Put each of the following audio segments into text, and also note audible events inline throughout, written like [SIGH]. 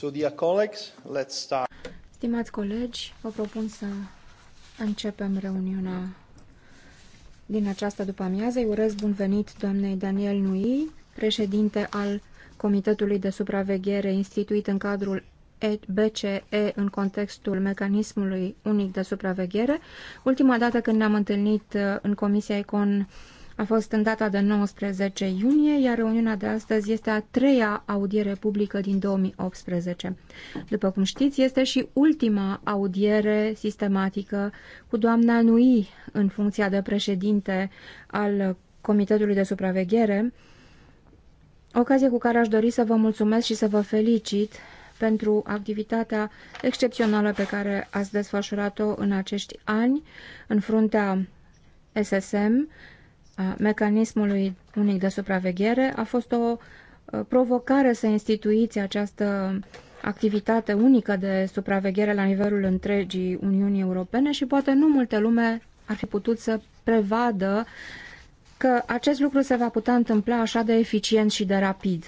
So, dear colleagues, let's start. Stimați colegi, vă propun să începem reuniunea din această după-amiază. Îi urez bun venit doamnei Daniel Nui, președinte al Comitetului de Supraveghere instituit în cadrul BCE în contextul mecanismului unic de supraveghere. Ultima dată când ne-am întâlnit uh, în Comisia Econ a fost în data de 19 iunie, iar reuniunea de astăzi este a treia audiere publică din 2018. După cum știți, este și ultima audiere sistematică cu doamna Nui în funcția de președinte al Comitetului de Supraveghere, ocazie cu care aș dori să vă mulțumesc și să vă felicit pentru activitatea excepțională pe care ați desfășurat-o în acești ani în fruntea SSM, a mecanismului unic de supraveghere a fost o uh, provocare să instituiți această activitate unică de supraveghere la nivelul întregii Uniunii Europene și poate nu multe lume ar fi putut să prevadă că acest lucru se va putea întâmpla așa de eficient și de rapid.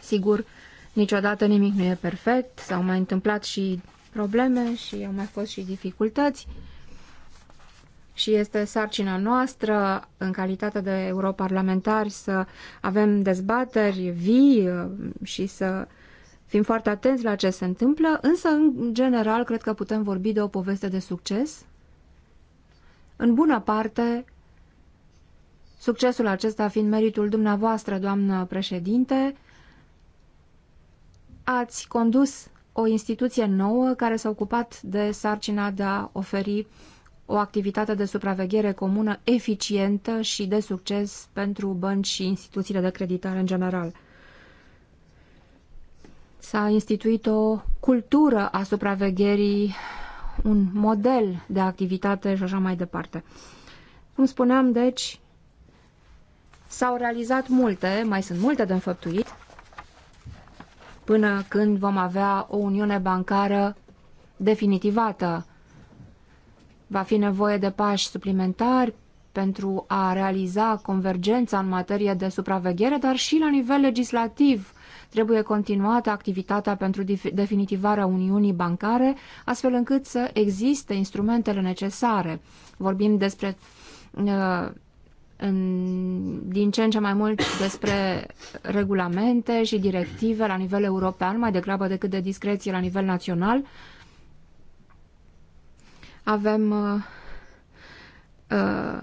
Sigur, niciodată nimic nu e perfect, s-au mai întâmplat și probleme și au mai fost și dificultăți, și este sarcina noastră, în calitate de europarlamentari, să avem dezbateri vii uh, și să fim foarte atenți la ce se întâmplă, însă, în general, cred că putem vorbi de o poveste de succes. În bună parte, succesul acesta fiind meritul dumneavoastră, doamnă președinte, ați condus o instituție nouă care s-a ocupat de sarcina de a oferi uh, o activitate de supraveghere comună eficientă și de succes pentru bănci și instituțiile de creditare în general. S-a instituit o cultură a supravegherii, un model de activitate și așa mai departe. Cum spuneam, deci, s-au realizat multe, mai sunt multe de înfăptuit, până când vom avea o uniune bancară definitivată Va fi nevoie de pași suplimentari pentru a realiza convergența în materie de supraveghere, dar și la nivel legislativ trebuie continuată activitatea pentru definitivarea Uniunii Bancare, astfel încât să existe instrumentele necesare. Vorbim despre uh, în, din ce în ce mai mult despre regulamente și directive la nivel european, mai degrabă decât de discreție la nivel național, avem uh, uh,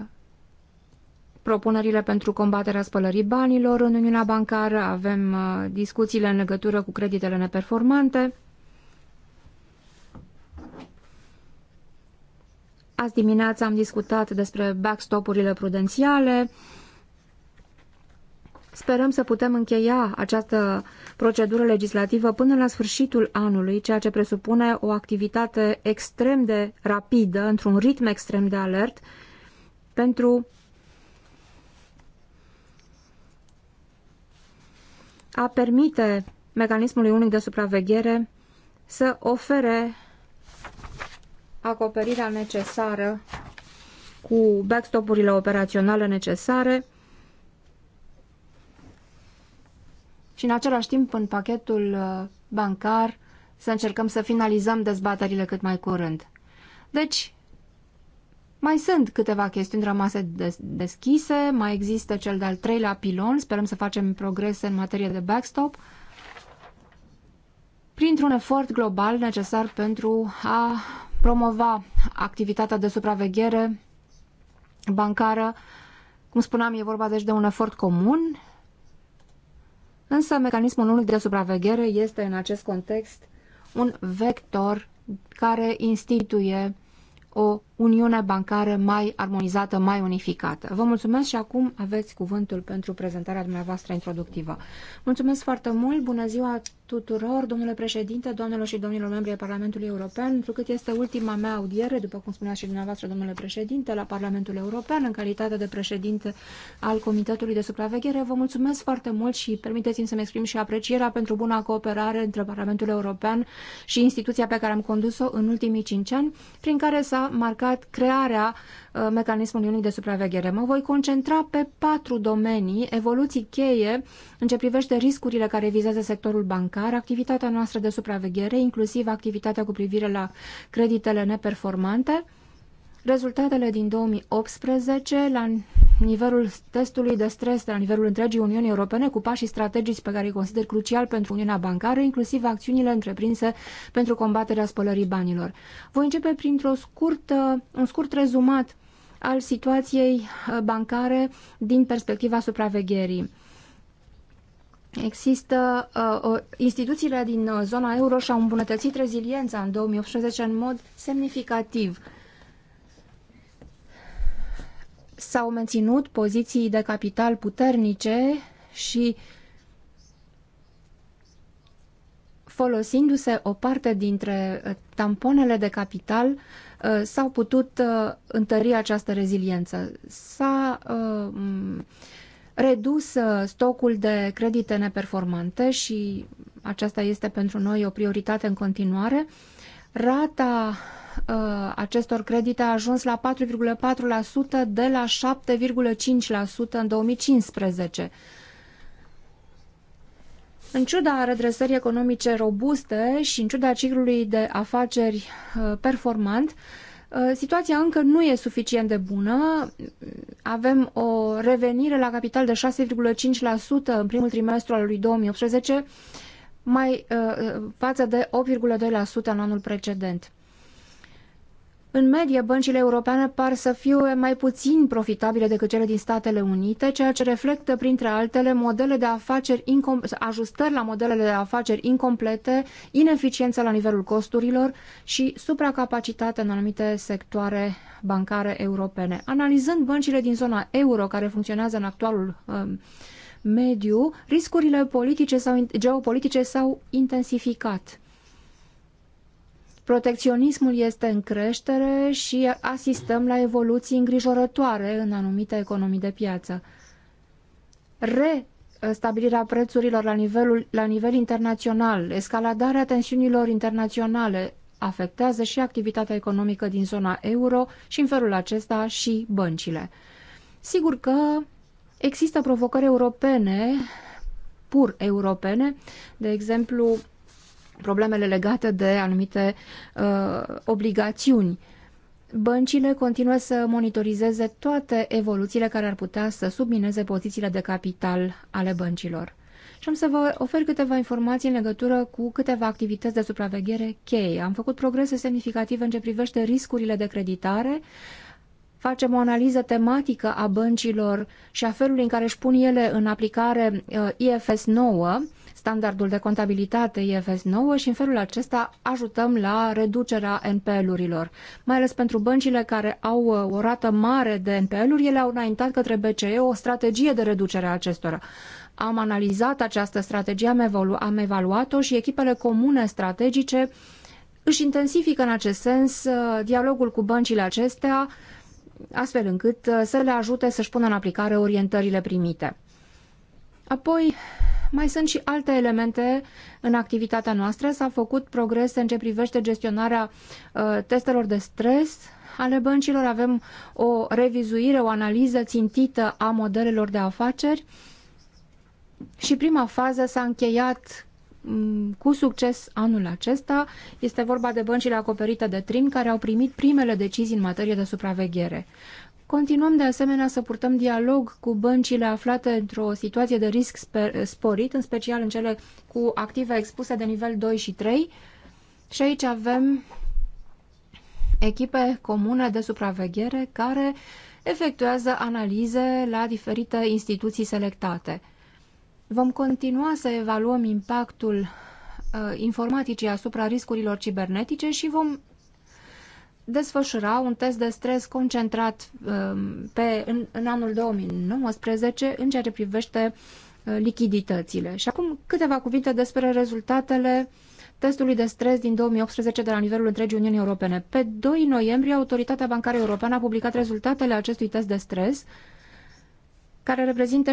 propunerile pentru combaterea spălării banilor în Uniunea Bancară, avem uh, discuțiile în legătură cu creditele neperformante. Azi dimineața am discutat despre backstop-urile prudențiale, uh, Sperăm să putem încheia această procedură legislativă până la sfârșitul anului, ceea ce presupune o activitate extrem de rapidă, într-un ritm extrem de alert, pentru a permite mecanismului unic de supraveghere să ofere acoperirea necesară cu backstop-urile operaționale necesare și în același timp în pachetul uh, bancar să încercăm să finalizăm dezbaterile cât mai curând. Deci, mai sunt câteva chestiuni rămase deschise, mai există cel de-al treilea pilon, sperăm să facem progrese în materie de backstop, printr-un efort global necesar pentru a promova activitatea de supraveghere bancară. Cum spuneam, e vorba deci de un efort comun Însă mecanismul unic de supraveghere este în acest context un vector care instituie o uniune bancară mai armonizată, mai unificată. Vă mulțumesc și acum aveți cuvântul pentru prezentarea dumneavoastră introductivă. Mulțumesc foarte mult, bună ziua tuturor, domnule președinte, doamnelor și domnilor membri ai Parlamentului European, pentru este ultima mea audiere, după cum spunea și dumneavoastră, domnule președinte, la Parlamentul European, în calitate de președinte al Comitetului de Supraveghere. Vă mulțumesc foarte mult și permiteți-mi să-mi exprim și aprecierea pentru buna cooperare între Parlamentul European și instituția pe care am condus-o în ultimii cinci ani, prin care s-a marcat implicat crearea uh, mecanismului unic de supraveghere. Mă voi concentra pe patru domenii, evoluții cheie în ce privește riscurile care vizează sectorul bancar, activitatea noastră de supraveghere, inclusiv activitatea cu privire la creditele neperformante, Rezultatele din 2018 la nivelul testului de stres de la nivelul întregii Uniunii Europene cu pașii strategici pe care îi consider crucial pentru Uniunea Bancară, inclusiv acțiunile întreprinse pentru combaterea spălării banilor. Voi începe printr un scurt rezumat al situației uh, bancare din perspectiva supravegherii. Există uh, instituțiile din uh, zona euro și-au îmbunătățit reziliența în 2018 în mod semnificativ. Uh, s-au menținut poziții de capital puternice și folosindu-se o parte dintre uh, tamponele de capital, uh, s-au putut uh, întări această reziliență. S-a redus stocul de credite neperformante și aceasta este pentru noi o prioritate în continuare. Rata Uh, acestor credite a ajuns la 4,4% de la 7,5% în 2015. În ciuda redresării economice robuste și în ciuda ciclului de afaceri uh, performant, uh, situația încă nu e suficient de bună. Avem o revenire la capital de 6,5% în primul trimestru al lui 2018, mai față de 8,2% în anul precedent. În medie, băncile europene par să fie mai puțin profitabile decât cele din Statele Unite, ceea ce reflectă, printre altele, modele de afaceri ajustări la modelele de afaceri incomplete, ineficiență la nivelul costurilor și supracapacitate în anumite sectoare bancare europene. Analizând băncile din zona euro care funcționează în actualul um, mediu, riscurile politice sau geopolitice s-au intensificat Protecționismul este în creștere și asistăm la evoluții îngrijorătoare în anumite economii de piață. Restabilirea prețurilor la, nivelul, la nivel internațional, escaladarea tensiunilor internaționale afectează și activitatea economică din zona euro și în felul acesta și băncile. Sigur că există provocări europene, pur europene, de exemplu problemele legate de anumite uh, obligațiuni. Băncile continuă să monitorizeze toate evoluțiile care ar putea să submineze pozițiile de capital ale băncilor. Și am să vă ofer câteva informații în legătură cu câteva activități de supraveghere cheie. Am făcut progrese semnificative în ce privește riscurile de creditare, facem o analiză tematică a băncilor și a felului în care își pun ele în aplicare uh, IFS 9, standardul de contabilitate IFS 9 și în felul acesta ajutăm la reducerea NPL-urilor. Mai ales pentru băncile care au uh, o rată mare de NPL-uri, ele au înaintat către BCE o strategie de reducere a acestora. Am analizat această strategie, am, evalu- am evaluat-o și echipele comune strategice își intensifică în acest sens uh, dialogul cu băncile acestea, astfel încât uh, să le ajute să-și pună în aplicare orientările primite. Apoi, mai sunt și alte elemente în activitatea noastră. S-au făcut progrese în ce privește gestionarea uh, testelor de stres ale băncilor. Avem o revizuire, o analiză țintită a modelelor de afaceri. Și prima fază s-a încheiat mm, cu succes anul acesta. Este vorba de băncile acoperite de TRIM care au primit primele decizii în materie de supraveghere. Continuăm de asemenea să purtăm dialog cu băncile aflate într-o situație de risc sporit, în special în cele cu active expuse de nivel 2 și 3. Și aici avem echipe comune de supraveghere care efectuează analize la diferite instituții selectate. Vom continua să evaluăm impactul uh, informaticii asupra riscurilor cibernetice și vom desfășura un test de stres concentrat um, pe, în, în anul 2019 în ceea ce privește uh, lichiditățile. Și acum câteva cuvinte despre rezultatele testului de stres din 2018 de la nivelul întregii Uniunii Europene. Pe 2 noiembrie, Autoritatea Bancară Europeană a publicat rezultatele acestui test de stres care reprezintă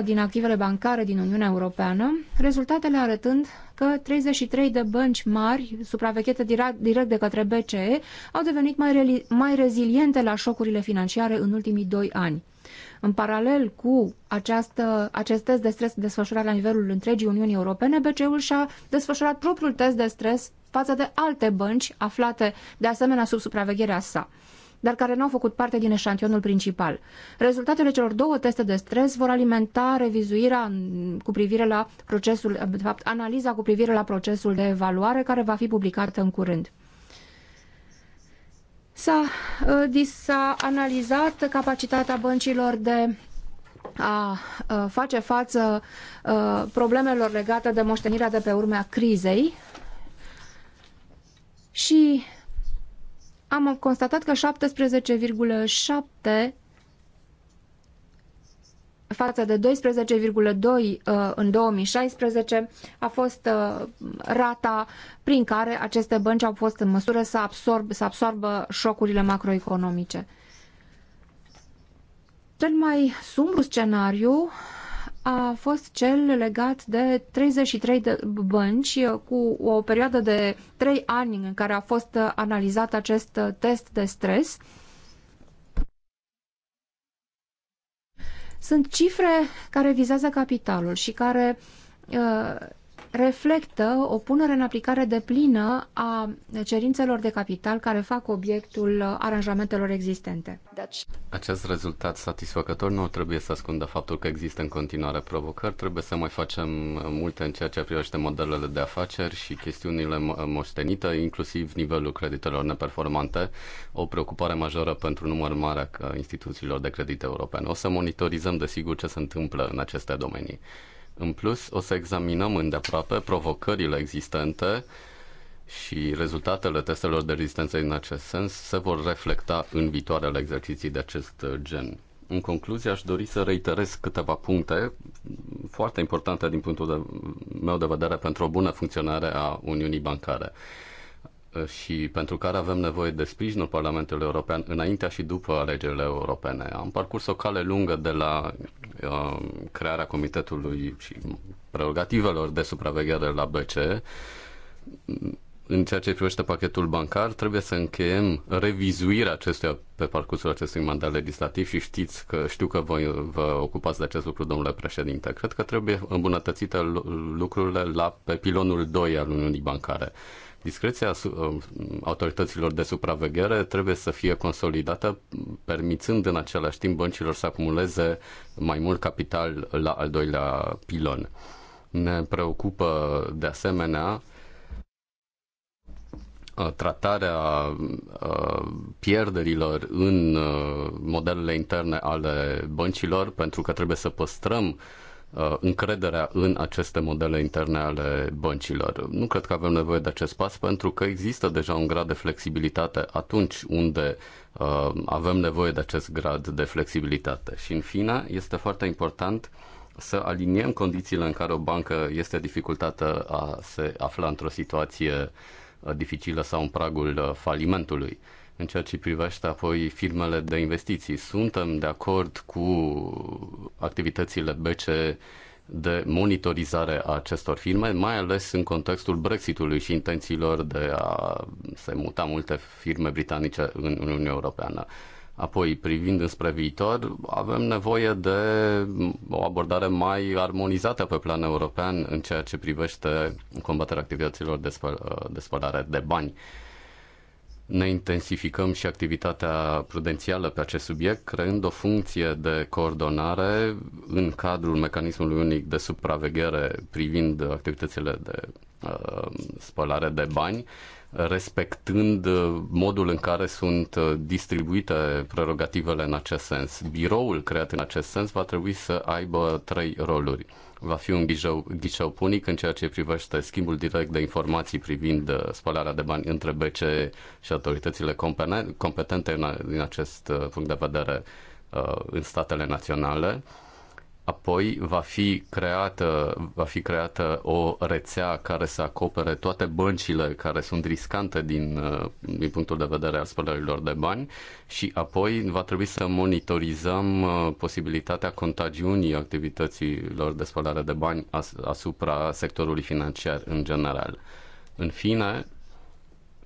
70% din activele bancare din Uniunea Europeană, rezultatele arătând că 33 de bănci mari, supraveghete direct de către BCE, au devenit mai, mai reziliente la șocurile financiare în ultimii doi ani. În paralel cu această, acest test de stres desfășurat la nivelul întregii Uniunii Europene, BCE-ul și-a desfășurat propriul test de stres față de alte bănci aflate de asemenea sub supravegherea sa dar care nu au făcut parte din eșantionul principal. Rezultatele celor două teste de stres vor alimenta revizuirea cu privire la procesul, de fapt, analiza cu privire la procesul de evaluare care va fi publicată în curând. S-a, uh, analizat capacitatea băncilor de a uh, face față uh, problemelor legate de moștenirea de pe urmea crizei și am constatat că 17,7 față de 12,2 uh, în 2016 a fost uh, rata prin care aceste bănci au fost în măsură să, absorb, să absorbă șocurile macroeconomice. Cel mai sumbru scenariu a fost cel legat de 33 de bănci cu o perioadă de 3 ani în care a fost analizat acest test de stres. Sunt cifre care vizează capitalul și care uh, reflectă o punere în aplicare deplină a cerințelor de capital care fac obiectul aranjamentelor existente. Acest rezultat satisfăcător nu trebuie să ascundă faptul că există în continuare provocări, trebuie să mai facem multe în ceea ce privește modelele de afaceri și chestiunile moștenite, inclusiv nivelul creditelor neperformante, o preocupare majoră pentru număr mare a instituțiilor de credit europene. O să monitorizăm, desigur, ce se întâmplă în aceste domenii. În plus, o să examinăm îndeaproape provocările existente și rezultatele testelor de rezistență în acest sens se vor reflecta în viitoarele exerciții de acest gen. În concluzie, aș dori să reiterez câteva puncte foarte importante din punctul de, meu de vedere pentru o bună funcționare a Uniunii Bancare și pentru care avem nevoie de sprijinul Parlamentului European înaintea și după alegerile europene. Am parcurs o cale lungă de la uh, crearea comitetului și prerogativelor de supraveghere la BCE. În ceea ce privește pachetul bancar, trebuie să încheiem revizuirea acestuia pe parcursul acestui mandat legislativ și știți că știu că voi vă ocupați de acest lucru, domnule președinte. Cred că trebuie îmbunătățite lucrurile la, pe pilonul 2 al Uniunii Bancare. Discreția um, autorităților de supraveghere trebuie să fie consolidată, permițând în același timp băncilor să acumuleze mai mult capital la al doilea pilon. Ne preocupă de asemenea uh, tratarea uh, pierderilor în uh, modelele interne ale băncilor, pentru că trebuie să păstrăm Uh, încrederea în aceste modele interne ale băncilor. Nu cred că avem nevoie de acest pas pentru că există deja un grad de flexibilitate atunci unde uh, avem nevoie de acest grad de flexibilitate. Și în fine, este foarte important să aliniem condițiile în care o bancă este dificultată a se afla într-o situație uh, dificilă sau în pragul falimentului. În ceea ce privește apoi firmele de investiții, suntem de acord cu activitățile BCE de monitorizare a acestor firme, mai ales în contextul Brexitului și intențiilor de a se muta multe firme britanice în Uniunea Europeană. Apoi, privind înspre viitor, avem nevoie de o abordare mai armonizată pe plan european în ceea ce privește combaterea activităților de, de spălare de bani ne intensificăm și activitatea prudențială pe acest subiect, creând o funcție de coordonare în cadrul mecanismului unic de supraveghere privind activitățile de uh, spălare de bani, respectând modul în care sunt distribuite prerogativele în acest sens. Biroul creat în acest sens va trebui să aibă trei roluri va fi un ghișeu, ghișeu punic în ceea ce privește schimbul direct de informații privind uh, spălarea de bani între BCE și autoritățile competente din acest uh, punct de vedere uh, în statele naționale Apoi va fi creată, va fi creată o rețea care să acopere toate băncile care sunt riscante din, uh, din punctul de vedere al spălărilor de bani și apoi va trebui să monitorizăm uh, posibilitatea contagiunii activităților de spălare de bani asupra sectorului financiar în general. În fine,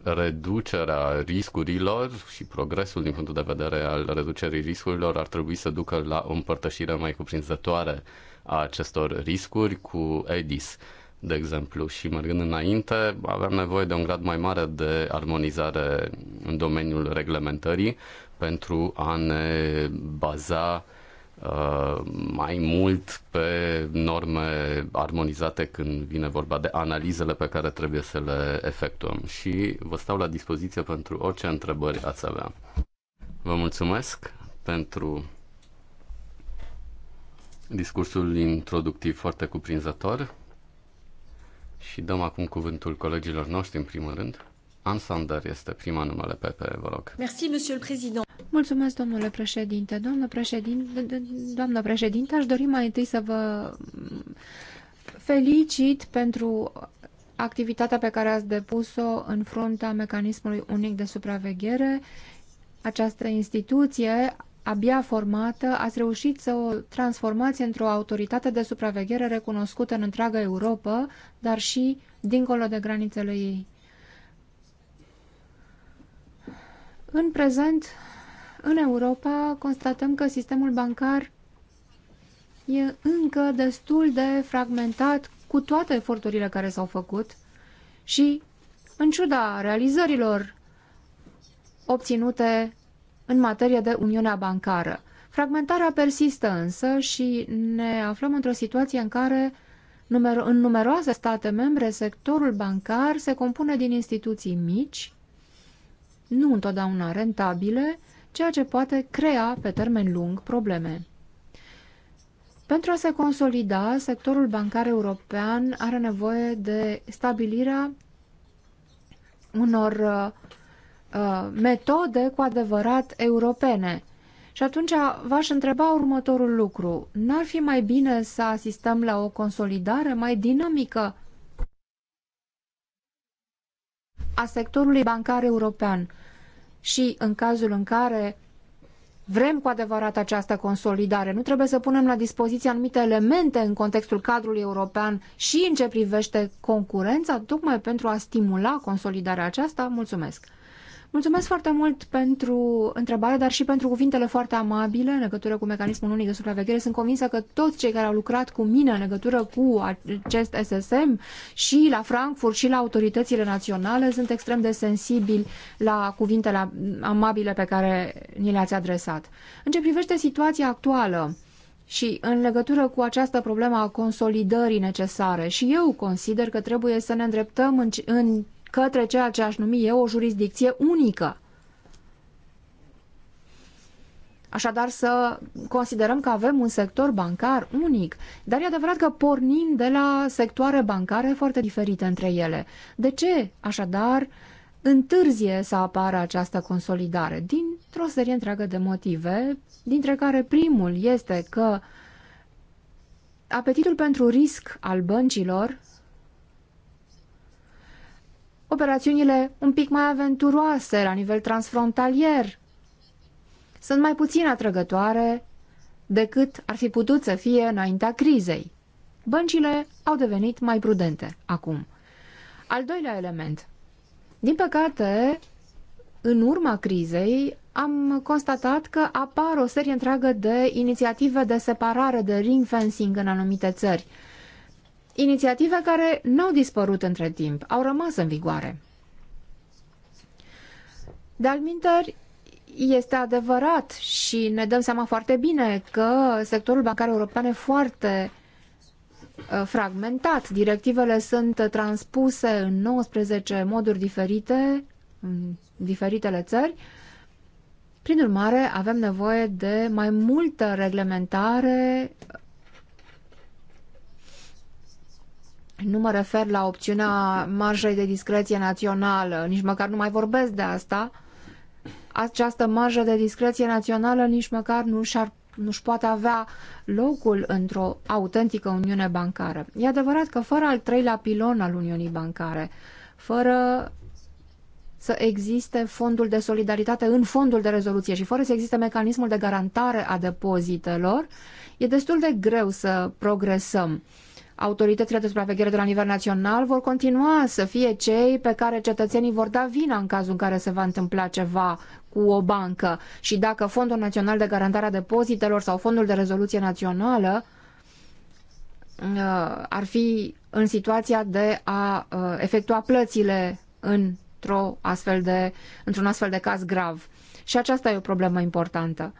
reducerea riscurilor și progresul din punctul de vedere al reducerii riscurilor ar trebui să ducă la o împărtășire mai cuprinzătoare a acestor riscuri cu EDIS, de exemplu. Și mergând înainte, avem nevoie de un grad mai mare de armonizare în domeniul reglementării pentru a ne baza Uh, mai mult pe norme armonizate când vine vorba de analizele pe care trebuie să le efectuăm și vă stau la dispoziție pentru orice întrebări ați avea. Vă mulțumesc pentru discursul introductiv foarte cuprinzător și dăm acum cuvântul colegilor noștri în primul rând. Sander este prima numele pe vă rog. Merci, monsieur le président. Mulțumesc, domnule președinte. Doamnă președinte, doamnă președinte, aș dori mai întâi să vă felicit pentru activitatea pe care ați depus-o în fruntea mecanismului unic de supraveghere. Această instituție abia formată, ați reușit să o transformați într-o autoritate de supraveghere recunoscută în întreaga Europa, dar și dincolo de granițele ei. În prezent, în Europa, constatăm că sistemul bancar e încă destul de fragmentat cu toate eforturile care s-au făcut și, în ciuda realizărilor obținute în materie de Uniunea Bancară. Fragmentarea persistă însă și ne aflăm într-o situație în care în numeroase state membre sectorul bancar se compune din instituții mici nu întotdeauna rentabile, ceea ce poate crea pe termen lung probleme. Pentru a se consolida, sectorul bancar european are nevoie de stabilirea unor uh, uh metode cu adevărat europene. Și atunci v-aș întreba următorul lucru. N-ar fi mai bine să asistăm la o consolidare mai dinamică a sectorului bancar european și în cazul în care vrem cu adevărat această consolidare, nu trebuie să punem la dispoziție anumite elemente în contextul cadrului european și în ce privește concurența, tocmai pentru a stimula consolidarea aceasta? Mulțumesc! Mulțumesc foarte mult pentru întrebare, dar și pentru cuvintele foarte amabile în legătură cu mecanismul unic de supraveghere. Sunt convinsă că toți cei care au lucrat cu mine în legătură cu acest SSM și la Frankfurt și la autoritățile naționale sunt extrem de sensibili la cuvintele amabile pe care ni le-ați adresat. În ce privește situația actuală, și în legătură cu această problemă a consolidării necesare, și eu consider că trebuie să ne îndreptăm în, în către ceea ce aș numi eu o jurisdicție unică. Așadar să considerăm că avem un sector bancar unic, dar e adevărat că pornim de la sectoare bancare foarte diferite între ele. De ce, așadar, întârzie să apară această consolidare? Dintr-o serie întreagă de motive, dintre care primul este că apetitul pentru risc al băncilor operațiunile un pic mai aventuroase la nivel transfrontalier sunt mai puțin atrăgătoare decât ar fi putut să fie înaintea crizei. Băncile au devenit mai prudente acum. Al doilea element. Din păcate, în urma crizei, am constatat că apar o serie întreagă de inițiative de separare, de ring fencing în anumite țări – inițiative care n-au dispărut între timp, au rămas în vigoare. de alminteri este adevărat și ne dăm seama foarte bine că sectorul bancar european e foarte uh, fragmentat. Directivele sunt transpuse în 19 moduri diferite în diferitele țări. Prin urmare, avem nevoie de mai multă reglementare Nu mă refer la opțiunea marjei de discreție națională, nici măcar nu mai vorbesc de asta. Această marjă de discreție națională nici măcar nu și-ar nu-și poate avea locul într-o autentică uniune bancară. E adevărat că fără al treilea pilon al uniunii bancare, fără să existe fondul de solidaritate în fondul de rezoluție și fără să existe mecanismul de garantare a depozitelor, e destul de greu să progresăm. Uh, autoritățile de supraveghere de la nivel național vor continua să fie cei pe care cetățenii vor da vina în cazul în care se va întâmpla ceva cu o bancă și dacă Fondul Național de Garantare a Depozitelor sau Fondul de Rezoluție Națională uh, ar fi în situația de a uh, efectua plățile într astfel într-un astfel de caz grav. Și aceasta e o problemă importantă.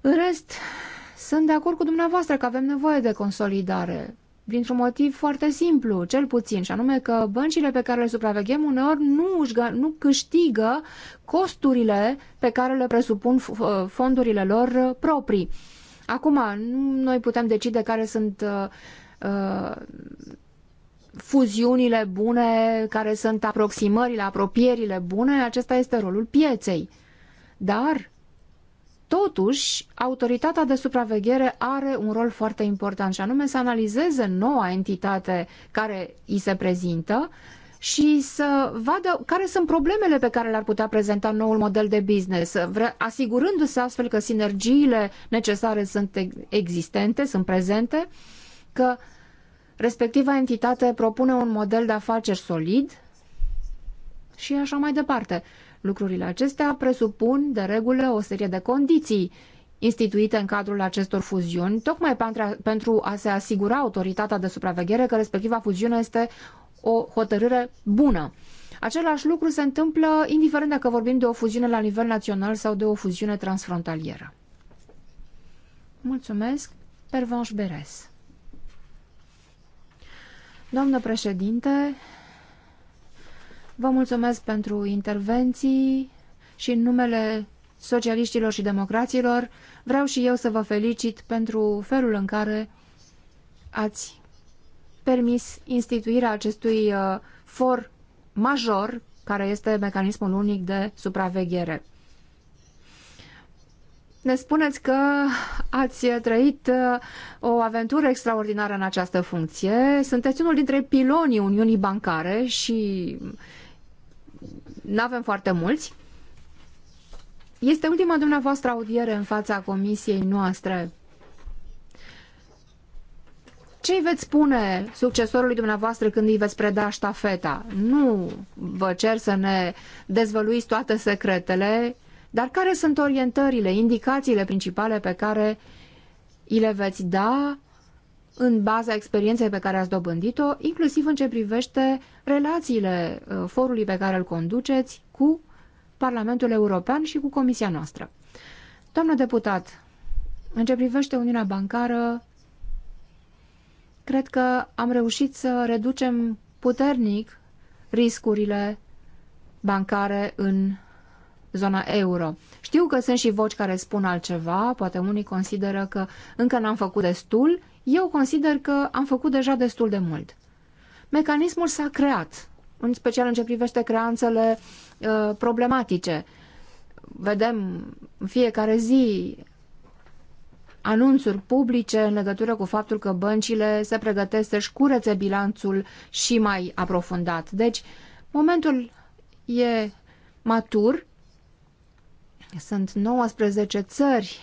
În rest, sunt de acord cu dumneavoastră că avem nevoie de consolidare, dintr-un motiv foarte simplu, cel puțin, și anume că băncile pe care le supraveghem uneori nu, își, nu câștigă costurile pe care le presupun fondurile lor proprii. Acum, nu noi putem decide care sunt uh, uh, fuziunile bune, care sunt aproximările, apropierile bune, acesta este rolul pieței. Dar Totuși, autoritatea de supraveghere are un rol foarte important și anume să analizeze noua entitate care îi se prezintă și să vadă care sunt problemele pe care le-ar putea prezenta noul model de business, asigurându-se astfel că sinergiile necesare sunt existente, sunt prezente, că respectiva entitate propune un model de afaceri solid și așa mai departe. Lucrurile acestea presupun, de regulă, o serie de condiții instituite în cadrul acestor fuziuni, tocmai pentru a se asigura autoritatea de supraveghere că respectiva fuziune este o hotărâre bună. Același lucru se întâmplă indiferent dacă vorbim de o fuziune la nivel național sau de o fuziune transfrontalieră. Mulțumesc, Pervanș Beres. Doamnă președinte, Vă mulțumesc pentru intervenții și în numele socialiștilor și democraților vreau și eu să vă felicit pentru felul în care ați permis instituirea acestui uh, for major care este mecanismul unic de supraveghere. Ne spuneți că ați trăit uh, o aventură extraordinară în această funcție. Sunteți unul dintre pilonii Uniunii Bancare și nu avem foarte mulți. Este ultima dumneavoastră audiere în fața comisiei noastre. Ce îi veți spune succesorului dumneavoastră când îi veți preda ștafeta? Nu vă cer să ne dezvăluiți toate secretele, dar care sunt orientările, indicațiile principale pe care îi le veți da în baza experienței pe care ați dobândit-o, inclusiv în ce privește relațiile uh, forului pe care îl conduceți cu Parlamentul European și cu Comisia noastră. Doamnă deputat, în ce privește Uniunea Bancară, cred că am reușit să reducem puternic riscurile bancare în zona euro. Știu că sunt și voci care spun altceva, poate unii consideră că încă n-am făcut destul, eu consider că am făcut deja destul de mult. Mecanismul s-a creat, în special în ce privește creanțele uh, problematice. Vedem în fiecare zi anunțuri publice în legătură cu faptul că băncile se pregătesc să-și curețe bilanțul și mai aprofundat. Deci, momentul e matur. Sunt 19 țări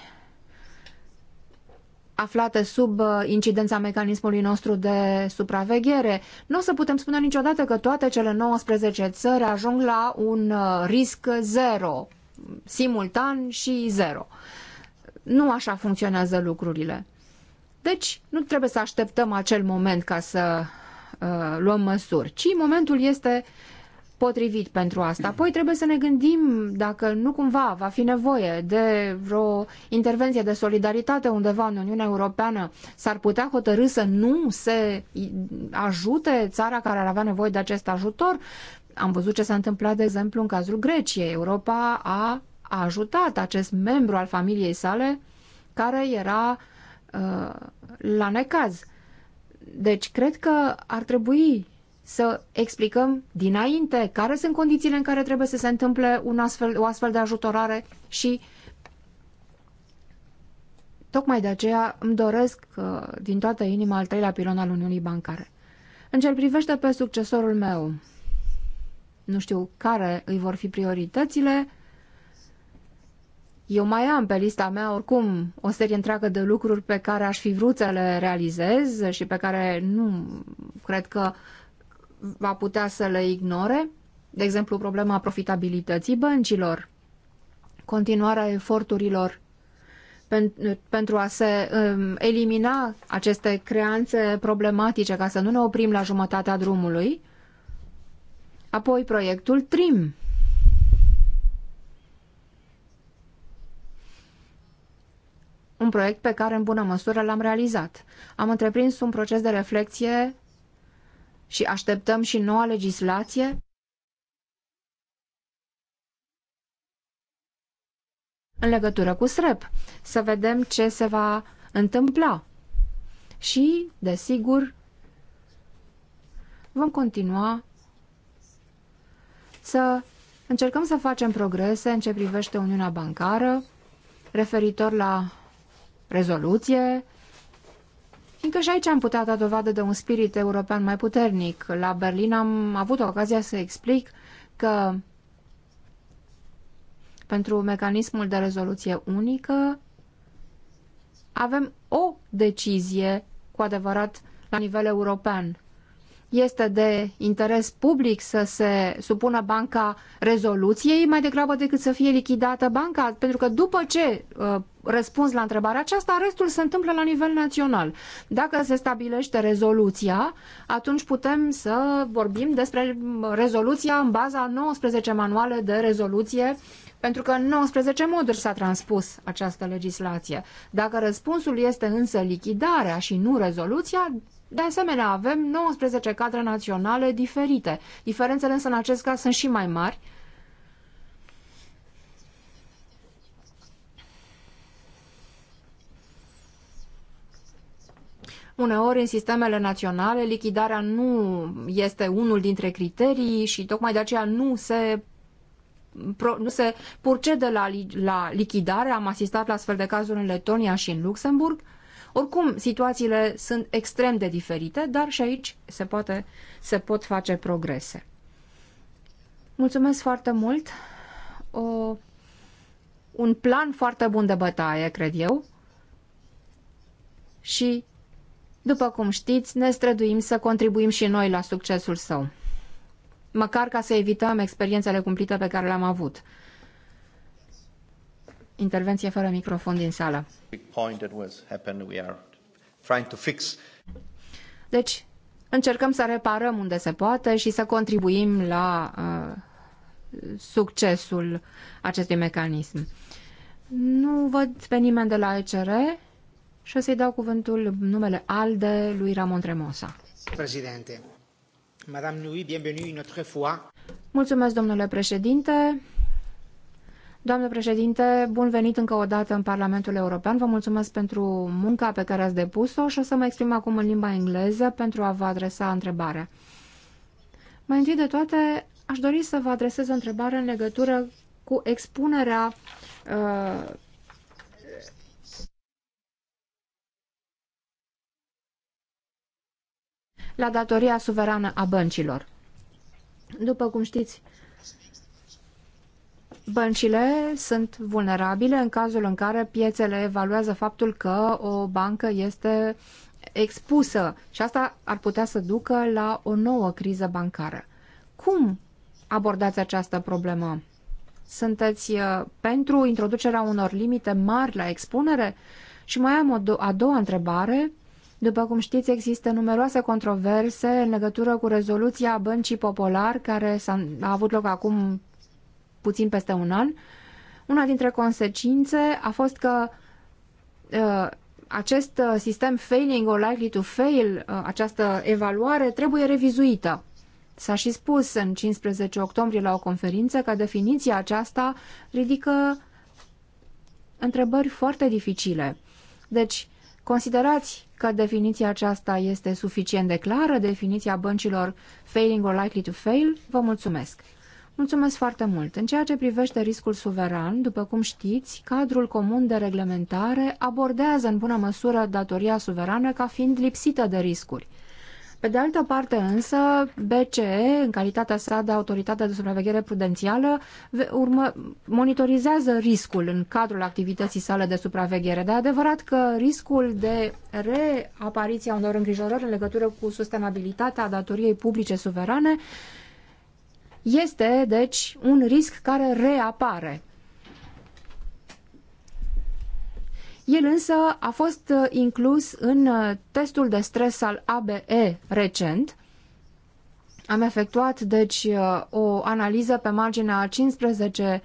aflate sub uh, incidența mecanismului nostru de supraveghere, nu o să putem spune niciodată că toate cele 19 țări ajung la un uh, risc zero, simultan și zero. Nu așa funcționează lucrurile. Deci, nu trebuie să așteptăm acel moment ca să uh, luăm măsuri, ci momentul este uh, potrivit pentru asta. Apoi trebuie să ne gândim dacă nu cumva va fi nevoie de vreo intervenție de solidaritate undeva în Uniunea Europeană. S-ar putea hotărâ să nu se ajute țara care ar avea nevoie de acest ajutor. Am văzut ce s-a întâmplat, de exemplu, în cazul Greciei. Europa a ajutat acest membru al familiei sale care era uh, la necaz. Deci, cred că ar trebui să explicăm dinainte care sunt condițiile în care trebuie să se întâmple un astfel, o astfel de ajutorare și tocmai de aceea îmi doresc uh, din toată inima al treilea pilon al Uniunii Bancare. În ce privește pe succesorul meu, nu știu care îi vor fi prioritățile, eu mai am pe lista mea oricum o serie întreagă de lucruri pe care aș fi vrut să le realizez și pe care nu cred că va putea să le ignore, de exemplu problema profitabilității băncilor, continuarea eforturilor pentru a se um, elimina aceste creanțe problematice, ca să nu ne oprim la jumătatea drumului, apoi proiectul TRIM, un proiect pe care în bună măsură l-am realizat. Am întreprins un proces de reflexie și așteptăm și noua legislație? În legătură cu SREP, să vedem ce se va întâmpla. Și, desigur, vom continua să încercăm să facem progrese în ce privește Uniunea Bancară, referitor la rezoluție, fiindcă și aici am putea da dovadă de un spirit european mai puternic. La Berlin am avut ocazia să explic că pentru mecanismul de rezoluție unică avem o decizie cu adevărat la nivel european este de interes public să se supună banca rezoluției mai degrabă decât să fie lichidată banca, pentru că după ce uh, răspuns la întrebarea aceasta, restul se întâmplă la nivel național. Dacă se stabilește rezoluția, atunci putem să vorbim despre rezoluția în baza 19 manuale de rezoluție pentru că în 19 moduri s-a transpus această legislație. Dacă răspunsul este însă lichidarea și nu rezoluția, de asemenea, avem 19 cadre naționale diferite. Diferențele însă în acest caz sunt și mai mari. Uneori, în sistemele naționale, lichidarea nu este unul dintre criterii și tocmai de aceea nu se nu se purcede la, la lichidare. Am asistat la astfel de cazuri în Letonia și în Luxemburg. Oricum, situațiile sunt extrem de diferite, dar și aici se, poate, se pot face progrese. Mulțumesc foarte mult! O, un plan foarte bun de bătaie, cred eu. Și, după cum știți, ne străduim să contribuim și noi la succesul său. Măcar ca să evităm experiențele cumplite pe care le-am avut. Intervenție fără microfon din sală. Deci, încercăm să reparăm unde se poate și să contribuim la uh, succesul acestui mecanism. Nu văd pe nimeni de la ECR și o să-i dau cuvântul numele ALDE lui Ramon Tremosa. Președinte, Madame Nui, bienvenue une autre fois. Mulțumesc, domnule președinte. Doamnă președinte, bun venit încă o dată în Parlamentul European. Vă mulțumesc pentru munca pe care ați depus-o și o să mă exprim acum în limba engleză pentru a vă adresa întrebarea. Mai întâi de toate, aș dori să vă adresez o întrebare în legătură cu expunerea uh, la datoria suverană a băncilor. După cum știți, uh, Băncile sunt vulnerabile în cazul în care piețele evaluează faptul că o bancă este expusă și asta ar putea să ducă la o nouă criză bancară. Cum abordați această problemă? Sunteți uh, pentru introducerea unor limite mari la expunere? Și mai am o do- a doua întrebare. După cum știți, există numeroase controverse în legătură cu rezoluția Băncii Popular, care s-a, a avut loc acum puțin peste un an, una dintre consecințe a fost că uh, acest uh, sistem failing or likely to fail, uh, această evaluare, trebuie revizuită. S-a și spus în 15 octombrie la o conferință că definiția aceasta ridică întrebări foarte dificile. Deci, considerați că definiția aceasta este suficient de clară, definiția băncilor failing or likely to fail? Vă mulțumesc! Mulțumesc foarte mult. În ceea ce privește riscul suveran, după cum știți, cadrul comun de reglementare abordează în bună măsură datoria suverană ca fiind lipsită de riscuri. Pe de altă parte însă, BCE, în calitatea sa de autoritate de supraveghere prudențială, urmă, monitorizează riscul în cadrul activității sale de supraveghere. De adevărat că riscul de reapariția unor îngrijorări în legătură cu sustenabilitatea datoriei publice suverane este, deci, un risc care reapare. El însă a fost uh, inclus în uh, testul de stres al ABE recent. Am efectuat, deci, uh, o analiză pe marginea 15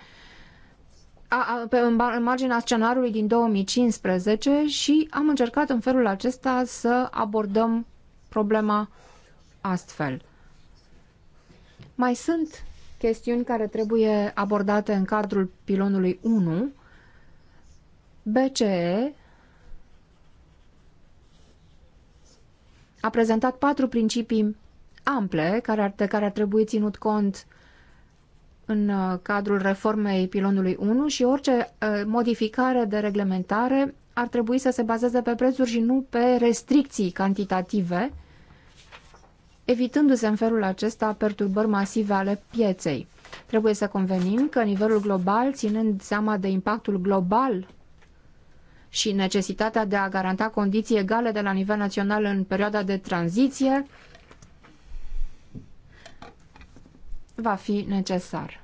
a, pe, în, în marginea scenariului din 2015 și am încercat în felul acesta să abordăm problema astfel. Mai sunt chestiuni care trebuie abordate în cadrul pilonului 1. BCE a prezentat patru principii ample care ar, de care ar trebui ținut cont în uh, cadrul reformei pilonului 1 și orice uh, modificare de reglementare ar trebui să se bazeze pe prețuri și nu pe restricții cantitative, evitându-se în felul acesta perturbări masive ale pieței. Trebuie să convenim că nivelul global, ținând seama de impactul global și necesitatea de a garanta condiții egale de la nivel național în perioada de tranziție, va fi necesar.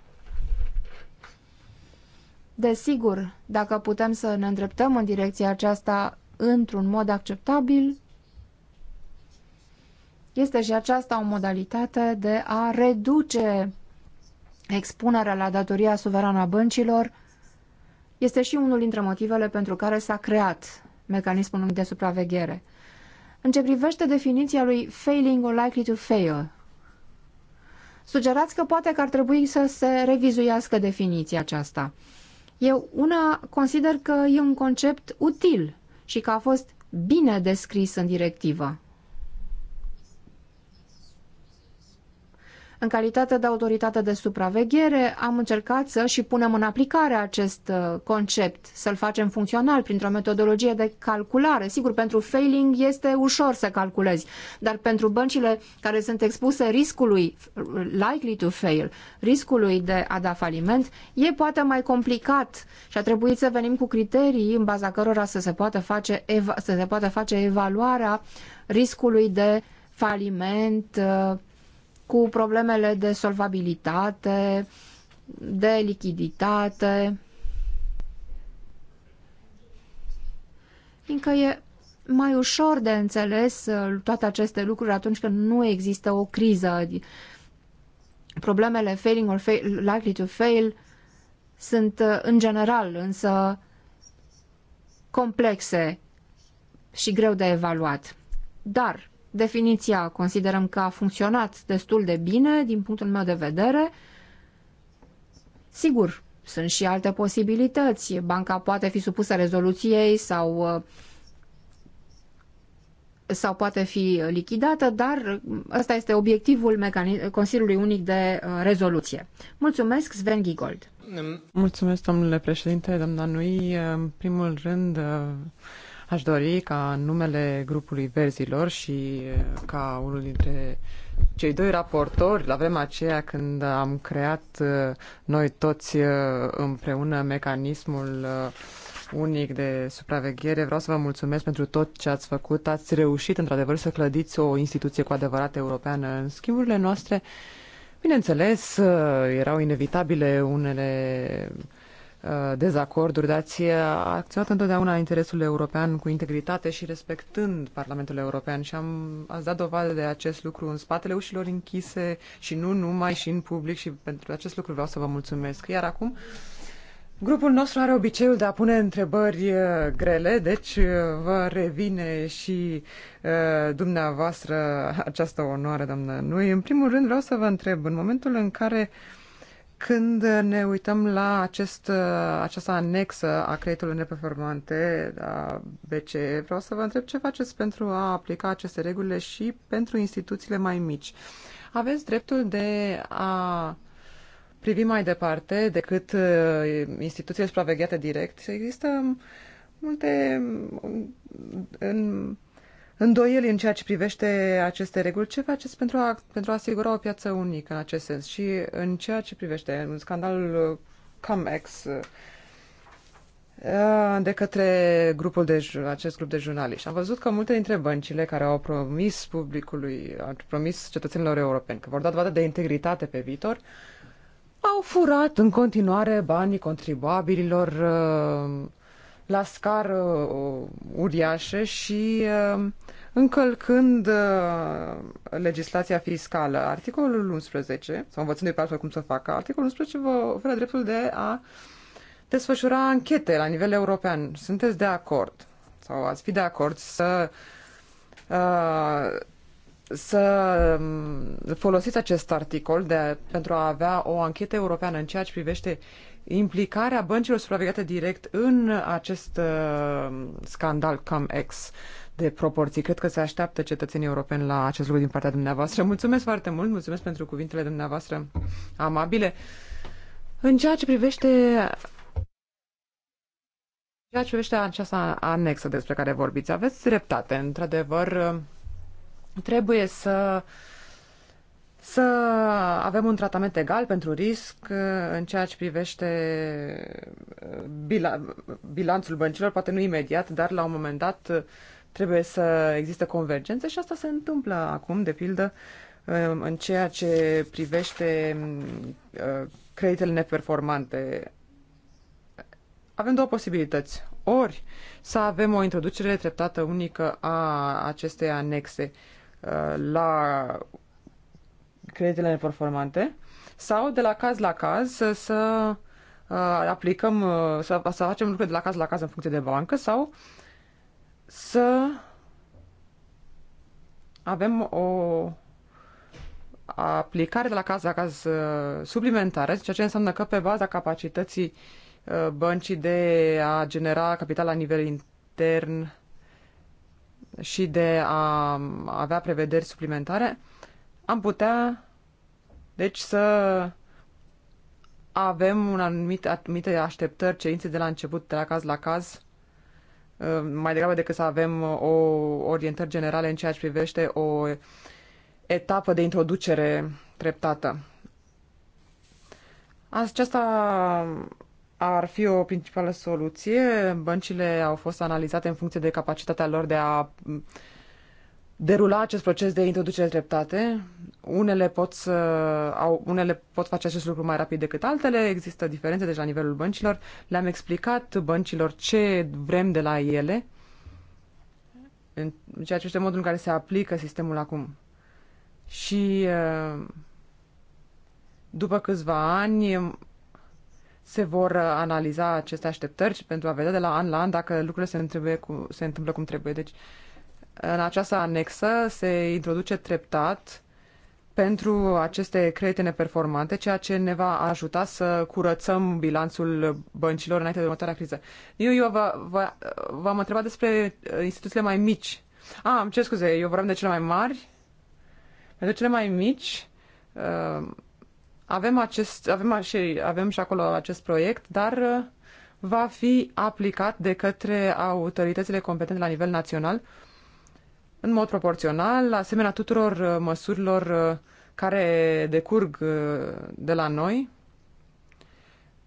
Desigur, dacă putem să ne îndreptăm în direcția aceasta într-un mod acceptabil, este și aceasta o modalitate de a reduce expunerea la datoria suverană a băncilor. Este și unul dintre motivele pentru care s-a creat mecanismul de supraveghere. În ce privește definiția lui failing or likely to fail, sugerați că poate că ar trebui să se revizuiască definiția aceasta. Eu una consider că e un concept util și că a fost bine descris în directivă. În calitate de autoritate de supraveghere, am încercat să și punem în aplicare acest uh, concept, să-l facem funcțional printr-o metodologie de calculare. Sigur, pentru failing este ușor să calculezi, dar pentru băncile care sunt expuse riscului uh, likely to fail, riscului de a da faliment, e poate mai complicat și a trebuit să venim cu criterii în baza cărora să se poată face, eva- să se poată face evaluarea riscului de faliment uh, cu problemele de solvabilitate, de lichiditate. Fiindcă e mai ușor de înțeles uh, toate aceste lucruri atunci când nu există o criză. Problemele failing or fail, likely to fail sunt uh, în general însă complexe și greu de evaluat. Dar Definiția considerăm că a funcționat destul de bine din punctul meu de vedere. Sigur, sunt și alte posibilități. Banca poate fi supusă rezoluției sau uh, sau poate fi lichidată, dar ăsta este obiectivul Consiliului Unic de uh, Rezoluție. Mulțumesc, Sven Gigold. Mulțumesc, domnule președinte, doamna Nui. În primul rând, uh, Aș dori ca în numele grupului verzilor și eh, ca unul dintre cei doi raportori la vremea aceea când am creat eh, noi toți eh, împreună mecanismul unic de supraveghere. Vreau să vă mulțumesc pentru tot ce ați făcut. Ați reușit, într-adevăr, să clădiți o instituție cu adevărat europeană. În schimburile noastre, bineînțeles, erau inevitabile unele Uh, dezacorduri, dați a acționat întotdeauna în interesul european cu integritate și respectând Parlamentul European și am, ați dat dovadă de acest lucru în spatele ușilor închise și nu numai și în public și pentru acest lucru vreau să vă mulțumesc. Iar acum Grupul nostru are obiceiul de a pune întrebări uh, grele, deci uh, vă revine și dumneavoastră această onoare, doamnă Nui. În primul rând vreau să vă întreb, în momentul în care când ne uităm la acest, această anexă a creditelor neperformante a BCE, vreau să vă întreb ce faceți pentru a aplica aceste regulile și pentru instituțiile mai mici. Aveți dreptul de a privi mai departe decât uh, instituțiile supravegheate direct. Există multe în îndoieli în ceea ce privește aceste reguli. Ce faceți pentru a, pentru a asigura o piață unică în acest sens? Și în ceea ce privește în scandalul uh, Comex uh, de către grupul de, acest grup de jurnaliști. Am văzut că multe dintre băncile care au promis publicului, au promis cetățenilor europeni că vor da dovadă de integritate pe viitor, au furat în continuare banii contribuabililor uh, la scară uh, uriașă și uh, încălcând uh, legislația fiscală. Articolul 11, sau învățându-i pe altfel cum să facă, articolul 11 vă oferă dreptul de a desfășura anchete la nivel european. Sunteți de acord? Sau ați fi de acord să să um, folosiți acest articol de, pentru a avea o anchetă europeană în ceea ce privește uh, implicarea băncilor supravegheate direct în acest uh, scandal CumEx de proporții. Cred că se așteaptă cetățenii europeni la acest lucru din partea dumneavoastră. Mulțumesc foarte mult, mulțumesc pentru cuvintele dumneavoastră amabile. În ceea ce privește ceea ce privește această anexă despre care vorbiți, aveți dreptate. Într-adevăr, trebuie să uh, să avem un tratament egal pentru risc uh, în ceea ce privește uh, bila- bilanțul băncilor, poate nu imediat, dar la un moment dat uh, trebuie să existe convergență și asta se întâmplă acum, de pildă, în ceea ce privește creditele neperformante. Avem două posibilități. Ori să avem o introducere treptată unică a acestei anexe la creditele neperformante sau de la caz la caz să, să uh, aplicăm, uh, să, să facem lucruri de la caz la caz în funcție de bancă sau să avem o aplicare de la caz la caz uh, suplimentară, ceea ce înseamnă că pe baza capacității băncii de a genera capital la nivel intern și de a avea prevederi suplimentare, am putea deci să avem un anumit, anumite așteptări, cerințe de la început, de la caz la caz, uh, mai degrabă decât să avem uh, o orientări generale în ceea ce privește o etapă de introducere treptată. Aceasta ar fi o principală soluție. Băncile au fost analizate în funcție de capacitatea lor de a mm, derula acest proces de introducere treptate unele pot, să, au, unele pot face acest lucru mai rapid decât altele, există diferențe deja deci la nivelul băncilor. Le-am explicat băncilor ce vrem de la ele, în ceea ce este modul în care se aplică sistemul acum. Și uh, după câțiva ani um, se vor analiza aceste așteptări pentru a vedea de la an la an dacă lucrurile se, cu, se întâmplă cum trebuie. Deci, în această anexă se introduce treptat pentru aceste credite neperformante, ceea ce ne va ajuta să curățăm bilanțul băncilor înainte de următoarea criză. Eu, eu v-am întrebat despre uh, instituțiile mai mici. A, ah, îmi cer scuze, eu vorbim de cele mai mari. Pentru cele mai mici, uh, avem, acest, avem, și, avem și acolo acest proiect, dar uh, va fi aplicat de către autoritățile competente la nivel național uh, în mod proporțional, asemenea tuturor uh, măsurilor uh, care decurg uh, de la noi.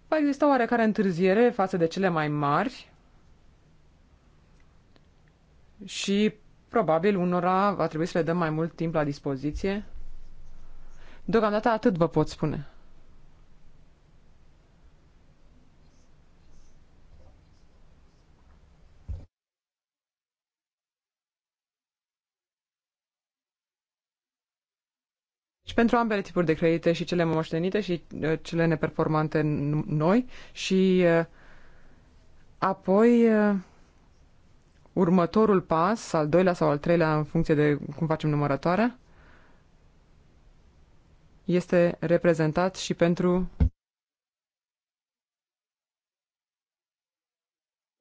Va exista oarecare întârziere față de cele mai mari și probabil unora va trebui să le dăm mai mult timp la dispoziție. Deocamdată atât vă pot spune. pentru ambele tipuri de credite, și cele moștenite și uh, cele neperformante noi. Și uh, apoi uh, următorul pas, al doilea sau al treilea, în funcție de cum facem numărătoarea, este reprezentat și pentru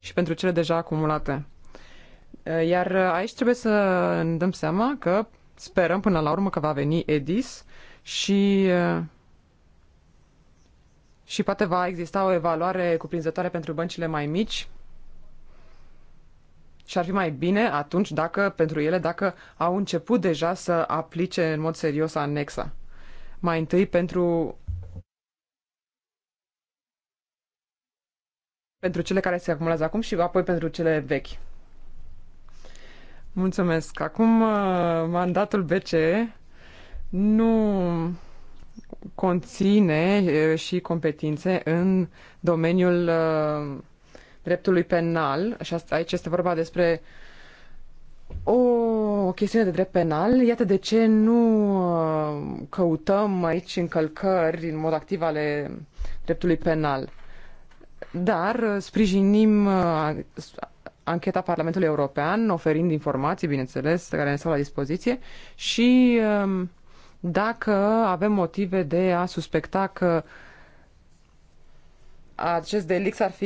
și pentru cele deja acumulate. Iar aici trebuie să ne dăm seama că Sperăm până la urmă că va veni EDIS și, eh, și poate va exista o evaluare cuprinzătoare pentru băncile mai mici și ar fi mai bine atunci dacă, pentru ele, dacă au început deja să aplice în mod serios anexa. Mai întâi pentru pentru cele care se acumulează acum și apoi pentru cele vechi. Mulțumesc. Acum, uh, mandatul BCE nu conține uh, și competințe în domeniul uh, dreptului penal, și aici este vorba despre o chestiune de drept penal. Iată de ce nu căutăm aici încălcări în mod activ ale dreptului penal. Dar sprijinim ancheta Parlamentului European, oferind informații, bineînțeles, care ne stau la dispoziție și um, dacă avem motive de a suspecta că acest delict ar fi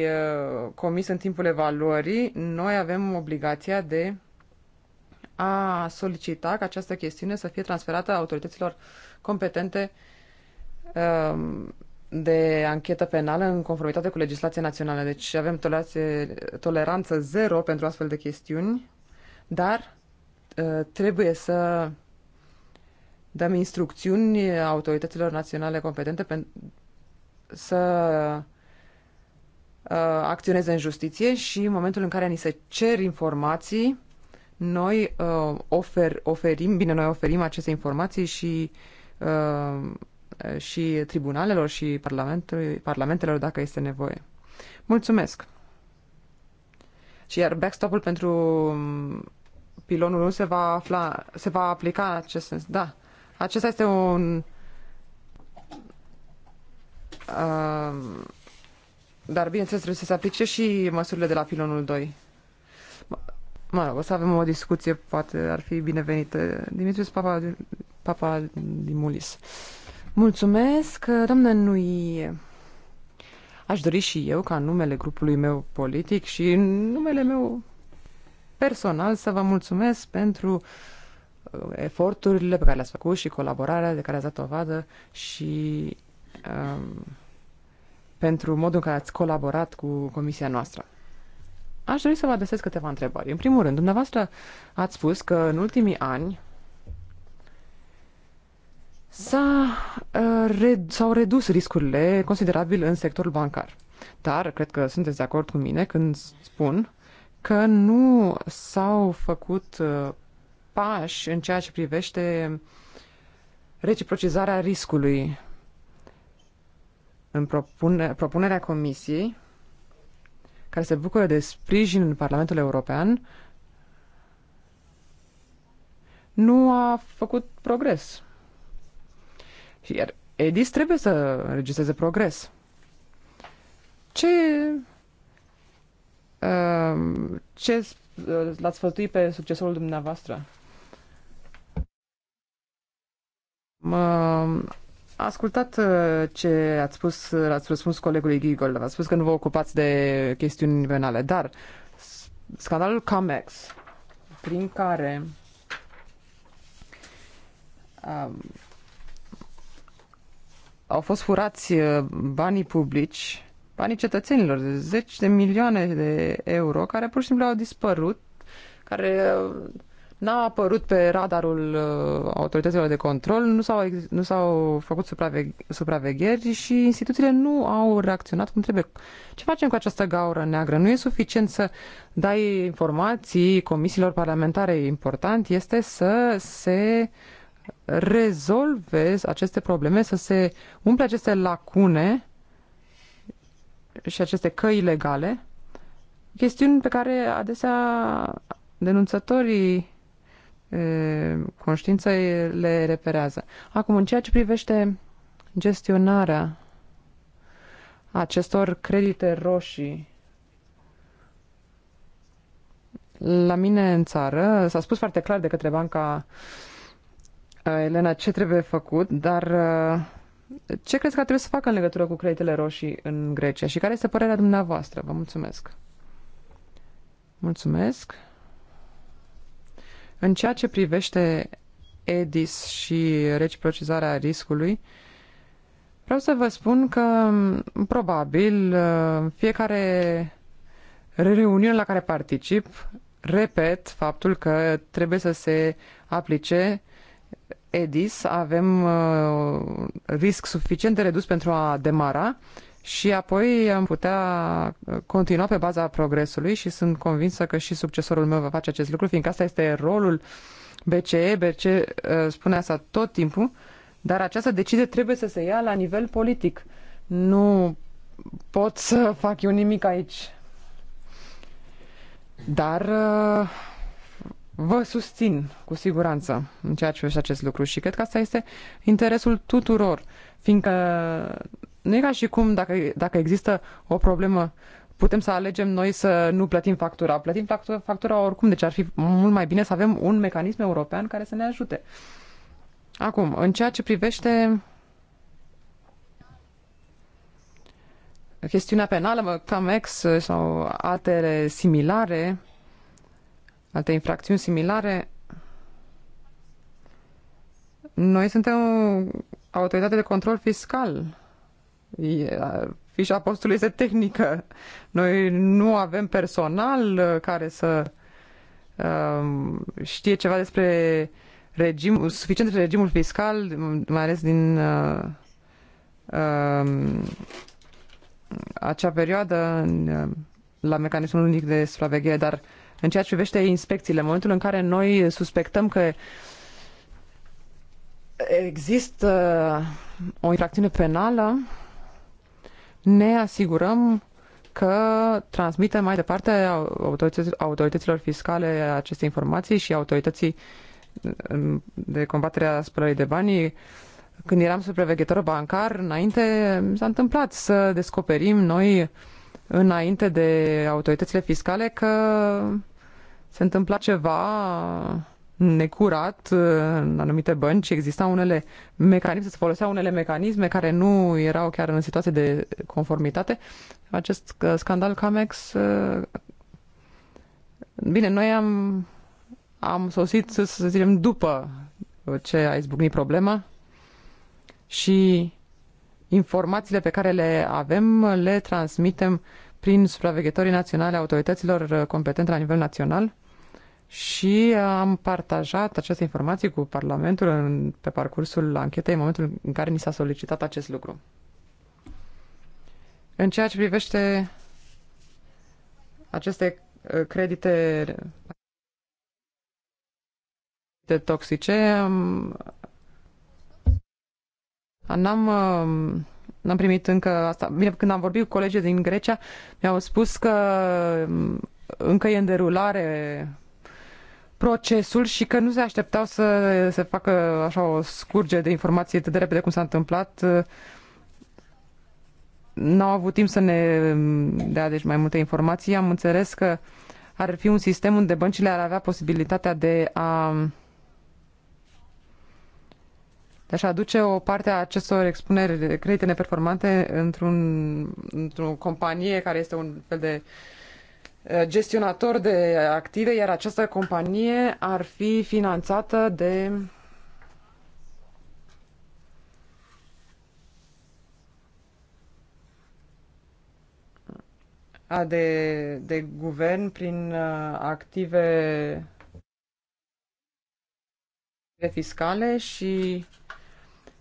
uh, comis în timpul evaluării, noi avem obligația de a solicita ca această chestiune să fie transferată autorităților competente um, de anchetă penală în conformitate cu legislația națională. Deci avem tolerație, toleranță zero pentru astfel de chestiuni, dar ă, trebuie să dăm instrucțiuni autorităților naționale competente să ă, acționeze în justiție și în momentul în care ni se cer informații, noi ă, ofer, oferim, bine, noi oferim aceste informații și Eh, și tribunalelor și parlamentelor dacă este nevoie. Mulțumesc! Și iar backstop-ul pentru mm, pilonul 1 se va, afla, se va aplica în acest sens. Da, acesta este un... Uh, dar bineînțeles trebuie să se aplice și măsurile de la pilonul 2. Mă rog, o să avem o discuție, poate ar fi binevenită. Dimitrius Papa, Papa Dimulis. Uh, Mulțumesc, doamnă Nui. Aș dori și eu, ca în numele grupului meu politic și în numele meu personal, să vă mulțumesc pentru uh, eforturile pe care le-ați făcut și colaborarea de care ați dat vadă și um, pentru modul în care ați colaborat cu comisia noastră. Aș dori să vă adresez câteva întrebări. În primul rând, dumneavoastră ați spus că în ultimii ani S-a, uh, red, s-au redus riscurile considerabil în sectorul bancar. Dar cred că sunteți de acord cu mine când spun că nu s-au făcut uh, pași în ceea ce privește reciprocizarea riscului. În propune, propunerea Comisiei, care se bucură de sprijin în Parlamentul European, nu a făcut progres. Și iar Edis trebuie să înregistreze progres. Ce, um, uh, ce l-ați sfătuit pe succesorul dumneavoastră? Mă, ascultat uh, ce ați spus, ați răspuns colegului Gigol, ați spus că nu vă ocupați de chestiuni penale, dar scandalul Camex, prin care um, au fost furați uh, banii publici, banii cetățenilor, de zeci de milioane de euro, care pur și simplu au dispărut, care uh, n-au apărut pe radarul uh, autorităților de control, nu s-au, nu s-au făcut supraveg- supravegheri și instituțiile nu au reacționat cum trebuie. Ce facem cu această gaură neagră? Nu e suficient să dai informații comisiilor parlamentare. Important este să se rezolve aceste probleme, să se umple aceste lacune și aceste căi legale, chestiuni pe care adesea denunțătorii conștiinței le reperează. Acum, în ceea ce privește gestionarea acestor credite roșii, la mine în țară s-a spus foarte clar de către Banca uh, Uh, Elena, ce trebuie făcut, dar uh, ce crezi că trebuie să facă în legătură cu creditele roșii în Grecia și care este părerea dumneavoastră? Vă mulțumesc. Mulțumesc. În ceea ce privește EDIS și reciprocizarea riscului, vreau să vă spun că mm, probabil uh, fiecare reuniune la care particip, repet faptul că trebuie să se aplice EDIS avem uh, risc suficient de redus pentru a demara și apoi am putea uh, continua pe baza progresului și sunt convinsă că și succesorul meu va face acest lucru, fiindcă asta este rolul BCE. BCE uh, spune asta tot timpul, dar această decizie trebuie să se ia la nivel politic. Nu pot să fac eu nimic aici. Dar uh, Vă susțin cu siguranță în ceea ce privește acest lucru și cred că asta este interesul tuturor, fiindcă nu e ca și cum dacă, dacă există o problemă putem să alegem noi să nu plătim factura. Plătim factura, factura oricum, deci ar fi mult mai bine să avem un mecanism european care să ne ajute. Acum, în ceea ce privește chestiunea penală, CAMEX sau altele similare, alte infracțiuni similare. Noi suntem autoritate de control fiscal. Fișa postului este tehnică. Noi nu avem personal uh, care să um, știe ceva despre regim, suficient despre regimul fiscal, mai ales din uh, uh, acea perioadă uh, la mecanismul unic de supraveghere, dar în ceea ce privește inspecțiile, în momentul în care noi suspectăm că există uh, o infracțiune penală, ne asigurăm că transmitem mai departe autorităților fiscale aceste informații și autorității uh, de combatere a spălării de bani. Când eram supraveghetor bancar, înainte s-a întâmplat să descoperim noi, înainte de autoritățile fiscale, că se întâmpla ceva necurat uh, în anumite bănci, exista unele mecanisme, se foloseau unele mecanisme care nu erau chiar în situație de conformitate. Acest uh, scandal Camex, uh, bine, noi am, am sosit, să zicem, după ce a izbucnit problema și informațiile pe care le avem le transmitem prin supraveghetorii naționale autorităților competente la nivel național și am partajat aceste informații cu Parlamentul în, pe parcursul anchetei, în momentul în care ni s-a solicitat acest lucru. În ceea ce privește aceste uh, credite de toxice, n-am, um, n-am primit încă asta. Bine, când am vorbit cu colegii din Grecia, mi-au spus că um, încă e în derulare procesul și că nu se așteptau să se facă așa o scurge de informații atât de repede cum s-a întâmplat. N-au avut timp să ne dea deci mai multe informații. Am înțeles că ar fi un sistem unde băncile ar avea posibilitatea de a de a aduce o parte a acestor expuneri de credite neperformante într-un, într-o companie care este un fel de uh, Uh, gestionator de active, iar această companie ar fi finanțată de a, de, de guvern prin uh, active fiscale și,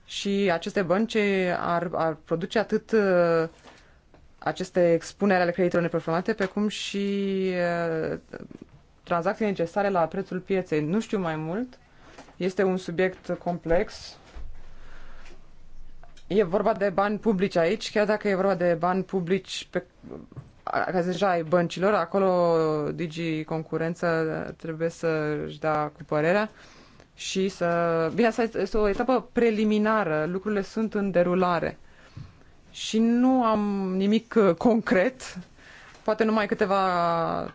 și aceste bănci ar, ar produce atât uh, aceste expunere ale creditelor neperformante, precum și uh, tranzacții necesare la prețul pieței. Nu știu mai mult, este un subiect complex. E vorba de bani publici aici, chiar dacă e vorba de bani publici pe, ca deja ai băncilor, acolo Digi Concurență trebuie să-și dea cu părerea și să... Bine, asta este o etapă preliminară, lucrurile sunt în derulare și nu am nimic uh, concret, poate numai câteva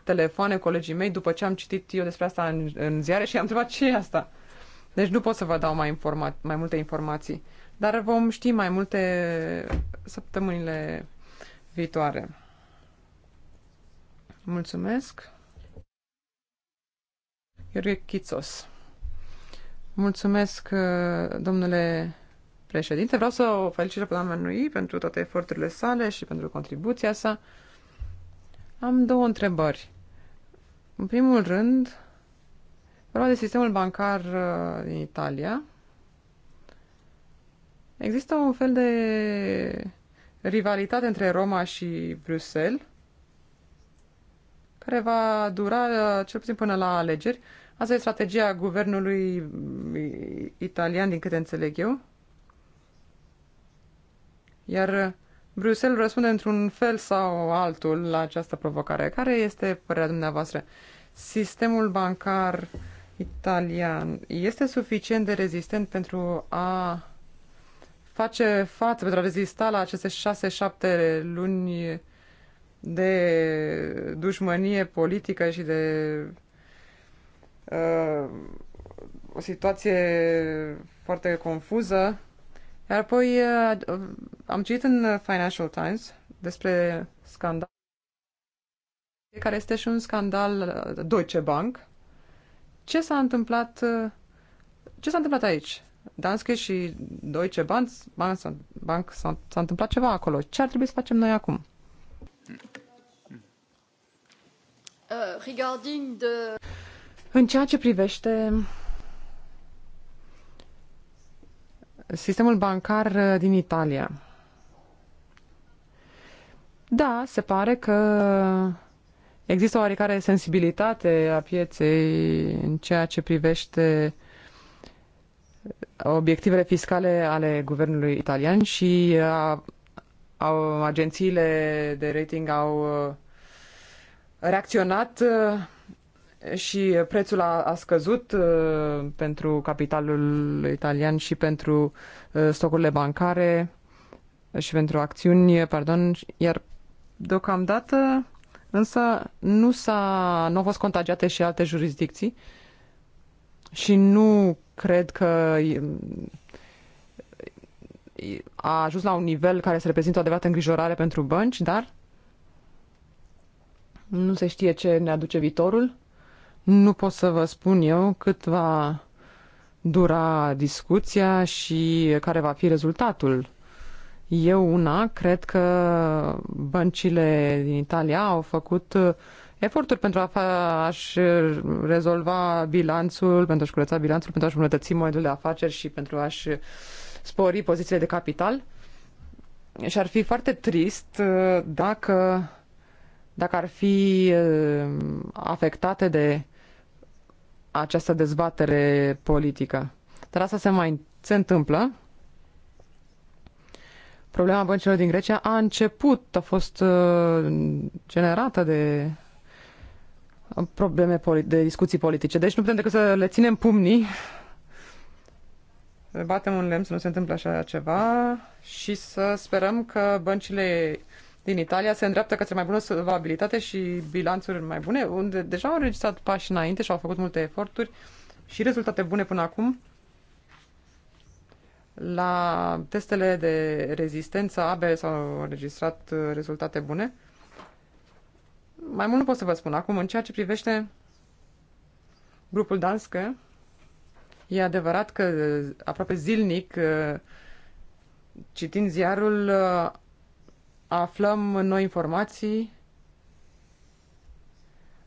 telefoane colegii mei după ce am citit eu despre asta în, în ziare și am întrebat ce e asta. Deci nu pot să vă dau mai, informa- mai multe informații, dar vom ști mai multe săptămânile viitoare. Mulțumesc. Iorghe Chitos. Mulțumesc, uh, domnule președinte. Vreau să o felicit pe doamna Nui pentru toate eforturile sale și pentru contribuția sa. Am două întrebări. În primul rând, vorba de sistemul bancar uh, din Italia. Există un fel de rivalitate între Roma și Bruxelles, care va dura uh, cel puțin până la alegeri. Asta e strategia guvernului mm, italian, din câte înțeleg eu. Iar uh, Bruxelles răspunde într-un fel sau altul la această provocare. Care este părerea dumneavoastră? Sistemul bancar italian este suficient de rezistent pentru a face față, pentru a rezista la aceste șase-șapte luni de dușmănie politică și de uh, o situație foarte confuză iar apoi uh, uh, am citit în Financial Times despre scandal care este și un scandal uh, Deutsche Bank. Ce s-a întâmplat ce s-a întâmplat aici? Danske și Deutsche Bank, Bank, Bank s-a, s-a întâmplat ceva acolo. Ce ar trebui să facem noi acum? Uh, regarding the... În ceea ce privește sistemul bancar uh, din Italia. Da, se pare că există oarecare sensibilitate a pieței în ceea ce privește uh, obiectivele fiscale ale guvernului italian și uh, a, a, agențiile de rating au reacționat și prețul a, a scăzut uh, pentru capitalul italian și pentru uh, stocurile bancare și pentru acțiuni, pardon, iar deocamdată însă nu, s-a, nu au fost contagiate și alte jurisdicții și nu cred că a ajuns la un nivel care să reprezintă o adevărată îngrijorare pentru bănci, dar nu se știe ce ne aduce viitorul nu pot să vă spun eu cât va dura discuția și care va fi rezultatul. Eu una cred că băncile din Italia au făcut eforturi pentru a a-și rezolva bilanțul, pentru a-și curăța bilanțul, pentru a-și îmbunătăți modul de afaceri și pentru a-și spori pozițiile de capital. Și ar fi foarte trist uh, dacă, dacă ar fi uh, afectate de această dezbatere politică. Dar asta se mai se întâmplă. Problema băncilor din Grecia a început, a fost uh, generată de probleme de discuții politice. Deci nu putem decât să le ținem pumnii, Le batem un lemn să nu se întâmple așa ceva și să sperăm că băncile din Italia se îndreaptă către mai bună solvabilitate și bilanțuri mai bune, unde deja au înregistrat pași înainte și au făcut multe eforturi și rezultate bune până acum. La testele de rezistență ABE s-au înregistrat uh, rezultate bune. Mai mult nu pot să vă spun acum. În ceea ce privește grupul Danske, e adevărat că uh, aproape zilnic, uh, citind ziarul, aflăm noi informații.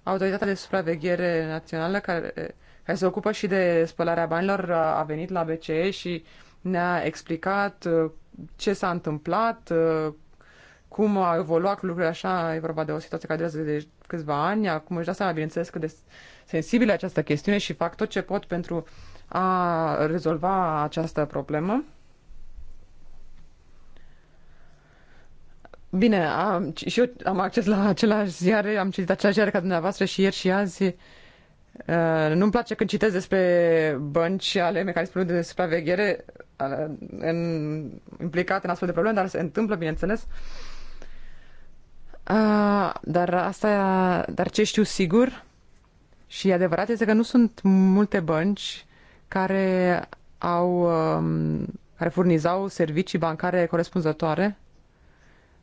Autoritatea de supraveghere națională care, care se ocupă și de spălarea banilor a venit la BCE și ne-a explicat uh, ce s-a întâmplat, uh, cum a evoluat lucrurile așa, e vorba de o situație care durează de câțiva ani, acum își da seama, bineînțeles, cât de sensibilă această chestiune și fac tot ce pot pentru a rezolva această problemă. Bine, am, și eu am acces la același ziare, am citit același ziare ca dumneavoastră și ieri și azi. Uh, nu-mi place când citesc despre bănci ale mecanismului de supraveghere uh, în, implicate în astfel de probleme, dar se întâmplă, bineînțeles. Uh, dar asta, dar ce știu sigur și adevărat este că nu sunt multe bănci care au, um, care furnizau servicii bancare corespunzătoare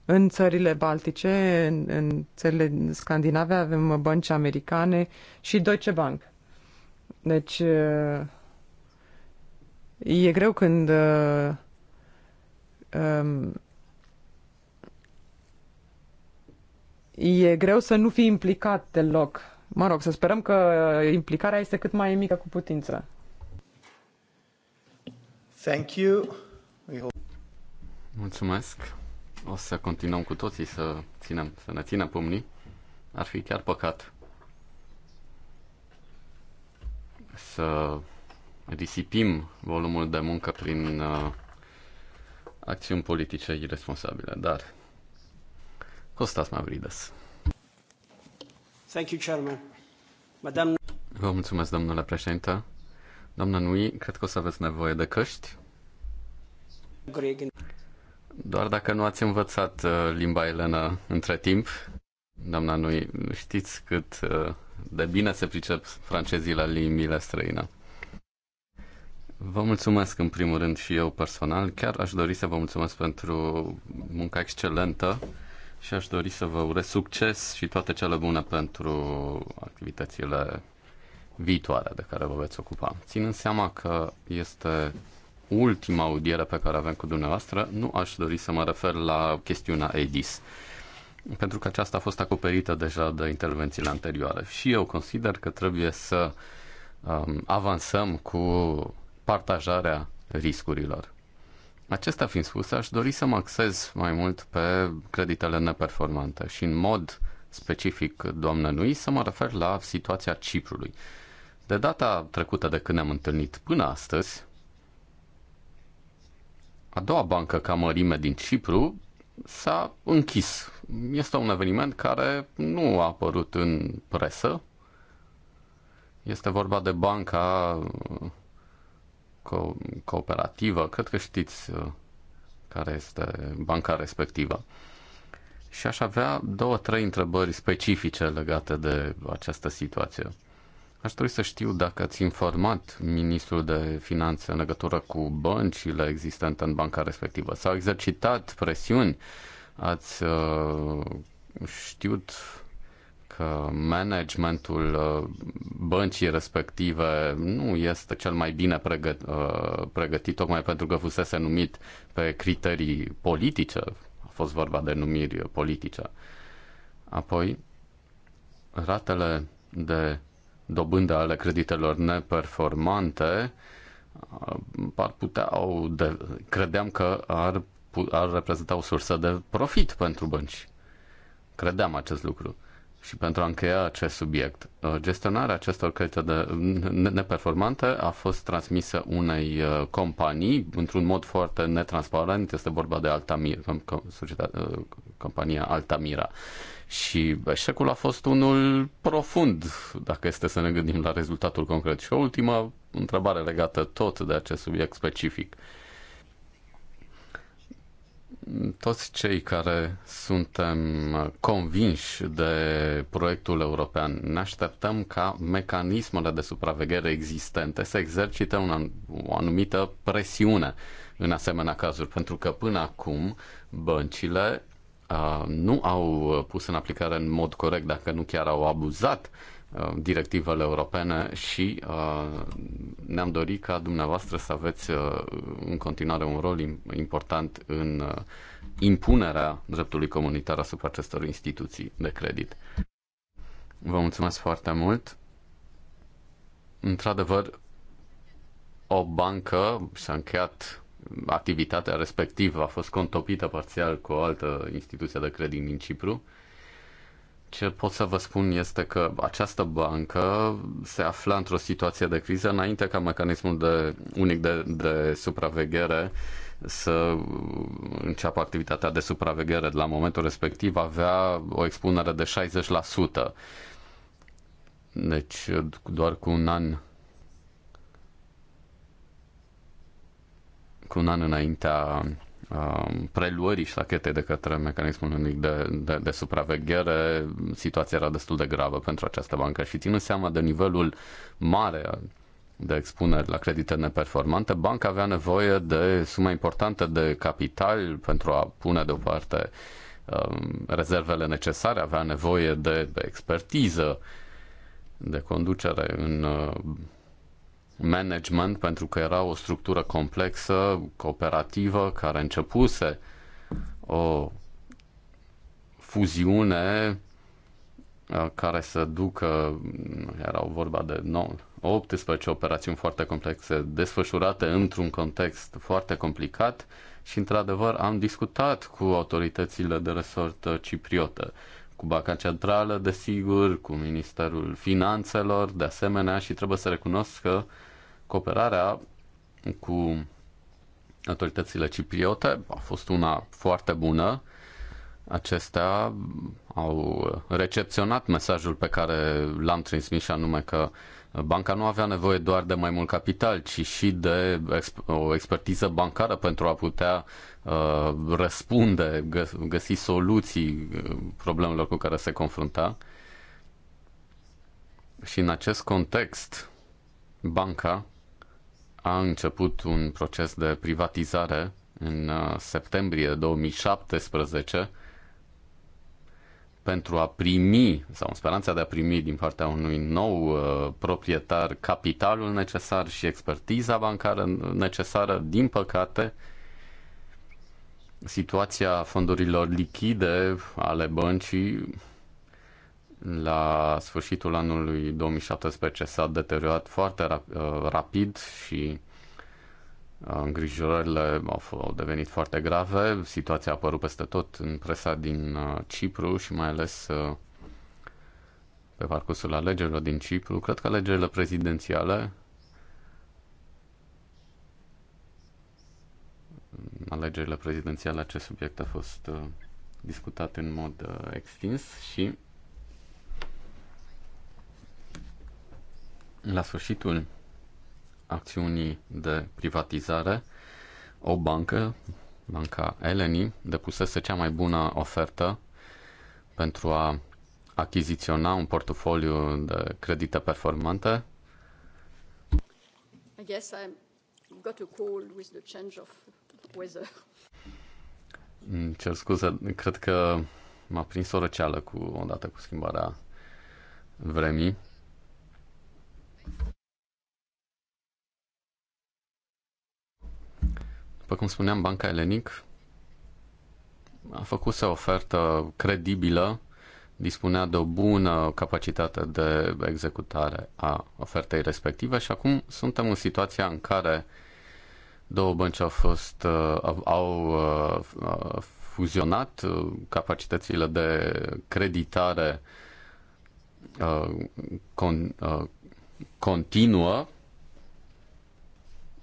în țările baltice, în, în țările scandinave, avem bănci americane și Deutsche Bank. Deci, e greu când um, e greu să nu fii implicat deloc. Mă rog, să sperăm că implicarea este cât mai mică cu putință. Thank you. We hope... Mulțumesc o să continuăm cu toții să, ținem, să ne ținem pumnii. Ar fi chiar păcat să risipim volumul de muncă prin uh, acțiuni politice irresponsabile, dar Costas Mavridas. Thank you, Chairman. Madame... Vă mulțumesc, domnule președinte. Doamna Nui, cred că o să aveți nevoie de căști. Greg. Doar dacă nu ați învățat uh, limba elenă între timp, doamna, nu știți cât uh, de bine se pricep francezii la limbile străine. Vă mulțumesc în primul rând și eu personal. Chiar aș dori să vă mulțumesc pentru munca excelentă și aș dori să vă urez succes și toate cele bune pentru activitățile viitoare de care vă veți ocupa. Ținând seama că este ultima audiere pe care avem cu dumneavoastră, nu aș dori să mă refer la chestiunea EDIS, pentru că aceasta a fost acoperită deja de intervențiile anterioare. Și eu consider că trebuie să um, avansăm cu partajarea riscurilor. Acestea fiind spus, aș dori să mă axez mai mult pe creditele neperformante și în mod specific Nui, să mă refer la situația Ciprului. De data trecută de când ne-am întâlnit până astăzi, a doua bancă ca mărime din Cipru s-a închis. Este un eveniment care nu a apărut în presă. Este vorba de banca co- cooperativă, cred că știți care este banca respectivă. Și aș avea două, trei întrebări specifice legate de această situație. Aș trebui să știu dacă ați informat ministrul de finanțe în legătură cu băncile existente în banca respectivă. S-au exercitat presiuni? Ați uh, știut că managementul uh, băncii respective nu este cel mai bine pregăt, uh, pregătit, tocmai pentru că fusese numit pe criterii politice, a fost vorba de numiri politice. Apoi, ratele de dobândă ale creditelor neperformante ar putea, au de, credeam că ar, ar reprezenta o sursă de profit pentru bănci. Credeam acest lucru. Și pentru a încheia acest subiect, gestionarea acestor credite de neperformante a fost transmisă unei uh, companii într-un mod foarte netransparent. Este vorba de Altamira, uh, compania Altamira. Și eșecul a fost unul profund, dacă este să ne gândim la rezultatul concret. Și o ultimă întrebare legată tot de acest subiect specific. Toți cei care suntem convinși de proiectul european, ne așteptăm ca mecanismele de supraveghere existente să exercite un, o anumită presiune în asemenea cazuri, pentru că până acum băncile Uh, nu au uh, pus în aplicare în mod corect, dacă nu chiar au abuzat uh, directivele europene și ne-am dorit ca dumneavoastră să aveți în continuare un rol important în impunerea dreptului comunitar asupra acestor instituții de credit. Vă mulțumesc foarte mult. Într-adevăr, o bancă și-a încheiat activitatea respectivă a fost contopită parțial cu o altă instituție de credit din Cipru. Ce pot să vă spun este că această bancă se afla într-o situație de criză înainte ca mecanismul de, unic de, de supraveghere să înceapă activitatea de supraveghere. La momentul respectiv avea o expunere de 60%. Deci doar cu un an cu un an înaintea um, preluării ștachetei de către mecanismul unic de, de, de supraveghere, situația era destul de gravă pentru această bancă și ținând seama de nivelul mare de expuneri la credite neperformante, banca avea nevoie de sume importante de capital pentru a pune deoparte um, rezervele necesare, avea nevoie de, de expertiză, de conducere în uh, management pentru că era o structură complexă, cooperativă, care începuse o fuziune uh, care să ducă, o vorba de 9, 18 operațiuni foarte complexe, desfășurate într-un context foarte complicat și, într-adevăr, am discutat cu autoritățile de resort cipriote, cu Banca Centrală, desigur, cu Ministerul Finanțelor, de asemenea, și trebuie să recunosc că uh, Cooperarea cu autoritățile cipriote a fost una foarte bună. Acestea au recepționat mesajul pe care l-am transmis și anume că banca nu avea nevoie doar de mai mult capital, ci și de o expertiză bancară pentru a putea uh, răspunde, găsi soluții uh, problemelor cu care se confrunta. Și în acest context, banca a început un proces de privatizare în uh, septembrie 2017 pentru a primi, sau în speranța de a primi din partea unui nou uh, proprietar capitalul necesar și expertiza bancară necesară, din păcate, situația fondurilor lichide ale băncii la sfârșitul anului 2017 s-a deteriorat foarte rap- uh, rapid și uh, îngrijorările au devenit foarte grave. Situația a apărut peste tot în presa din uh, Cipru și mai ales pe parcursul alegerilor din Cipru. Cred că alegerile prezidențiale alegerile prezidențiale acest subiect a fost discutat în mod extins și La sfârșitul acțiunii de privatizare, o bancă, banca Eleni, depusese cea mai bună ofertă pentru a achiziționa un portofoliu de credite performante. I guess got a call with the change of weather. Cer scuze, cred că m-a prins o răceală cu, odată cu schimbarea vremii. După cum spuneam, Banca Elenic a făcut o ofertă credibilă, dispunea de o bună capacitate de executare a ofertei respective și acum suntem în situația în care două bănci au fost uh, au uh, uh, fuzionat capacitățile de creditare continuă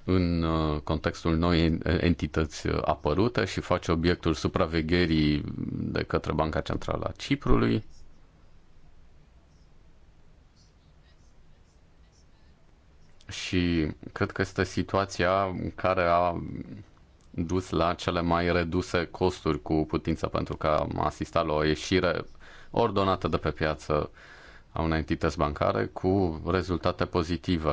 în uh, contextul noi entități uh, apărute și face obiectul supravegherii de către Banca Centrală a Ciprului. Și cred că este situația care a dus la cele mai reduse costuri cu putință pentru că am asistat la o ieșire ordonată de pe piață a unei entități bancare cu rezultate pozitive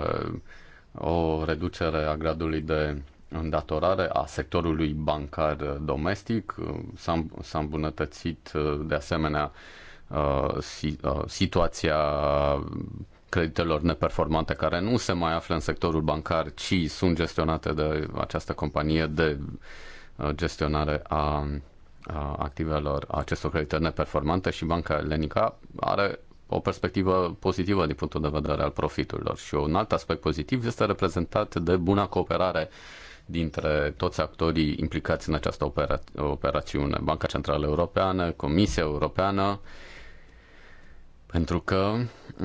o reducere a gradului de îndatorare a sectorului bancar domestic. S-a, s-a îmbunătățit uh, de asemenea uh, uh, situația creditelor neperformante care nu se mai află în sectorul bancar, ci sunt gestionate de această companie de gestionare a activelor acestor credite neperformante și Banca Elenica are o perspectivă pozitivă din punctul de vedere al profiturilor. Și un alt aspect pozitiv este reprezentat de buna cooperare dintre toți actorii implicați în această opera- operațiune. Banca Centrală Europeană, Comisia Europeană, pentru că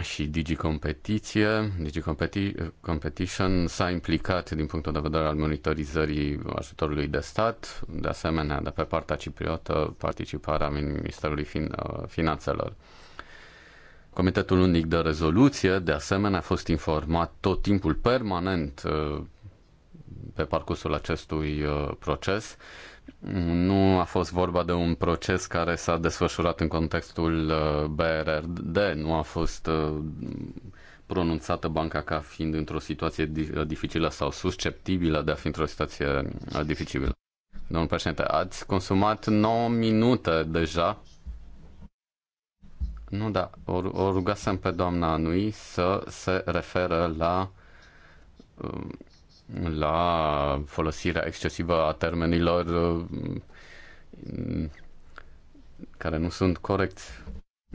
și Digi Competiție, Digi Competi- Competition s-a implicat din punctul de vedere al monitorizării ajutorului de stat, de asemenea, de pe partea cipriotă, participarea Ministerului fin- uh, Finanțelor. Comitetul Unic de Rezoluție, de asemenea, a fost informat tot timpul permanent uh, pe parcursul acestui uh, proces. Nu a fost vorba de un proces care s-a desfășurat în contextul uh, BRRD, nu a fost pronunțată banca ca fiind într-o situație dificilă sau susceptibilă de a fi într-o situație dificilă. Domnul președinte, ați consumat 9 minute deja nu, da, o, o rugasem pe doamna Anui să se referă la um, la folosirea excesivă a termenilor um, care nu sunt corecți.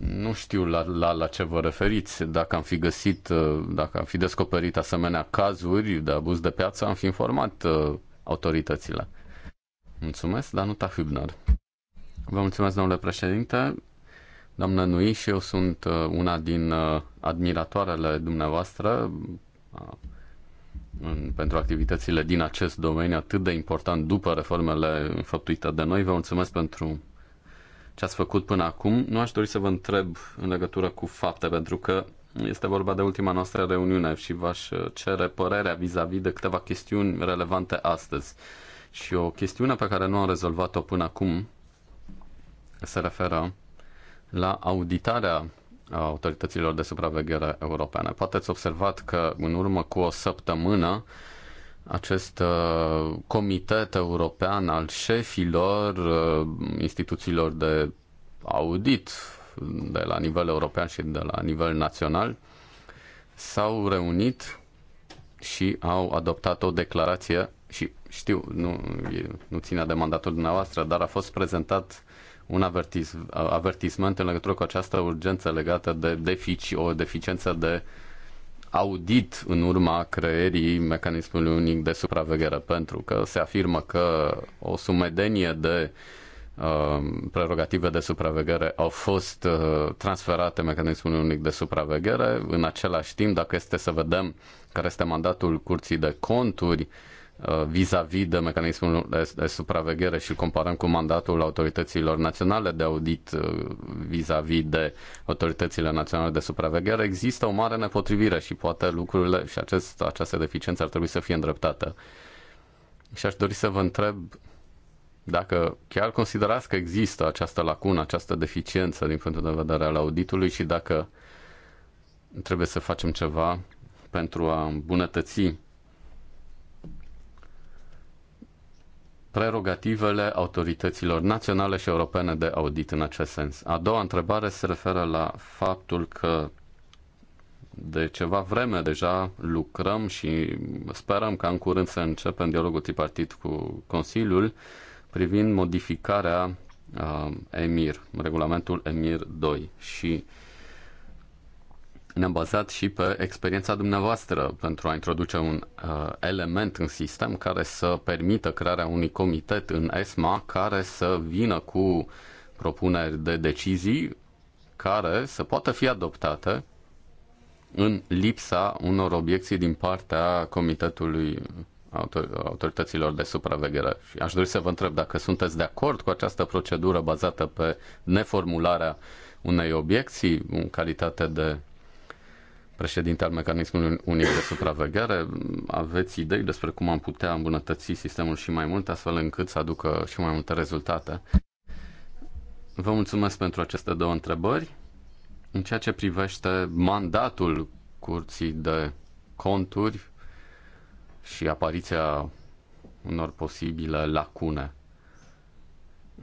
Nu știu la, la, la ce vă referiți. Dacă am fi găsit, uh, dacă am fi descoperit asemenea cazuri de abuz de piață, am fi informat uh, autoritățile. Mulțumesc, Danuta Hübner. Vă mulțumesc, domnule președinte. Doamnă Nui, și eu sunt uh, una din uh, admiratoarele dumneavoastră uh, pentru activitățile din acest domeniu atât de important după reformele înfăptuite de noi. Vă mulțumesc pentru ce ați făcut până acum. Nu aș dori să vă întreb în legătură cu fapte, pentru că este vorba de ultima noastră reuniune și v-aș cere părerea vis-a-vis -vis de câteva chestiuni relevante astăzi. Și o chestiune pe care nu am rezolvat-o până acum se referă la auditarea uh, autorităților de supraveghere europene. Poate ați observat că în urmă cu o săptămână acest uh, comitet european al șefilor uh, instituțiilor de audit de la nivel european și de la nivel național s-au reunit și au adoptat o declarație și știu, nu, nu ține de mandatul dumneavoastră, dar a fost prezentat un avertis, avertisment în legătură cu această urgență legată de defici, o deficiență de audit în urma creierii mecanismului unic de supraveghere, pentru că se afirmă că o sumedenie de uh, prerogative de supraveghere au fost uh, transferate mecanismului unic de supraveghere. În același timp, dacă este să vedem care este mandatul curții de conturi, uh, Uh, vis-a-vis -vis de mecanismul de, supraveghere și comparăm cu mandatul autorităților naționale de audit uh, vis-a-vis -vis de autoritățile naționale de supraveghere, există o mare nepotrivire și poate lucrurile și acest, această deficiență ar trebui să fie îndreptată. Și aș dori să vă întreb dacă chiar considerați că există această lacună, această deficiență din punctul de vedere al auditului și dacă trebuie să facem ceva pentru a îmbunătăți prerogativele autorităților naționale și europene de audit în acest sens. A doua întrebare se referă la faptul că de ceva vreme deja lucrăm și sperăm ca în curând să începem dialogul tripartit cu Consiliul privind modificarea uh, EMIR, regulamentul EMIR 2 și uh, ne-am bazat și pe experiența dumneavoastră pentru a introduce un uh, element în sistem care să permită crearea unui comitet în ESMA care să vină cu propuneri de decizii care să poată fi adoptate în lipsa unor obiecții din partea comitetului autor- autorităților de supraveghere. Și aș dori să vă întreb dacă sunteți de acord cu această procedură bazată pe neformularea unei obiecții în calitate de președinte al mecanismului unic de supraveghere. Aveți idei despre cum am putea îmbunătăți sistemul și mai mult, astfel încât să aducă și mai multe rezultate? Vă mulțumesc pentru aceste două întrebări. În ceea ce privește mandatul curții de conturi și apariția unor posibile lacune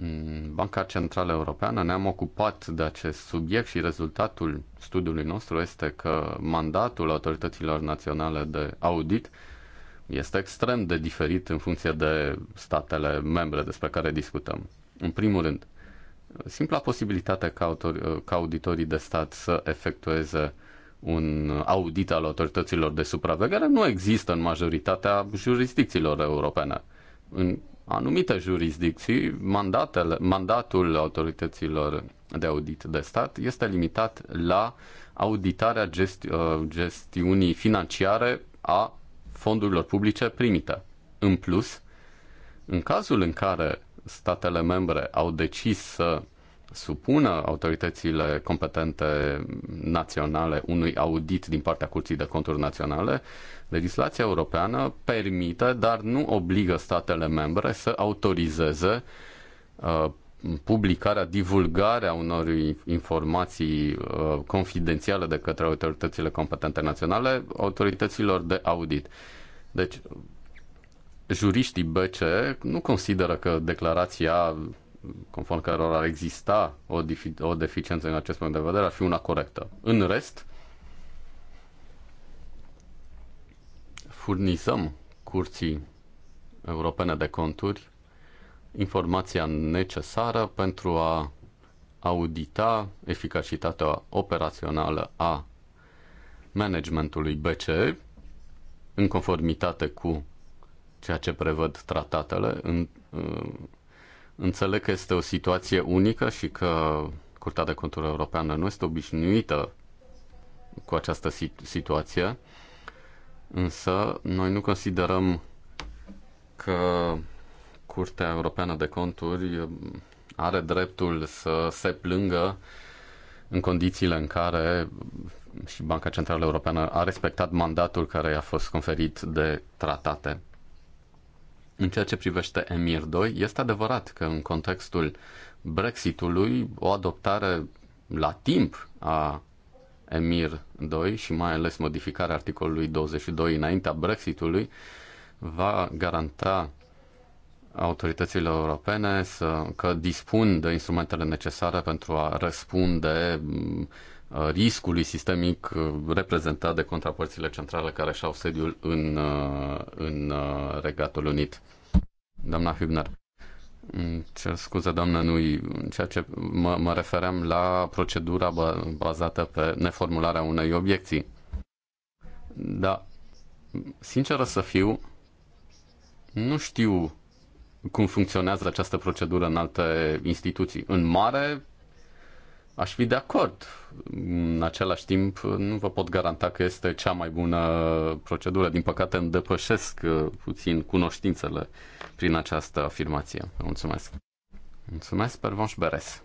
Mm, Banca Centrală Europeană ne-am ocupat de acest subiect și rezultatul studiului nostru este că mandatul autorităților naționale de audit este extrem de diferit în funcție de statele membre despre care discutăm. În primul rând, simpla posibilitate ca, autor, ca auditorii de stat să efectueze un audit al autorităților de supraveghere nu există în majoritatea jurisdicțiilor europene. În anumite jurisdicții, mandatele, mandatul autorităților de audit de stat este limitat la auditarea gesti- uh, gestiunii financiare a fondurilor publice primite. În plus, în cazul în care statele membre au decis să supună autoritățile competente naționale unui audit din partea Curții de Conturi Naționale, legislația europeană permite, dar nu obligă statele membre să autorizeze uh, publicarea, divulgarea unor informații uh, confidențiale de către autoritățile competente naționale autorităților de audit. Deci, juriștii BC nu consideră că declarația conform cărora ar exista o, o deficiență în acest punct de vedere, ar fi una corectă. În rest, furnizăm curții europene de conturi informația necesară pentru a audita eficacitatea operațională a managementului BCE în conformitate cu ceea ce prevăd tratatele în, uh, Înțeleg că este o situație unică și că Curtea de Conturi Europeană nu este obișnuită cu această situație, însă noi nu considerăm că Curtea Europeană de Conturi are dreptul să se plângă în condițiile în care și Banca Centrală Europeană a respectat mandatul care i-a fost conferit de tratate. În ceea ce privește Emir 2, este adevărat că în contextul Brexitului, o adoptare la timp a Emir 2 și mai ales modificarea articolului 22 înaintea Brexitului va garanta autoritățile europene să, că dispun de instrumentele necesare pentru a răspunde Uh, riscului sistemic uh, reprezentat de contrapărțile centrale care și-au sediul în, uh, în Regatul Unit. Doamna Hübner. ce scuze, doamnă, nu ceea ce mă, mă refeream la procedura bazată pe neformularea unei obiecții. Da, sinceră să fiu, nu știu cum funcționează această procedură în alte instituții. În mare, Aș fi de acord. În același timp, nu vă pot garanta că este cea mai bună procedură. Din păcate, îmi depășesc uh, puțin cunoștințele prin această afirmație. Mulțumesc. Mulțumesc, Pervanș Beres.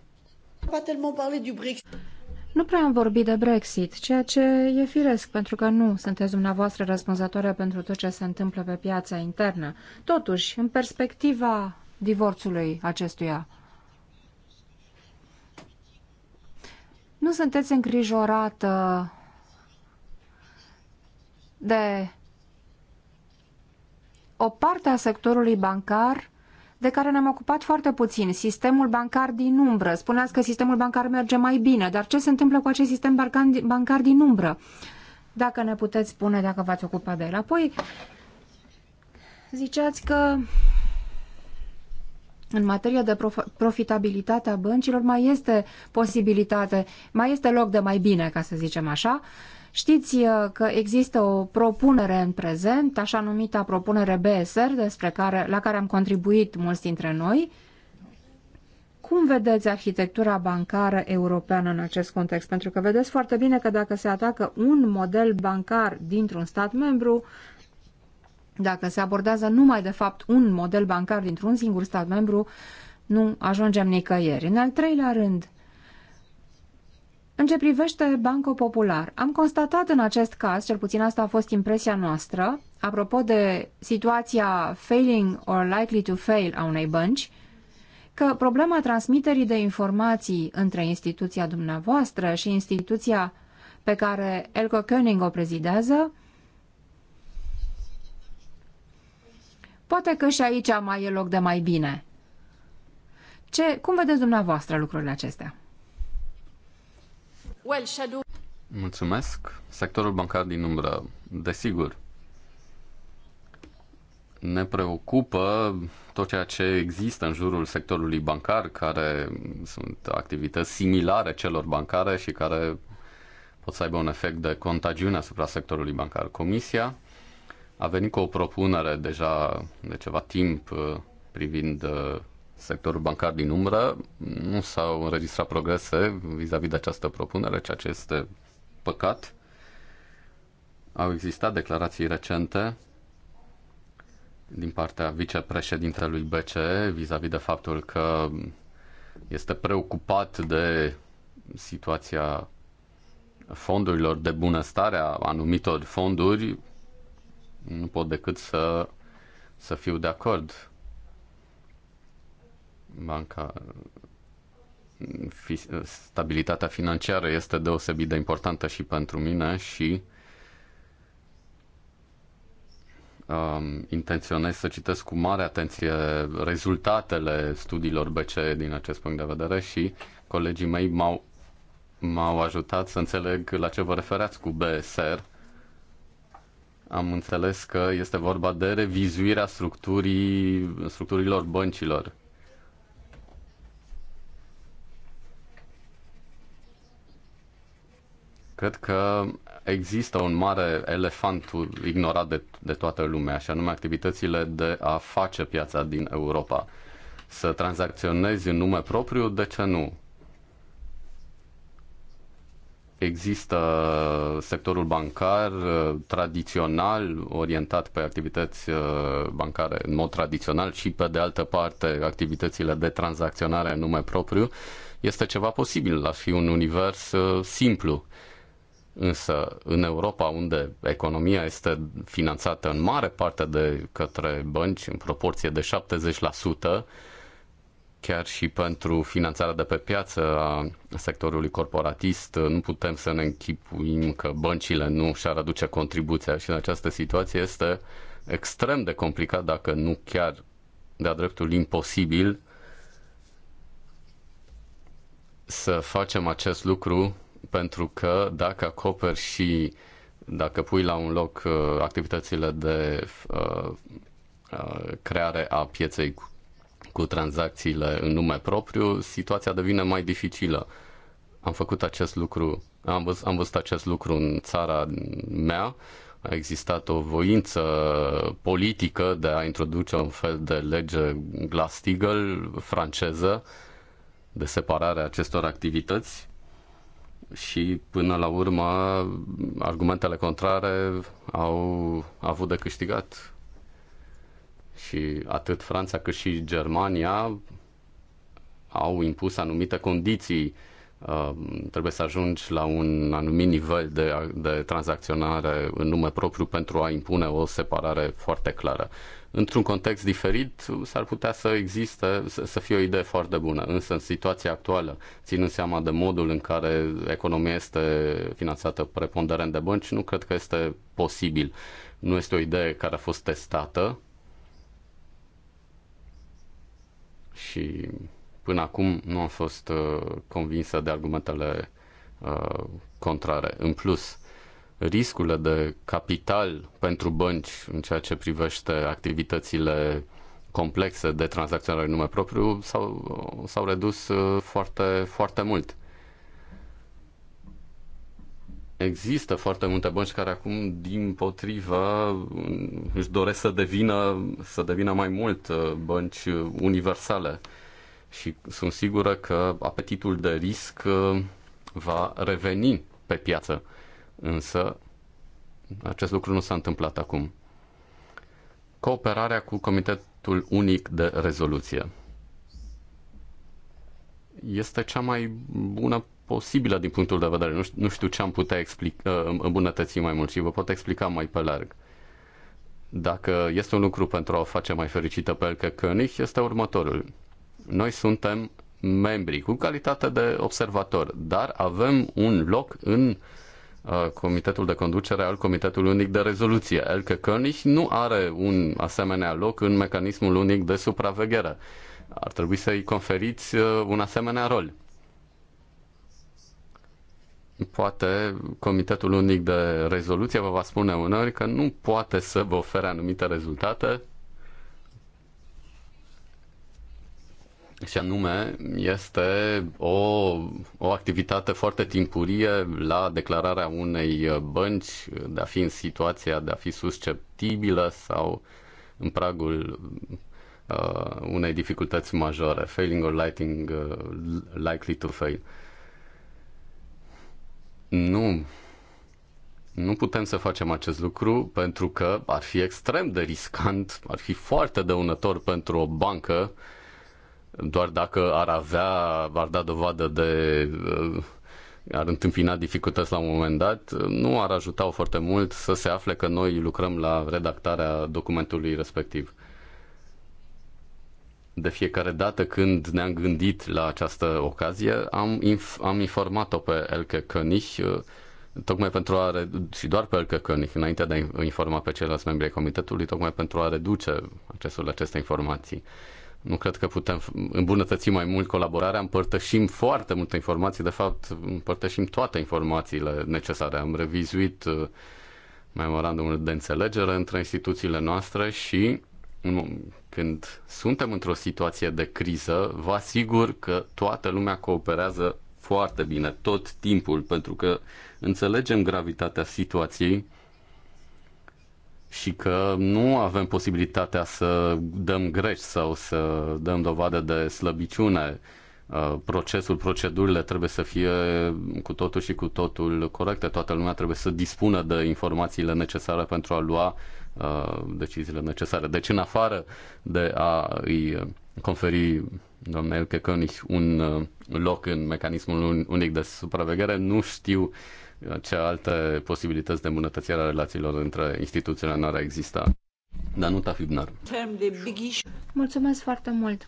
Nu prea am vorbit de Brexit, ceea ce e firesc, pentru că nu sunteți dumneavoastră răspunzătoare pentru tot ce se întâmplă pe piața internă. Totuși, în perspectiva divorțului acestuia, Nu sunteți îngrijorată de o parte a sectorului bancar de care ne-am ocupat foarte puțin, sistemul bancar din umbră. Spuneați că sistemul bancar merge mai bine, dar ce se întâmplă cu acest sistem bancar din umbră? Dacă ne puteți spune dacă v-ați ocupat de el. Apoi, ziceați că în materie de prof profitabilitate a băncilor mai este posibilitate, mai este loc de mai bine, ca să zicem așa. Știți uh, că există o propunere în prezent, așa numita propunere BSR, despre care, la care am contribuit mulți dintre noi. Cum vedeți arhitectura bancară europeană în acest context? Pentru că vedeți foarte bine că dacă se atacă un model bancar dintr-un stat membru, dacă se abordează numai, de fapt, un model bancar dintr-un singur stat membru, nu ajungem nicăieri. În al treilea rând, în ce privește Banco Popular, am constatat în acest caz, cel puțin asta a fost impresia noastră, apropo de situația failing or likely to fail a unei bănci, că problema transmiterii de informații între instituția dumneavoastră și instituția pe care Elko Koenig o prezidează Poate că și aici mai e loc de mai bine. Ce, cum vedeți dumneavoastră lucrurile acestea? Well, shadow... Mulțumesc. Sectorul bancar din umbră, desigur, ne preocupă tot ceea ce există în jurul sectorului bancar, care sunt activități similare celor bancare și care pot să aibă un efect de contagiune asupra sectorului bancar. Comisia a venit cu o propunere deja de ceva timp uh, privind uh, sectorul bancar din umbră. Nu s-au înregistrat progrese vis-a-vis -vis de această propunere, ceea ce este păcat. Au existat declarații recente din partea vicepreședintelui BCE vis-a-vis -vis de faptul că este preocupat de situația fondurilor de bunăstare a anumitor fonduri nu pot decât să, să fiu de acord. Banca, fi, stabilitatea financiară este deosebit de importantă și pentru mine și um, intenționez să citesc cu mare atenție rezultatele studiilor BCE din acest punct de vedere și colegii mei m-au, m-au ajutat să înțeleg la ce vă referați cu BSR am înțeles că este vorba de revizuirea structurii, structurilor băncilor. Cred că există un mare elefant ignorat de, de toată lumea, și anume activitățile de a face piața din Europa. Să tranzacționezi în nume propriu, de ce nu? Există sectorul bancar uh, tradițional, orientat pe activități uh, bancare în mod tradițional și pe de altă parte activitățile de tranzacționare în nume propriu. Este ceva posibil, ar fi un univers uh, simplu. Însă, în Europa, unde economia este finanțată în mare parte de către bănci, în proporție de 70%, chiar și pentru finanțarea de pe piață a sectorului corporatist, nu putem să ne închipuim că băncile nu și-ar aduce contribuția și în această situație este extrem de complicat, dacă nu chiar de-a dreptul imposibil, să facem acest lucru pentru că dacă acoperi și dacă pui la un loc uh, activitățile de uh, uh, creare a pieței cu tranzacțiile în nume propriu, situația devine mai dificilă. Am făcut acest lucru, am, văz, am văzut acest lucru în țara mea, a existat o voință politică de a introduce un fel de lege Glass-Steagall franceză de separare a acestor activități și până la urmă argumentele contrare au avut de câștigat și atât Franța cât și Germania au impus anumite condiții. Uh, trebuie să ajungi la un anumit nivel de, de tranzacționare în nume propriu pentru a impune o separare foarte clară. Într-un context diferit, s-ar putea să existe, să, să fie o idee foarte bună, însă în situația actuală, ținând seama de modul în care economia este finanțată preponderent de bănci, nu cred că este posibil. Nu este o idee care a fost testată, și până acum nu am fost uh, convinsă de argumentele uh, contrare. În plus, riscurile de capital pentru bănci în ceea ce privește activitățile complexe de tranzacționare în nume propriu s-au, s-au redus uh, foarte, foarte mult. Există foarte multe bănci care acum, din potrivă, își doresc să devină, să devină mai mult uh, bănci universale. Și sunt sigură că apetitul de risc uh, va reveni pe piață. Însă, acest lucru nu s-a întâmplat acum. Cooperarea cu Comitetul Unic de Rezoluție este cea mai bună posibilă din punctul de vedere. Nu știu, nu știu ce am putea explica, uh, îmbunătăți mai mult și vă pot explica mai pe larg. Dacă este un lucru pentru a o face mai fericită pe Elke König, este următorul. Noi suntem membri cu calitate de observator, dar avem un loc în uh, Comitetul de Conducere al Comitetului Unic de Rezoluție. Elke König nu are un asemenea loc în mecanismul unic de supraveghere. Ar trebui să-i conferiți uh, un asemenea rol poate Comitetul Unic de Rezoluție vă va spune uneori că nu poate să vă ofere anumite rezultate și anume este o, o activitate foarte timpurie la declararea unei bănci de a fi în situația de a fi susceptibilă sau în pragul uh, unei dificultăți majore, failing or lighting, uh, likely to fail. Uh, nu. Nu putem să facem acest lucru pentru că ar fi extrem de riscant, ar fi foarte dăunător pentru o bancă doar dacă ar avea, ar da dovadă de uh, ar întâmpina dificultăți la un moment dat, nu ar ajuta foarte mult să se afle că noi lucrăm la redactarea documentului respectiv de fiecare dată când ne-am gândit la această ocazie, am, inf- am informat-o pe Elke König uh, tocmai pentru a și doar pe Elke König, înainte de a informa pe ceilalți membri ai comitetului, tocmai pentru a reduce accesul la aceste informații. Nu cred că putem îmbunătăți mai mult colaborarea, împărtășim foarte multe informații, de fapt împărtășim toate informațiile necesare. Am revizuit uh, memorandumul de înțelegere între instituțiile noastre și când suntem într-o situație de criză, vă asigur că toată lumea cooperează foarte bine, tot timpul, pentru că înțelegem gravitatea situației și că nu avem posibilitatea să dăm greș sau să dăm dovadă de slăbiciune. Uh, procesul, procedurile trebuie să fie cu totul și cu totul corecte. Toată lumea trebuie să dispună de informațiile necesare pentru a lua Uh, deciziile necesare. Deci, în afară de a îi conferi doamnei Elke König un uh, loc în mecanismul unic de supraveghere, nu știu uh, ce alte posibilități de îmbunătățire a relațiilor între instituțiile n-ar exista. Danuta Fibnar. Mulțumesc foarte mult!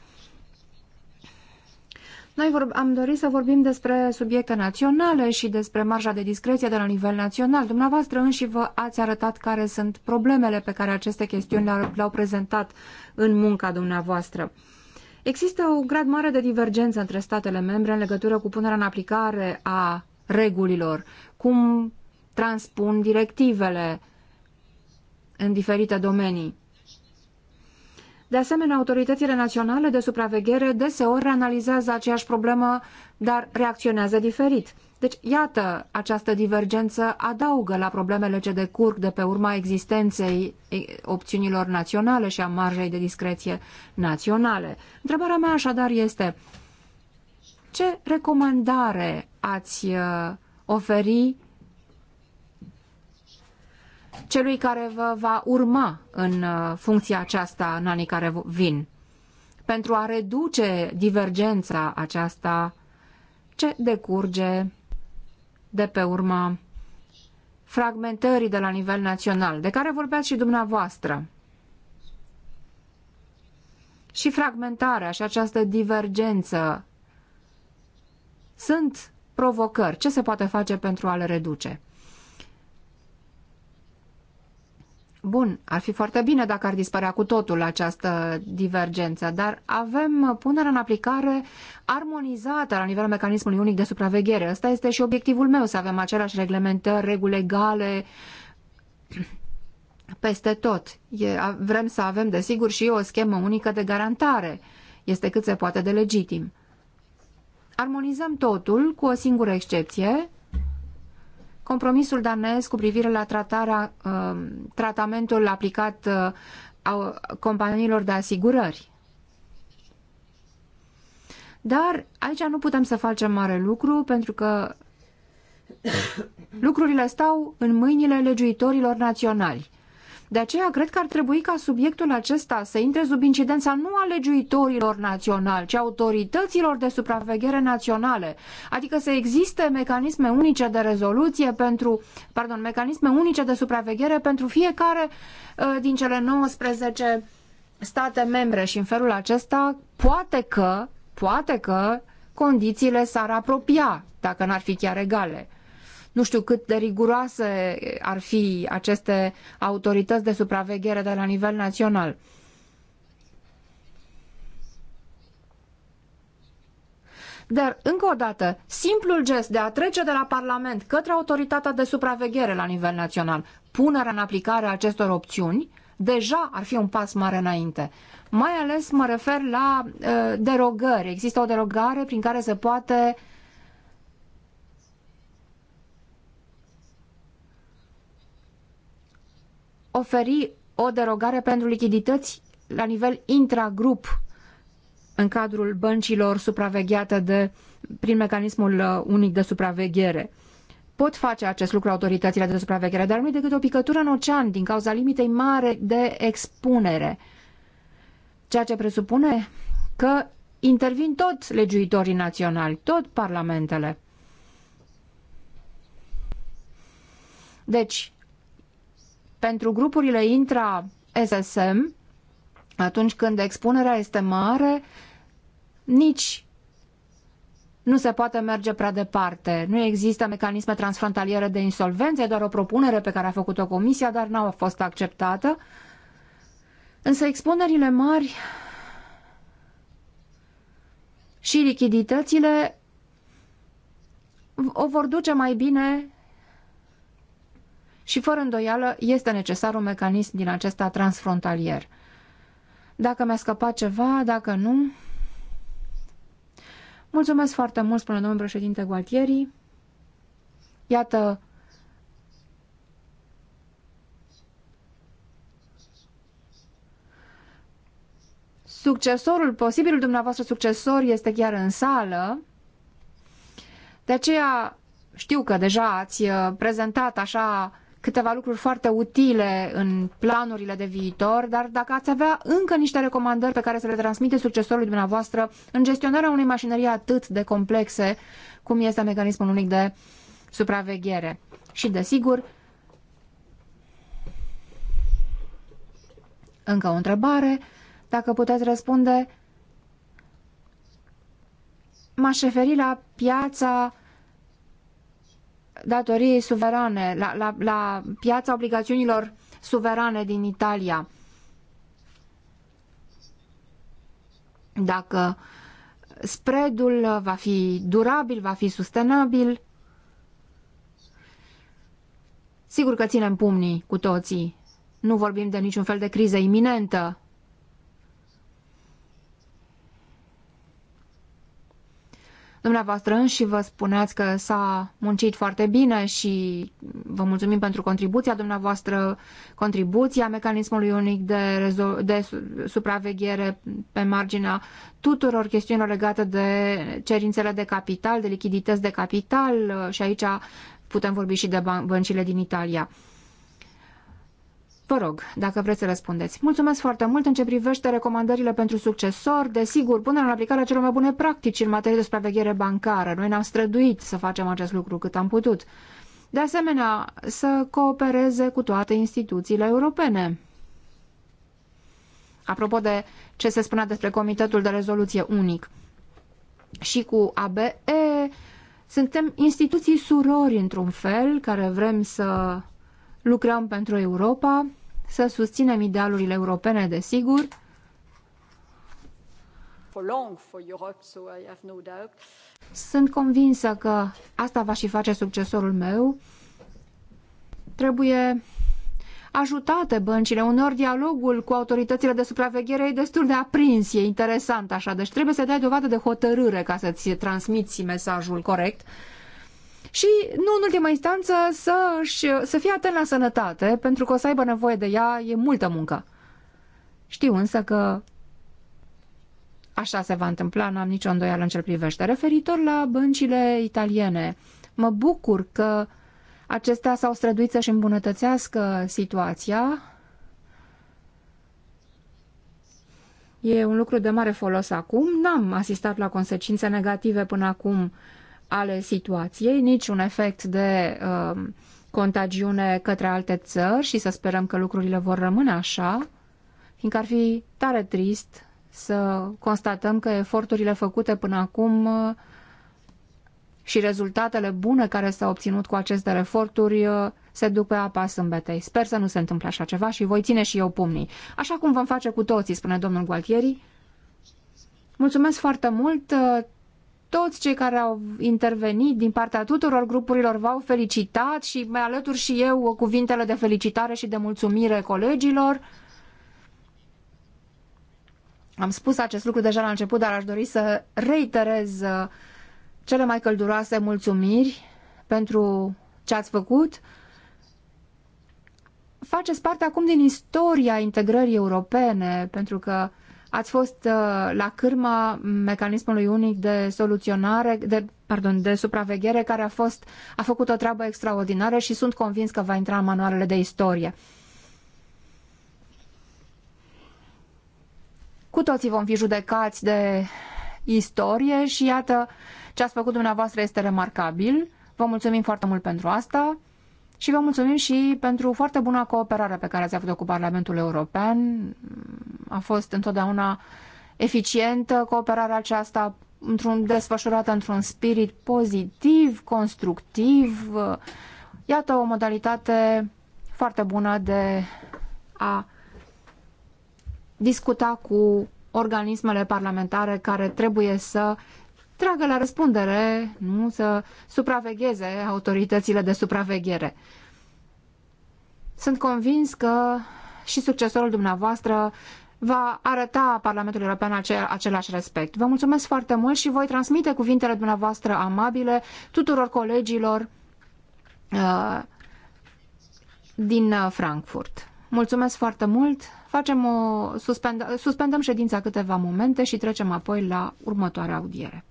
Noi vorb am dorit să vorbim despre subiecte naționale și despre marja de discreție de la nivel național. Dumneavoastră înși vă ați arătat care sunt problemele pe care aceste chestiuni le-au prezentat în munca dumneavoastră. Există un grad mare de divergență între statele membre în legătură cu punerea în aplicare a regulilor, cum transpun directivele în diferite domenii. De asemenea, autoritățile naționale de supraveghere deseori analizează aceeași problemă, dar reacționează diferit. Deci, iată, această divergență adaugă la problemele ce decurg de pe urma existenței opțiunilor naționale și a marjei de discreție naționale. Întrebarea mea așadar este, ce recomandare ați uh, oferi celui care vă va urma în uh, funcția aceasta în anii care vin, pentru a reduce divergența aceasta ce decurge de pe urma fragmentării de la nivel național, de care vorbeați și dumneavoastră. Și fragmentarea și această divergență sunt provocări. Ce se poate face pentru a le reduce? Bun, ar fi foarte bine dacă ar dispărea cu totul această divergență, dar avem punerea în aplicare armonizată la nivelul mecanismului unic de supraveghere. Ăsta este și obiectivul meu, să avem aceleași reglementări, reguli legale peste tot. E, vrem să avem, desigur, și o schemă unică de garantare. Este cât se poate de legitim. Armonizăm totul, cu o singură excepție, Compromisul danez cu privire la tratarea, um, tratamentul aplicat uh, a companiilor de asigurări. Dar aici nu putem să facem mare lucru pentru că lucrurile stau în mâinile legiuitorilor naționali. De aceea cred că ar trebui ca subiectul acesta să intre sub incidența nu a legiuitorilor naționali, ci autorităților de supraveghere naționale. Adică să existe mecanisme unice de rezoluție pentru, pardon, mecanisme unice de supraveghere pentru fiecare uh, din cele 19 state membre și în felul acesta poate că, poate că condițiile s-ar apropia, dacă n-ar fi chiar egale. Nu știu cât de riguroase ar fi aceste autorități de supraveghere de la nivel național. Dar, încă o dată, simplul gest de a trece de la Parlament către autoritatea de supraveghere la nivel național, punerea în aplicare a acestor opțiuni, deja ar fi un pas mare înainte. Mai ales mă refer la uh, derogări. Există o derogare prin care se poate uh, oferi o derogare pentru lichidități la nivel intragrup în cadrul băncilor supravegheate de, prin mecanismul uh, unic de supraveghere. Pot face acest lucru autoritățile de supraveghere, dar nu e decât o picătură în ocean din cauza limitei mare de expunere. Ceea ce presupune că intervin tot legiuitorii naționali, tot parlamentele. Deci, pentru grupurile intra-SSM, atunci când expunerea este mare, nici nu se poate merge prea departe. Nu există mecanisme transfrontaliere de insolvență, e doar o propunere pe care a făcut-o comisia, dar n-a fost acceptată. Însă expunerile mari și lichiditățile o vor duce mai bine și fără îndoială este necesar un mecanism din acesta transfrontalier. Dacă mi-a scăpat ceva, dacă nu... Mulțumesc foarte mult, spune domnul președinte Gualtieri. Iată, succesorul, posibilul dumneavoastră succesor este chiar în sală. De aceea știu că deja ați prezentat așa câteva lucruri foarte utile în planurile de viitor, dar dacă ați avea încă niște recomandări pe care să le transmite succesorului dumneavoastră în gestionarea unei mașinării atât de complexe cum este mecanismul unic de supraveghere. Și desigur, încă o întrebare, dacă puteți răspunde, m-aș referi la piața datoriei suverane, la, la, la piața obligațiunilor suverane din Italia. Dacă spreadul va fi durabil, va fi sustenabil, sigur că ținem pumnii cu toții. Nu vorbim de niciun fel de criză iminentă, Dumneavoastră înși vă spuneați că s-a muncit foarte bine și vă mulțumim pentru contribuția dumneavoastră, contribuția mecanismului unic de, de supraveghere pe marginea tuturor chestiunilor legate de cerințele de capital, de lichidități de capital uh, și aici putem vorbi și de băncile din Italia. Vă rog, dacă vreți să răspundeți. Mulțumesc foarte mult în ce privește recomandările pentru succesor. Desigur, punerea în aplicare a celor mai bune practici în materie de supraveghere bancară. Noi ne-am străduit să facem acest lucru cât am putut. De asemenea, să coopereze cu toate instituțiile europene. Apropo de ce se spunea despre Comitetul de Rezoluție Unic și cu ABE, suntem instituții surori într-un fel, care vrem să lucrăm pentru Europa să susținem idealurile europene, desigur, sunt convinsă că asta va și face succesorul meu. Trebuie ajutate băncile. Uneori dialogul cu autoritățile de supraveghere e destul de aprins, e interesant așa. Deci trebuie să dai dovadă de hotărâre ca să-ți transmiți mesajul corect și, nu în ultima instanță, să, -și, să fie atent la sănătate, pentru că o să aibă nevoie de ea, e multă muncă. Știu însă că așa se va întâmpla, n-am nicio îndoială în ce privește. Referitor la băncile italiene, mă bucur că acestea s-au străduit să-și îmbunătățească situația. E un lucru de mare folos acum. N-am asistat la consecințe negative până acum uh, ale situației, nici un efect de uh, contagiune către alte țări și să sperăm că lucrurile vor rămâne așa, fiindcă ar fi tare trist să constatăm că eforturile făcute până acum uh, și rezultatele bune care s-au obținut cu aceste eforturi uh, se duc pe apa sâmbetei. Sper să nu se întâmple așa ceva și voi ține și eu pumnii. Așa cum vom face cu toții, spune domnul Gualtieri. Mulțumesc foarte mult. Uh, toți cei care au intervenit din partea tuturor grupurilor v-au felicitat și mai alături și eu cuvintele de felicitare și de mulțumire colegilor. Am spus acest lucru deja la început, dar aș dori să reiterez uh, cele mai călduroase mulțumiri pentru ce ați făcut. Faceți parte acum din istoria integrării europene, pentru că Ați fost uh, la cârma mecanismului unic de soluționare, de, pardon, de supraveghere, care a, fost, a făcut o treabă extraordinară și sunt convins că va intra în manualele de istorie. Cu toții vom fi judecați de istorie și iată ce ați făcut dumneavoastră este remarcabil. Vă mulțumim foarte mult pentru asta și vă mulțumim și pentru foarte buna cooperare pe care ați avut-o cu Parlamentul European. A fost întotdeauna eficientă cooperarea aceasta, într-un, desfășurată într-un spirit pozitiv, constructiv. Iată o modalitate foarte bună de a discuta cu organismele parlamentare care trebuie să tragă la răspundere, nu să supravegheze autoritățile de supraveghere. Sunt convins că și succesorul dumneavoastră va arăta Parlamentului European acel, același respect. Vă mulțumesc foarte mult și voi transmite cuvintele dumneavoastră amabile tuturor colegilor uh, din Frankfurt. Mulțumesc foarte mult. Facem o suspend, suspendăm ședința câteva momente și trecem apoi la următoarea audiere.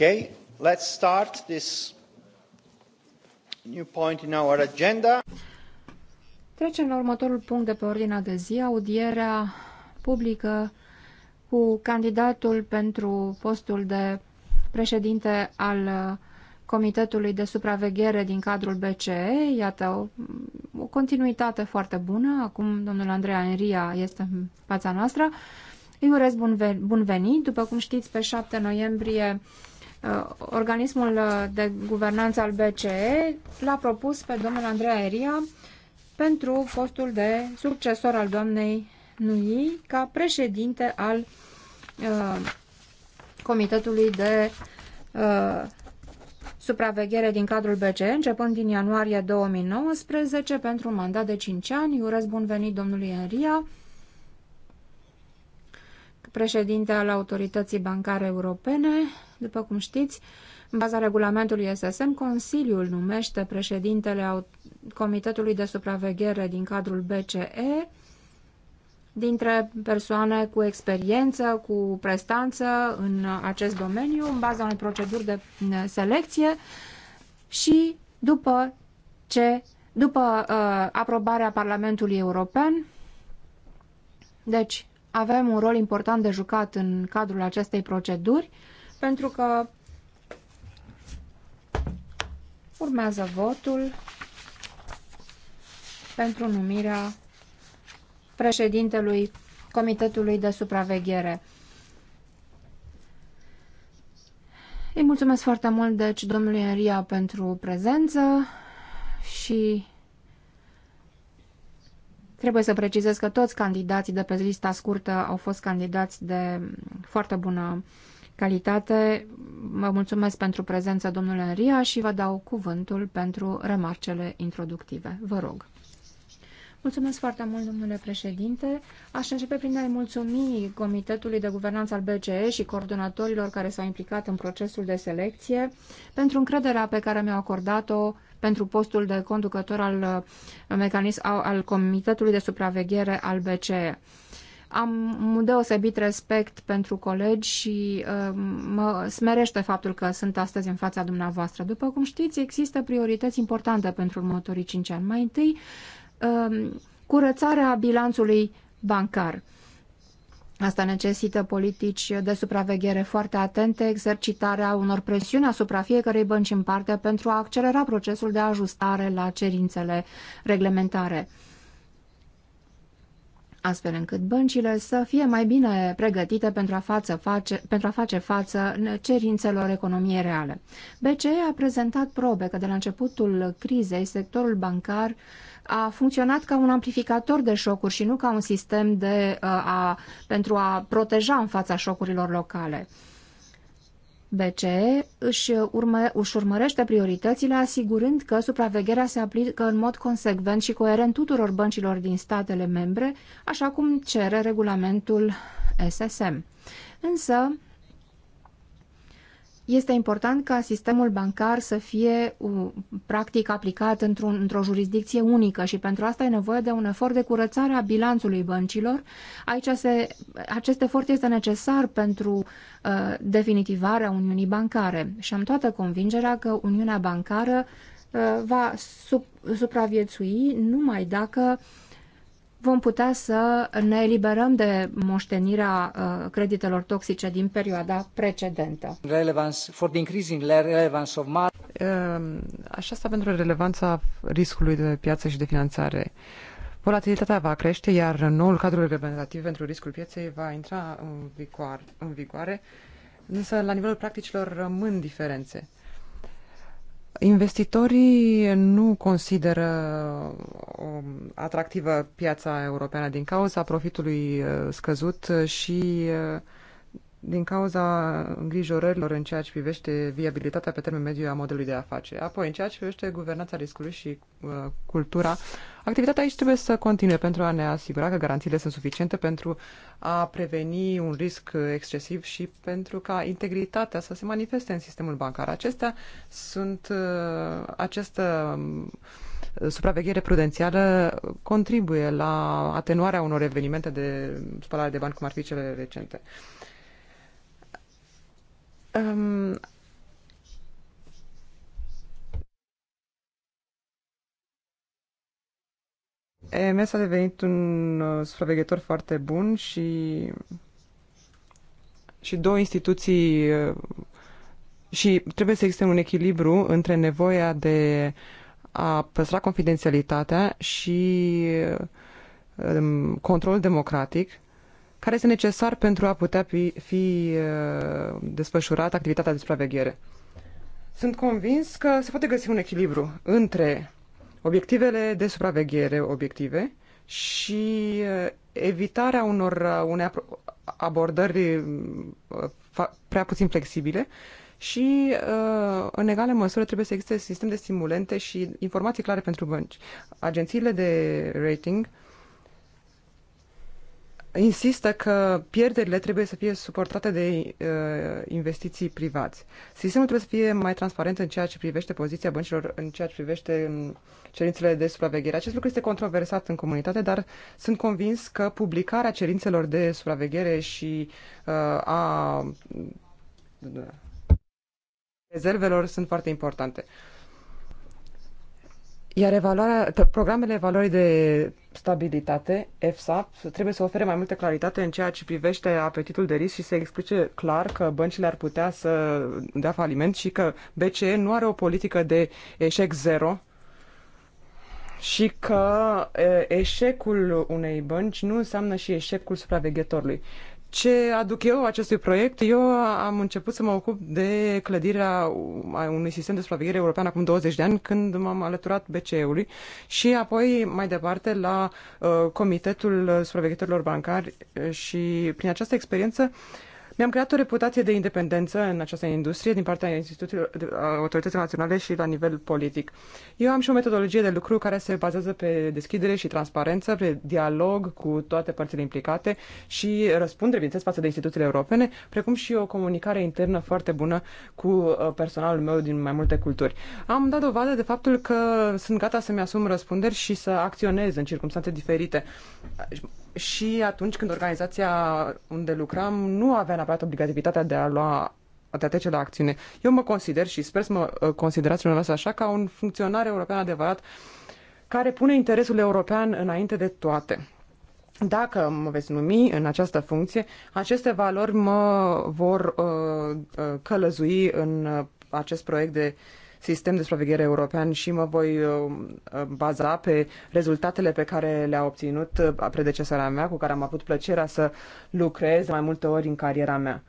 Okay, let's start this new point in our agenda. Trecem la următorul punct de pe ordinea de zi, audierea publică cu candidatul pentru postul de președinte al Comitetului de Supraveghere din cadrul BCE. Iată, o, o continuitate foarte bună. Acum domnul Andreea Enria este în fața noastră. Îi urez bun venit. După cum știți, pe 7 noiembrie Uh, organismul uh, de guvernanță al BCE l-a propus pe domnul Andreea Eria pentru postul de succesor al doamnei Nui ca președinte al uh, Comitetului de uh, Supraveghere din cadrul BCE, începând din ianuarie 2019, pentru un mandat de 5 ani. Urez bun venit domnului Enria, președinte al Autorității Bancare Europene, după cum știți, în baza regulamentului SSM, Consiliul numește președintele Comitetului de Supraveghere din cadrul BCE dintre persoane cu experiență, cu prestanță în acest domeniu, în baza unei proceduri de selecție și după ce, după uh, aprobarea Parlamentului European, deci avem un rol important de jucat în cadrul acestei proceduri, uh, pentru că urmează votul pentru numirea președintelui Comitetului de Supraveghere. Îi mulțumesc foarte mult, deci, domnului Enria pentru prezență și trebuie să precizez că toți candidații de pe lista scurtă au fost candidați de foarte bună calitate, vă mulțumesc pentru prezență, domnule Enria, și vă dau cuvântul pentru remarcele introductive. Vă rog. Mulțumesc foarte mult, domnule președinte. Aș începe prin a-i mulțumi Comitetului de Guvernanță al BCE și coordonatorilor care s-au implicat în procesul de selecție pentru încrederea pe care mi-au acordat-o pentru postul de conducător al, mecanism, al Comitetului de Supraveghere al BCE. Am un deosebit respect pentru colegi și um, mă smerește faptul că sunt astăzi în fața dumneavoastră. După cum știți, există priorități importante pentru următorii 5 ani. Mai întâi, um, curățarea bilanțului bancar. Asta necesită politici de supraveghere foarte atente, exercitarea unor presiuni asupra fiecărei bănci în parte pentru a accelera procesul de ajustare la cerințele reglementare astfel încât băncile să fie mai bine pregătite pentru a, față face, pentru a face față cerințelor economiei reale. BCE a prezentat probe că de la începutul crizei sectorul bancar a funcționat ca un amplificator de șocuri și nu ca un sistem de, a, uh, a, pentru a proteja în fața șocurilor locale. BCE își, urmă, își urmărește prioritățile asigurând că supravegherea se aplică în mod consecvent și coerent tuturor băncilor din statele membre, așa cum cere regulamentul SSM. Însă, este important ca sistemul bancar să fie practic aplicat într-o într jurisdicție unică și pentru asta e nevoie de un efort de curățare a bilanțului băncilor. Aici se, acest efort este necesar pentru uh, definitivarea Uniunii Bancare și am toată convingerea că Uniunea Bancară uh, va sub, supraviețui numai dacă uh, vom putea să ne eliberăm de moștenirea uh, creditelor toxice din perioada precedentă. Relevance, for the increasing relevance of ehm, Așa asta pentru relevanța riscului de piață și de finanțare. Volatilitatea va crește, iar noul cadru reglementativ pentru riscul pieței va intra în în vigoare însă la nivelul practicilor rămân diferențe. Investitorii nu consideră um, atractivă piața europeană din cauza profitului uh, scăzut și uh, din cauza îngrijorărilor în ceea ce privește viabilitatea pe termen mediu a modelului de afaceri. Apoi, în ceea ce privește guvernanța riscului și uh, cultura, activitatea aici trebuie să continue pentru a ne asigura că garanțiile sunt suficiente pentru a preveni un risc excesiv și pentru ca integritatea să se manifeste în sistemul bancar. Acestea sunt uh, această um, supraveghere prudențială contribuie la atenuarea unor evenimente de spălare de bani, cum ar fi cele recente. Uh, um, EMS a devenit un uh, supraveghetor foarte bun și, și două instituții uh, și trebuie să existe un echilibru între nevoia de a păstra confidențialitatea și uh, um, control democratic care este necesar pentru a putea fi, fi uh, desfășurată activitatea de supraveghere. Sunt convins că se poate găsi un echilibru între obiectivele de supraveghere obiective și uh, evitarea unor uh, unei abordări prea puțin flexibile și, în egală măsură, trebuie să existe sistem de stimulente și informații clare pentru bănci. Agențiile de rating uh, insistă că pierderile trebuie să fie suportate de uh, investiții privați. Sistemul trebuie să fie mai transparent în ceea ce privește poziția băncilor, în ceea ce privește um, cerințele de supraveghere. Acest lucru este controversat în comunitate, dar sunt convins că publicarea cerințelor de supraveghere și uh, a uh, rezervelor sunt foarte importante. Uh, iar evaluarea, programele evaluării de stabilitate, EFSAP, trebuie să ofere mai multă claritate în ceea ce privește apetitul de risc și să explice clar că băncile ar putea să dea faliment și că BCE nu are o politică de eșec zero și că eșecul unei bănci nu înseamnă și eșecul supraveghetorului ce aduc eu acestui proiect? Eu am început să mă ocup de clădirea unui sistem de supraveghere european acum 20 de ani, când m-am alăturat BCE-ului și apoi mai departe la uh, Comitetul Supraveghetorilor Bancari uh, și prin această experiență uh, mi am creat o reputație de independență în această industrie din partea instituțiilor, autorităților naționale și la nivel politic. Eu am și o metodologie de lucru care se bazează pe deschidere și transparență, pe dialog cu toate părțile implicate și răspundere, bineînțeles, față de instituțiile europene, precum și o comunicare internă foarte bună cu uh, personalul meu din mai multe culturi. Am dat dovadă de faptul că sunt gata să-mi asum răspunderi și să acționez în circunstanțe diferite și atunci când organizația unde lucram nu avea neapărat obligativitatea de a lua de a trece la acțiune. Eu mă consider și sper să mă ă, considerați dumneavoastră așa ca un funcționar european adevărat care pune interesul european înainte de toate. Dacă mă veți numi în această funcție, aceste valori mă vor uh, călăzui în acest proiect de sistem de supraveghere european și mă voi uh, baza pe rezultatele pe care le-a obținut uh, predecesoarea mea, cu care am avut plăcerea să lucrez mai multe ori în cariera mea.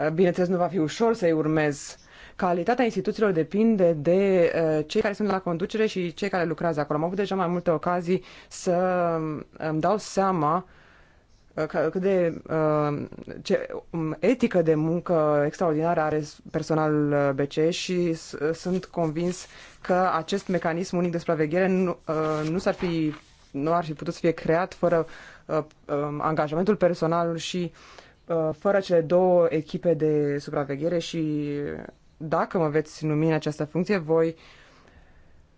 Uh, bineînțeles, nu va fi ușor să-i urmez calitatea instituțiilor depinde de uh, cei care sunt la conducere și cei care lucrează acolo. Am avut deja mai multe ocazii să îmi um, dau seama Uh, cât de uh, ce um, etică de muncă extraordinară are personalul uh, BC și sunt convins că acest mecanism unic de supraveghere nu, nu s-ar fi nu ar fi putut să fie creat fără uh, um, angajamentul personalului și fără cele două echipe de supraveghere și dacă mă veți numi în această funcție, voi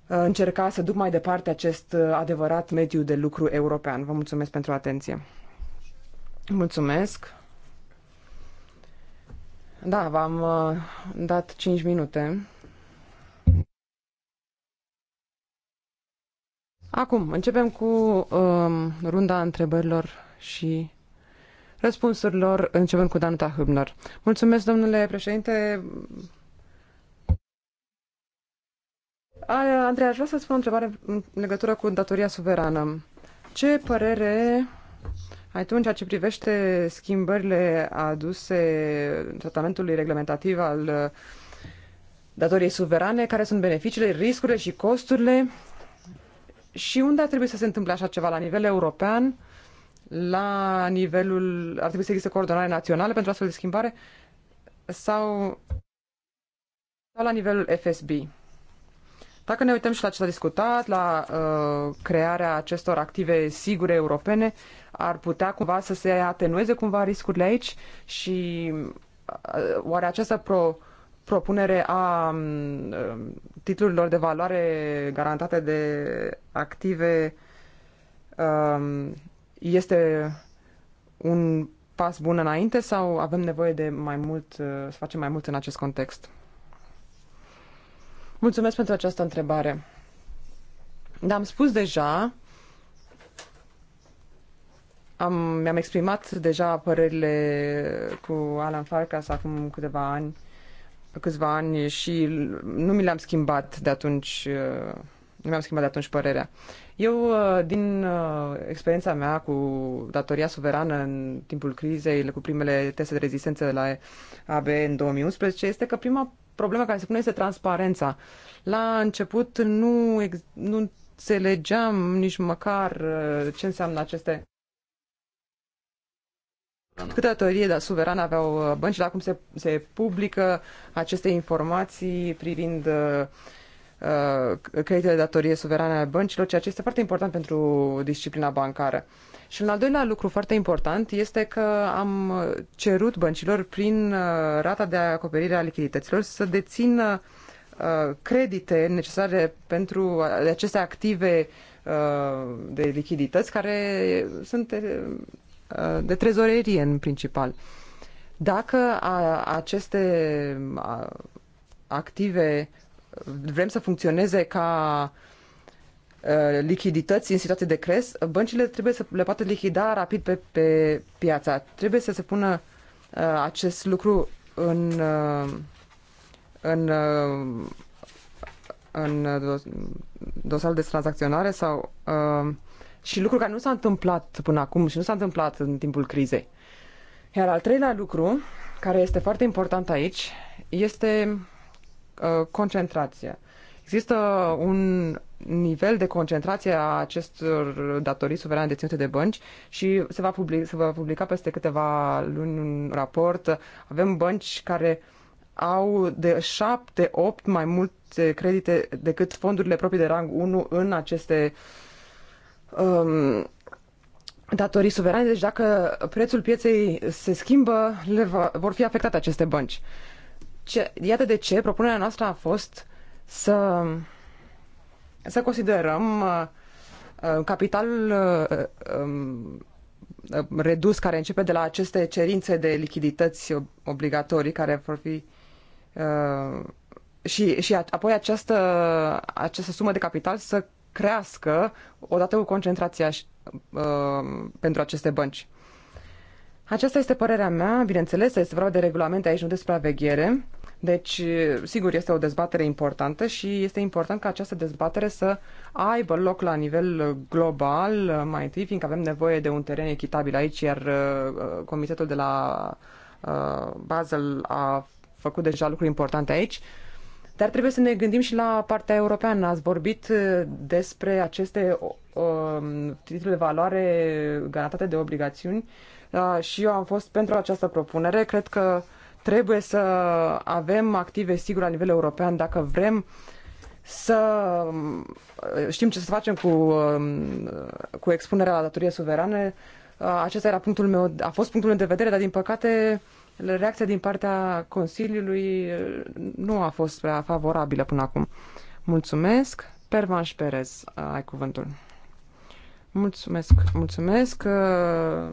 încerca să duc mai departe acest adevărat mediu de lucru european. Vă mulțumesc pentru atenție. Mulțumesc. Da, v-am uh, dat 5 minute. Acum, începem cu um, runda întrebărilor și răspunsurilor, începând cu Danuta Hübner. Mulțumesc, domnule președinte. Andrei, aș vrea să-ți o întrebare în legătură cu datoria suverană. Ce părere atunci, ceea ce privește schimbările aduse tratamentului reglementativ al uh, datoriei suverane, care sunt beneficiile, riscurile și costurile și unde ar trebui să se întâmple așa ceva la nivel european, la nivelul, ar trebui să există coordonare națională pentru astfel de schimbare sau, sau la nivelul FSB. Dacă ne uităm și la ce s-a discutat, la uh, crearea acestor active sigure europene, uh, ar putea cumva să se atenueze cumva riscurile aici și uh, oare această pro, propunere a mm, uh, titlurilor de valoare garantate de active um, este un pas bun înainte sau avem nevoie de mai mult, uh, să facem mai mult în acest context? Mulțumesc pentru această întrebare. Dar am spus deja am, mi-am exprimat deja părerile cu Alan Farkas acum câteva ani, câțiva ani și nu mi le-am schimbat de atunci, uh, nu mi-am schimbat de atunci părerea. Eu, uh, din uh, experiența mea cu datoria suverană în timpul crizei, cu primele teste de rezistență la AB în 2011, este că prima problemă care se pune este transparența. La început nu, nu înțelegeam nici măcar ce înseamnă aceste Câte datorie da, suveran aveau uh, băncile, acum se, se publică aceste informații privind uh, uh, creditele de datorie suverane ale băncilor, ceea ce este foarte important pentru disciplina bancară. Și un al doilea lucru foarte important este că am cerut băncilor prin uh, rata de acoperire a lichidităților să dețină credite necesare pentru aceste active de lichidități care sunt Uh, de trezorerie în principal. Dacă a, aceste active vrem să funcționeze ca uh, lichidități în situații de cres, băncile trebuie să le poată lichida rapid pe, pe piața. Trebuie să se pună uh, acest lucru în, uh, în, uh, în dosarul de tranzacționare sau uh, și lucru care nu s-a întâmplat până acum și nu s-a întâmplat în timpul crizei. Iar al treilea lucru, care este foarte important aici, este uh, concentrația. Există un nivel de concentrație a acestor datorii suverane deținute de bănci și se va, publica, se va publica peste câteva luni un raport. Avem bănci care au de 7, 8 mai multe credite decât fondurile proprii de rang 1 în aceste uh, um, datorii suverane, deci dacă prețul pieței se schimbă, le va, vor fi afectate aceste bănci. Ce, iată de ce propunerea noastră a fost să, să considerăm uh, uh capitalul uh, um, uh, redus care începe de la aceste cerințe de lichidități obligatorii care vor fi uh, și, și apoi această, această sumă de capital să crească odată cu concentrația uh, pentru aceste bănci. Aceasta este părerea mea, bineînțeles, este vorba de regulamente aici, nu de supraveghere. Deci, sigur, este o dezbatere importantă și este important ca această dezbatere să aibă loc la nivel global, mai întâi, fiindcă avem nevoie de un teren echitabil aici, iar uh, uh, comitetul de la uh, Basel a făcut deja lucruri importante aici dar trebuie să ne gândim și la partea europeană. Ați vorbit uh, despre aceste uh, titluri de valoare garantate de obligațiuni uh, și eu am fost pentru această propunere. Cred că trebuie să avem active sigur la nivel european dacă vrem să uh, știm ce să facem cu, um, cu expunerea la datorie suverane. Uh, acesta era punctul meu, a fost punctul meu de vedere, dar din păcate reacția din partea Consiliului eh, nu a fost prea favorabilă până acum. Mulțumesc. Pervanș Perez, eh, ai cuvântul. Mulțumesc, mulțumesc. Eh,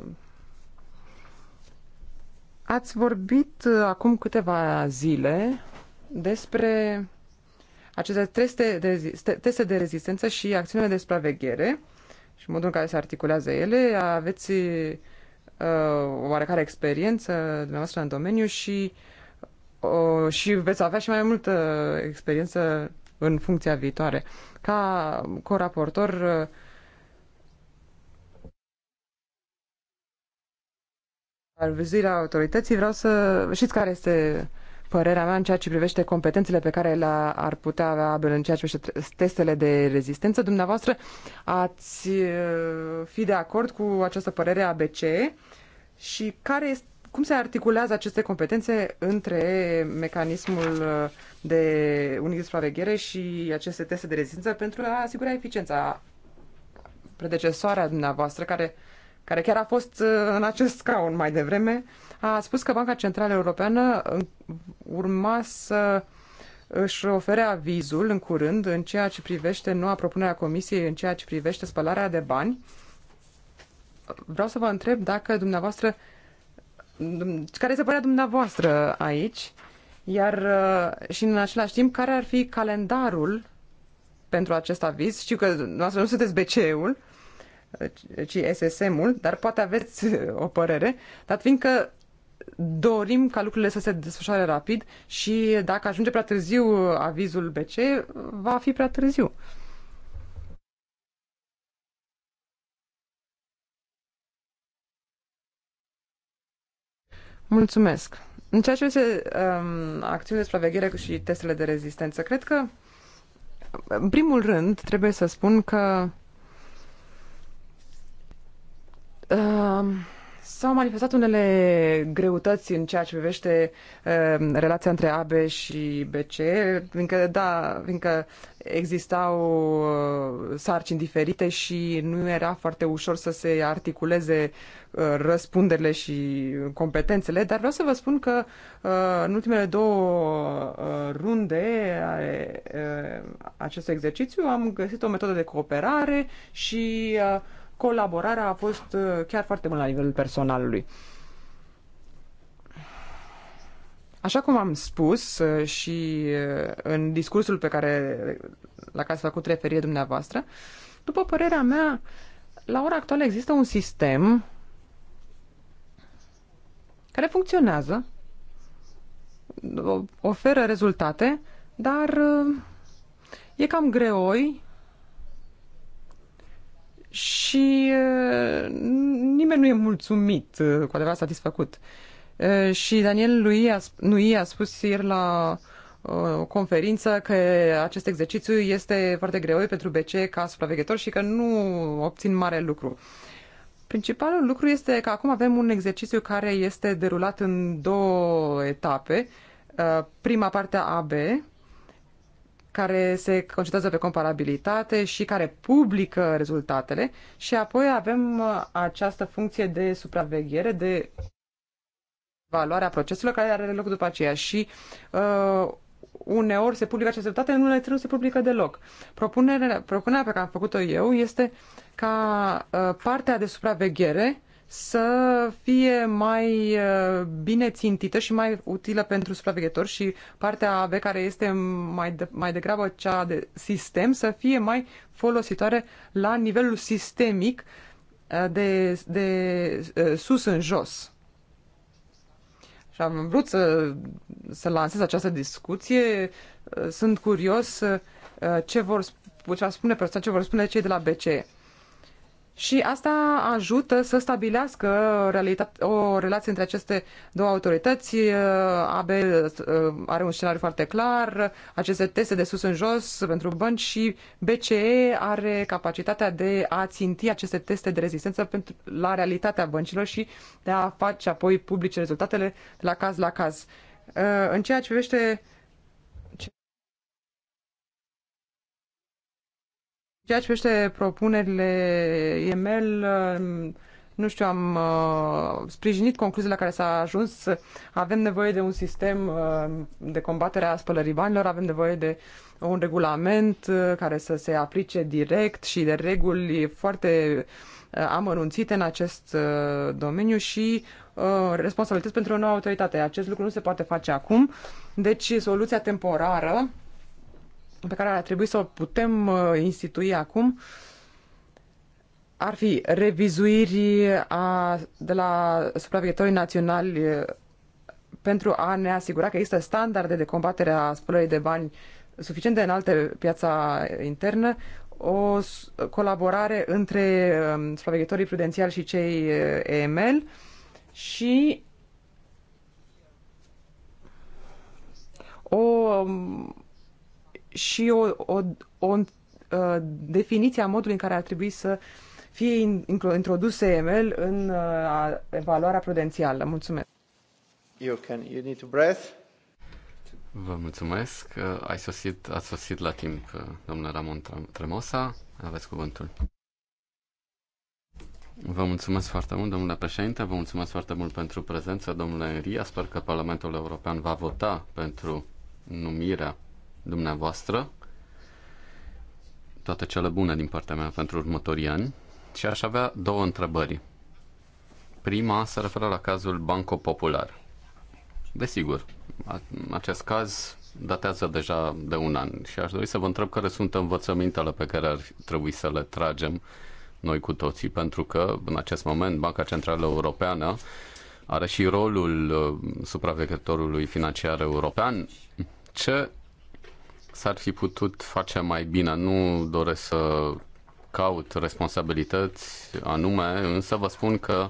ați vorbit acum câteva zile despre aceste teste de, teste de rezistență și acțiunile de supraveghere și modul în care se articulează ele. Aveți Uh, oarecare experiență dumneavoastră în domeniu și, uh, și veți avea și mai multă experiență în funcția viitoare. Ca coraportor uh, al vizirea autorității, vreau să știți care este părerea mea în ceea ce privește competențele pe care le ar putea avea Abel în ceea ce privește testele de rezistență. Dumneavoastră ați fi de acord cu această părere a BCE și care este, cum se articulează aceste competențe între mecanismul uh, de unii de supraveghere și aceste teste de rezistență pentru a asigura eficiența predecesoarea dumneavoastră, care, care chiar a fost uh, în acest scaun mai devreme, a spus că Banca Centrală Europeană urma să își ofere avizul în curând în ceea ce privește noua propunere a Comisiei, în ceea ce privește spălarea de bani, vreau să vă întreb dacă dumneavoastră, care se părea dumneavoastră aici, iar uh, și în același timp, care ar fi calendarul pentru acest aviz? Știu că dumneavoastră nu sunteți BCE-ul, uh, ci SSM-ul, dar poate aveți uh, o părere, dar fiindcă dorim ca lucrurile să se desfășoare rapid și dacă ajunge prea târziu avizul BC, va fi prea târziu. Mulțumesc. În ceea ce este um, acțiuni de supraveghere și testele de rezistență, cred că, în primul rând, trebuie să spun că um, S-au manifestat unele greutăți în ceea ce privește uh, relația între AB și BC, fiindcă, da, fiindcă existau uh, sarcini diferite și nu era foarte ușor să se articuleze uh, răspunderile și competențele, dar vreau să vă spun că uh, în ultimele două uh, runde ale uh, acestui exercițiu am găsit o metodă de cooperare și uh, colaborarea a fost uh, chiar foarte bună la nivelul personalului. Așa cum am spus uh, și uh, în discursul pe care, la care s-a făcut referire dumneavoastră, după părerea mea, la ora actuală există un sistem care funcționează, oferă rezultate, dar e cam greoi și uh, nimeni nu e mulțumit, uh, cu adevărat satisfăcut. Uh, și Daniel lui a, i a spus ieri la o conferință că acest exercițiu este foarte greu pentru BC ca supraveghetor și că nu obțin mare lucru. Principalul lucru este că acum avem un exercițiu care este derulat în două etape. Prima parte AB, care se concentrează pe comparabilitate și care publică rezultatele și apoi avem uh, această funcție de supraveghere, de valoarea proceselor care are loc după aceea și uh, uneori se publică aceste rezultate, în unele nu se publică deloc. Propunerea, propunerea pe care am făcut-o eu este ca uh, partea de supraveghere să fie mai uh, bine țintită și mai utilă pentru supraveghetori și partea AB care este mai, de, mai degrabă cea de sistem să fie mai folositoare la nivelul sistemic uh, de, de uh, sus în jos. Și am vrut să, să lansez această discuție. Sunt curios ce vor ce ar spune persoana, ce vor spune cei de la BCE. Și asta ajută să stabilească o relație între aceste două autorități. AB uh, are un scenariu foarte clar, aceste teste de sus în jos pentru bănci și BCE are capacitatea de a ținti aceste teste de rezistență pentru, la realitatea băncilor și de a face apoi publice rezultatele la caz la caz. Uh, în ceea ce privește Ceea ce privește propunerile EML, um, nu știu, am uh, sprijinit concluziile la care s-a ajuns. Avem nevoie de un sistem uh, de combatere a spălării banilor, avem nevoie de un regulament uh, care să se aplice direct și de reguli foarte uh, amănunțite în acest uh, domeniu și uh, responsabilități pentru o nouă autoritate. Acest lucru nu se poate face acum, deci soluția temporară uh, pe care ar trebui să o putem uh, institui acum ar fi revizuiri a, de la supraviețuitorii naționali uh, pentru a ne asigura că există standarde de combatere a spălării de bani suficient de înalte pe piața internă, o colaborare între um, supraveghetorii prudențiali și cei uh, EML și o um, și o, o, o uh, definiție a modului în care ar trebui să fie introduse EML în uh, evaluarea prudențială. Mulțumesc. You can, you need to breath. Vă mulțumesc. Uh, ai sosit, ați sosit la timp, domnule Ramon Tremosa. Aveți cuvântul. Vă mulțumesc foarte mult, domnule președinte, vă mulțumesc foarte mult pentru prezență, domnule Enria. Sper că Parlamentul European va vota pentru numirea dumneavoastră. Toate cele bune din partea mea pentru următorii ani. Și aș avea două întrebări. Prima se referă la cazul Banco Popular. Desigur, acest caz datează deja de un an și aș dori să vă întreb care sunt învățămintele pe care ar trebui să le tragem noi cu toții, pentru că în acest moment Banca Centrală Europeană are și rolul uh, supraveghetorului financiar european. Ce s-ar fi putut face mai bine. Nu doresc să caut responsabilități anume, însă vă spun că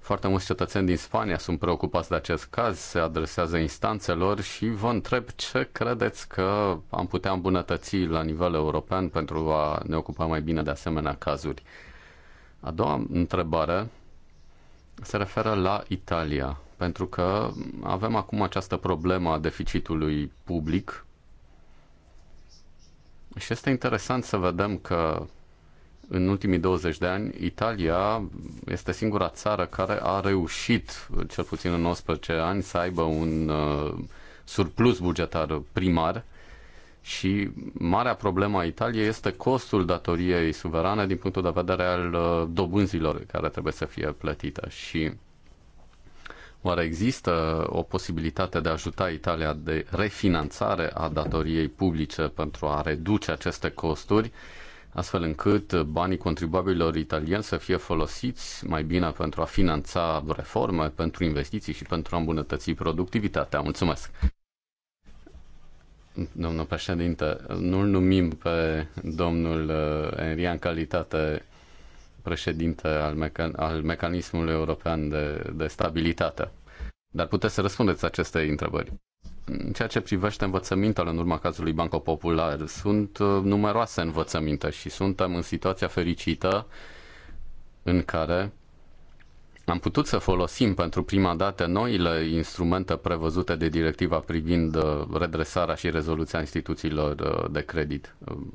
foarte mulți cetățeni din Spania sunt preocupați de acest caz, se adresează instanțelor și vă întreb ce credeți că am putea îmbunătăți la nivel european pentru a ne ocupa mai bine de asemenea cazuri. A doua întrebare se referă la Italia, pentru că avem acum această problemă a deficitului public și este interesant să vedem că în ultimii 20 de ani, Italia este singura țară care a reușit, cel puțin în 19 ani, să aibă un uh, surplus bugetar primar și marea problemă a Italiei este costul datoriei suverane din punctul de vedere al uh, dobânzilor care trebuie să fie plătite. și Oare există o posibilitate de a ajuta Italia de refinanțare a datoriei publice pentru a reduce aceste costuri, astfel încât banii contribuabililor italieni să fie folosiți mai bine pentru a finanța reforme, pentru investiții și pentru a îmbunătăți productivitatea? Mulțumesc! Domnul președinte, nu-l numim pe domnul eh, Enria în calitate președinte al, mecan- al mecanismului european de, de stabilitate. Dar puteți să răspundeți acestei întrebări. În ceea ce privește învățămintele în urma cazului Banco Popular, sunt uh, numeroase învățăminte și suntem în situația fericită în care am putut să folosim pentru prima dată noile instrumente prevăzute de directiva privind uh, redresarea și rezoluția instituțiilor uh, de credit. Um,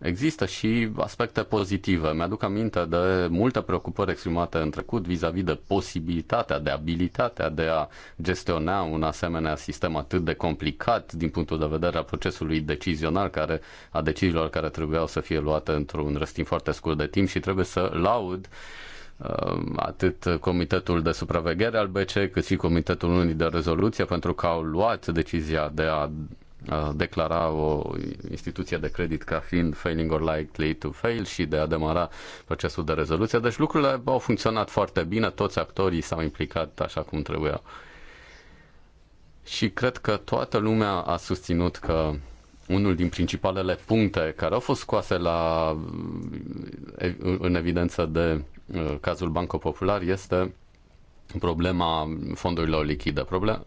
Există și aspecte pozitive. Mi-aduc aminte de multe preocupări exprimate în trecut vis-a-vis -vis de posibilitatea, de abilitatea de a gestiona un asemenea sistem atât de complicat din punctul de vedere al procesului decizional, care, a deciziilor care trebuiau să fie luate într-un răstim foarte scurt de timp și trebuie să laud uh, atât Comitetul de Supraveghere al BC, cât și Comitetul Unii de Rezoluție, pentru că au luat decizia de a Uh, declara o instituție de credit ca fiind failing or likely to fail și de a demara procesul de rezoluție. Deci lucrurile au funcționat foarte bine, toți actorii s-au implicat așa cum trebuia. Și cred că toată lumea a susținut că unul din principalele puncte care au fost scoase la, în evidență de uh, cazul Banco Popular este problema fondurilor lichide. problema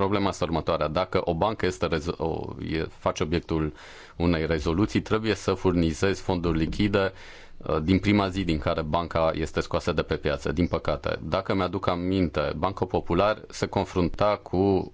Problema este următoarea. Dacă o bancă este o, e, face obiectul unei rezoluții, trebuie să furnizezi fonduri lichide uh, din prima zi din care banca este scoasă de pe piață, din păcate. Dacă mi-aduc aminte, Banca Popular se confrunta cu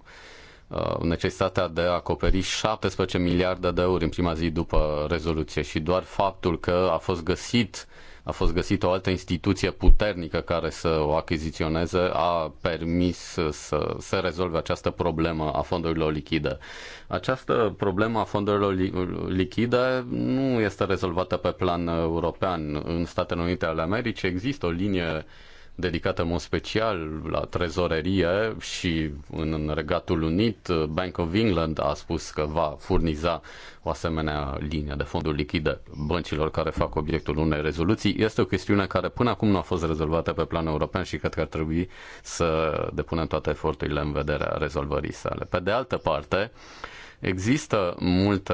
uh, necesitatea de a acoperi 17 miliarde de euro în prima zi după rezoluție și doar faptul că a fost găsit a fost găsită o altă instituție puternică care să o achiziționeze, a permis să se rezolve această problemă a fondurilor lichide. Această problemă a fondurilor lichide nu este rezolvată pe plan european. În Statele Unite ale Americii există o linie uh, dedicată în mod special la trezorerie și în Regatul Unit, Bank of England a spus că va furniza o asemenea linie de fonduri lichide băncilor care fac obiectul unei rezoluții. Este o chestiune care până acum nu a fost rezolvată pe plan european și cred că ar trebui să depunem toate eforturile în vederea rezolvării sale. Pe de altă parte, Există multe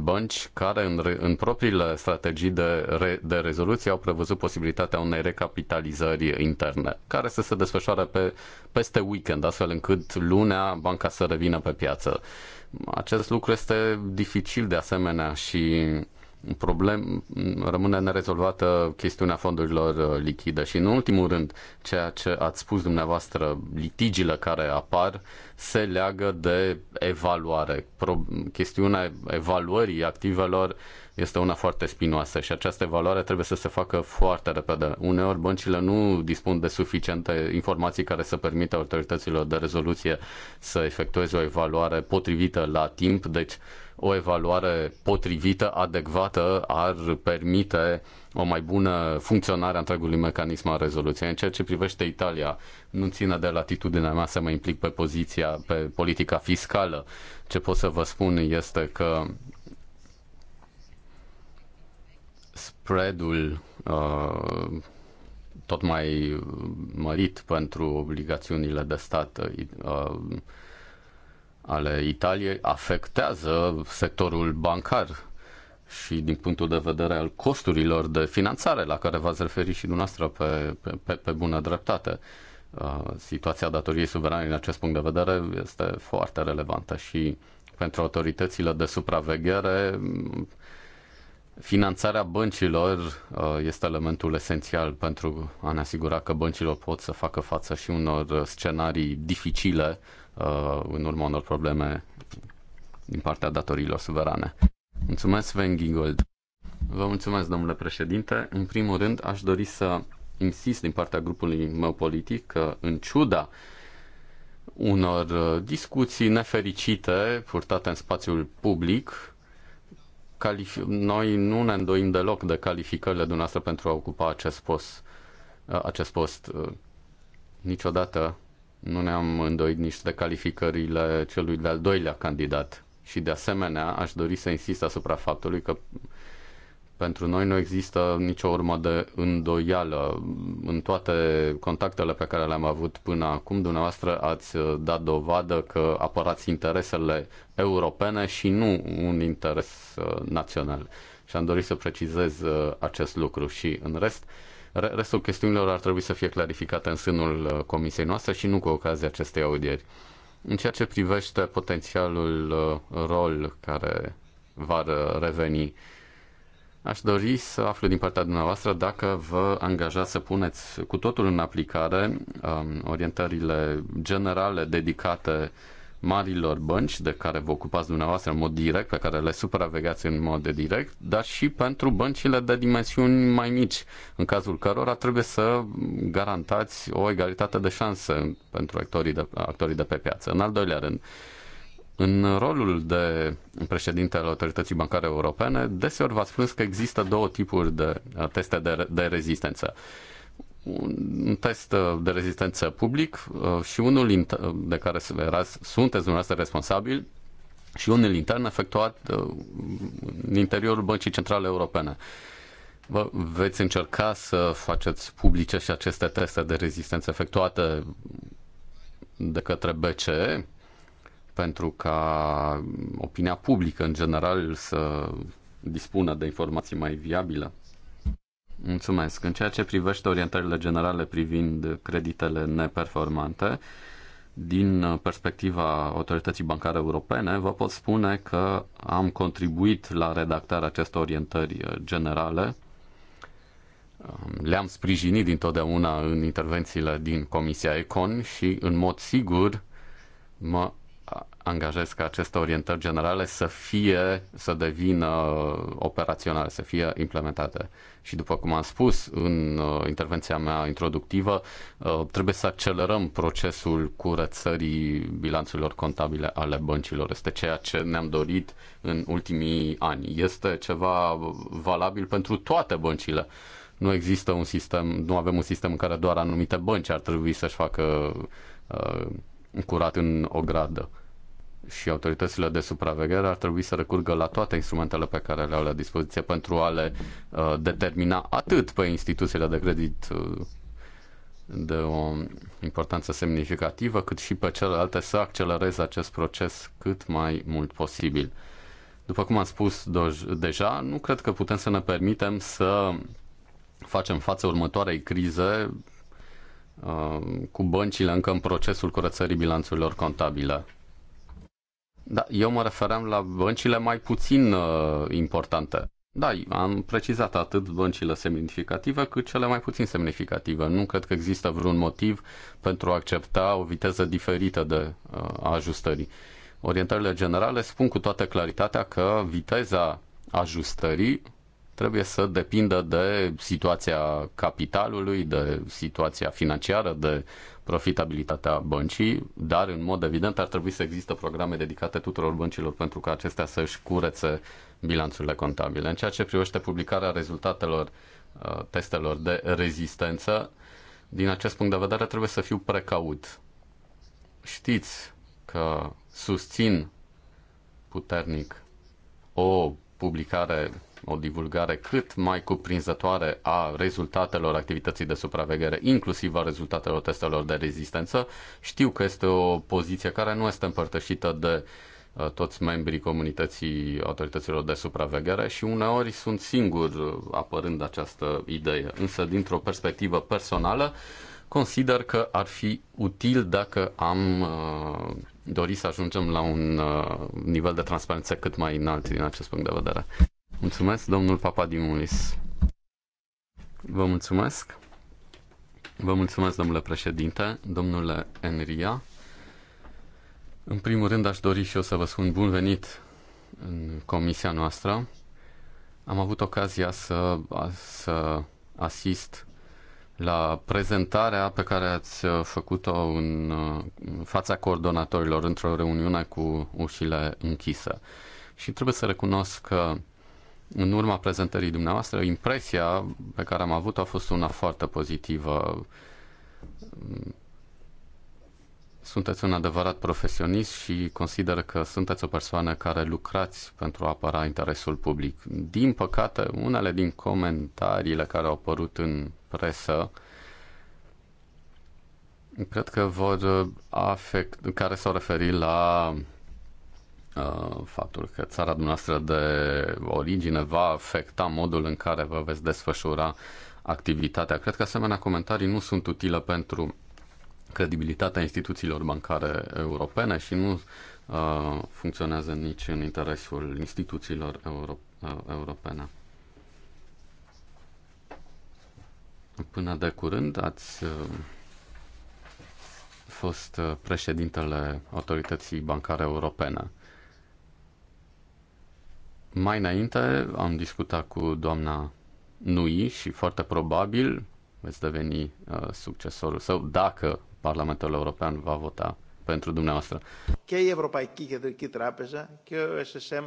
bănci care în, în propriile strategii de, re, de rezoluție au prevăzut posibilitatea unei recapitalizări interne, care să se desfășoare pe, peste weekend, astfel încât lunea banca să revină pe piață. Acest lucru este dificil de asemenea și problem, rămâne nerezolvată chestiunea fondurilor uh, lichide și în ultimul rând ceea ce ați spus dumneavoastră, litigiile care apar se leagă de evaluare. Pro, chestiunea evaluării activelor este una foarte spinoasă și această evaluare trebuie să se facă foarte repede. Uneori băncile nu dispun de suficiente informații care să permită autorităților de rezoluție să efectueze o evaluare potrivită la timp, deci o evaluare potrivită, adecvată, ar permite o mai bună funcționare a întregului mecanism al rezoluției. În ceea ce privește Italia, nu ține de latitudinea mea să mă implic pe poziția, pe politica fiscală. Ce pot să vă spun este că spreadul uh, tot mai mărit pentru obligațiunile de stat uh, ale Italiei afectează sectorul bancar și din punctul de vedere al costurilor de finanțare la care v-ați referit și dumneavoastră pe, pe, pe bună dreptate. Uh, situația datoriei suverane din acest punct de vedere este foarte relevantă și pentru autoritățile de supraveghere finanțarea băncilor uh, este elementul esențial pentru a ne asigura că băncilor pot să facă față și unor scenarii dificile Uh, în urma unor probleme din partea datorilor suverane. Mulțumesc, Sven Gingold. Vă mulțumesc, domnule președinte. În primul rând, aș dori să insist din partea grupului meu politic că, în ciuda unor discuții nefericite purtate în spațiul public, noi nu ne îndoim deloc de calificările dumneavoastră pentru a ocupa acest post. Acest post. Uh, niciodată nu ne-am îndoit nici de calificările celui de-al doilea candidat. Și de asemenea, aș dori să insist asupra faptului că pentru noi nu există nicio urmă de îndoială. În toate contactele pe care le-am avut până acum, dumneavoastră ați uh, dat dovadă că apărați interesele europene și nu un interes uh, național. Și am dorit să precizez uh, acest lucru și în rest Restul chestiunilor ar trebui să fie clarificate în sânul uh, comisiei noastre și nu cu ocazia acestei audieri. În ceea ce privește potențialul uh, rol care va uh, reveni, aș dori să aflu din partea dumneavoastră dacă vă angajați să puneți cu totul în aplicare um, orientările generale dedicate uh, marilor bănci de care vă ocupați dumneavoastră în mod direct, pe care le supravegați în mod de direct, dar și pentru băncile de dimensiuni mai mici, în cazul cărora trebuie să garantați o egalitate de șanse pentru actorii de, actorii de pe piață. În al doilea rând, în rolul de președinte al Autorității Bancare Europene, deseori v-ați spus că există două tipuri de teste de, de rezistență. Uh, un test de rezistență public uh, și unul uh, de care sunteți dumneavoastră responsabil și unul intern efectuat uh, în interiorul Băncii Centrale Europene. Vă veți încerca să faceți publice și aceste teste de rezistență efectuate de către BCE pentru ca opinia publică în general să dispună de informații mai viabile? Mulțumesc. În ceea ce privește orientările generale privind creditele neperformante, din perspectiva Autorității Bancare Europene, vă pot spune că am contribuit la redactarea acestor orientări generale. Le-am sprijinit dintotdeauna în intervențiile din Comisia Econ și, în mod sigur, mă angajez ca aceste orientări generale să fie, să devină operaționale, să fie implementate. Și după cum am spus în uh, intervenția mea introductivă, uh, trebuie să accelerăm procesul curățării bilanțurilor contabile ale băncilor. Este ceea ce ne-am dorit în ultimii ani. Este ceva valabil pentru toate băncile. Nu există un sistem, nu avem un sistem în care doar anumite bănci ar trebui să-și facă uh, curat în ogradă și autoritățile de supraveghere ar trebui să recurgă la toate instrumentele pe care le au la dispoziție pentru a le uh, determina atât pe instituțiile de credit uh, de o importanță semnificativă, cât și pe celelalte să accelereze acest proces cât mai mult posibil. După cum am spus deja, nu cred că putem să ne permitem să facem față următoarei crize uh, cu băncile încă în procesul curățării bilanțurilor contabile. Da, eu mă referam la băncile mai puțin uh, importante. Da, am precizat atât băncile semnificative cât cele mai puțin semnificative. Nu cred că există vreun motiv pentru a accepta o viteză diferită de uh, ajustării. Orientările generale spun cu toată claritatea că viteza ajustării trebuie să depindă de situația capitalului, de situația financiară, de profitabilitatea băncii, dar în mod evident ar trebui să există programe dedicate tuturor băncilor pentru ca acestea să-și curețe bilanțurile contabile. În ceea ce privește publicarea rezultatelor uh, testelor de rezistență, din acest punct de vedere trebuie să fiu precaut. Știți că susțin puternic o publicare o divulgare cât mai cuprinzătoare a rezultatelor activității de supraveghere, inclusiv a rezultatelor testelor de rezistență. Știu că este o poziție care nu este împărtășită de uh, toți membrii comunității autorităților de supraveghere și uneori sunt singur apărând această idee. Însă, dintr-o perspectivă personală, consider că ar fi util dacă am uh, dori să ajungem la un uh, nivel de transparență cât mai înalt din acest punct de vedere. Mulțumesc, domnul Papadimulis. Vă mulțumesc. Vă mulțumesc, domnule președinte, domnule Enria. În primul rând, aș dori și eu să vă spun bun venit în comisia noastră. Am avut ocazia să, să asist la prezentarea pe care ați făcut-o în fața coordonatorilor într-o reuniune cu ușile închise. Și trebuie să recunosc că în urma prezentării dumneavoastră, impresia pe care am avut-o a fost una foarte pozitivă. Sunteți un adevărat profesionist și consider că sunteți o persoană care lucrați pentru a apăra interesul public. Din păcate, unele din comentariile care au apărut în presă cred că vor afect, care s-au referit la Uh, faptul că țara dumneavoastră de origine va afecta modul în care vă veți desfășura activitatea. Cred că asemenea comentarii nu sunt utile pentru credibilitatea instituțiilor bancare europene și nu uh, funcționează nici în interesul instituțiilor euro, uh, europene. Până de curând ați uh, fost uh, președintele Autorității Bancare Europene. Mai înainte am discutat cu doamna Nui și foarte probabil veți deveni uh, succesorul său dacă Parlamentul European va vota pentru dumneavoastră. Και η Ευρωπαϊκή Κεντρική Τράπεζα και ο SSM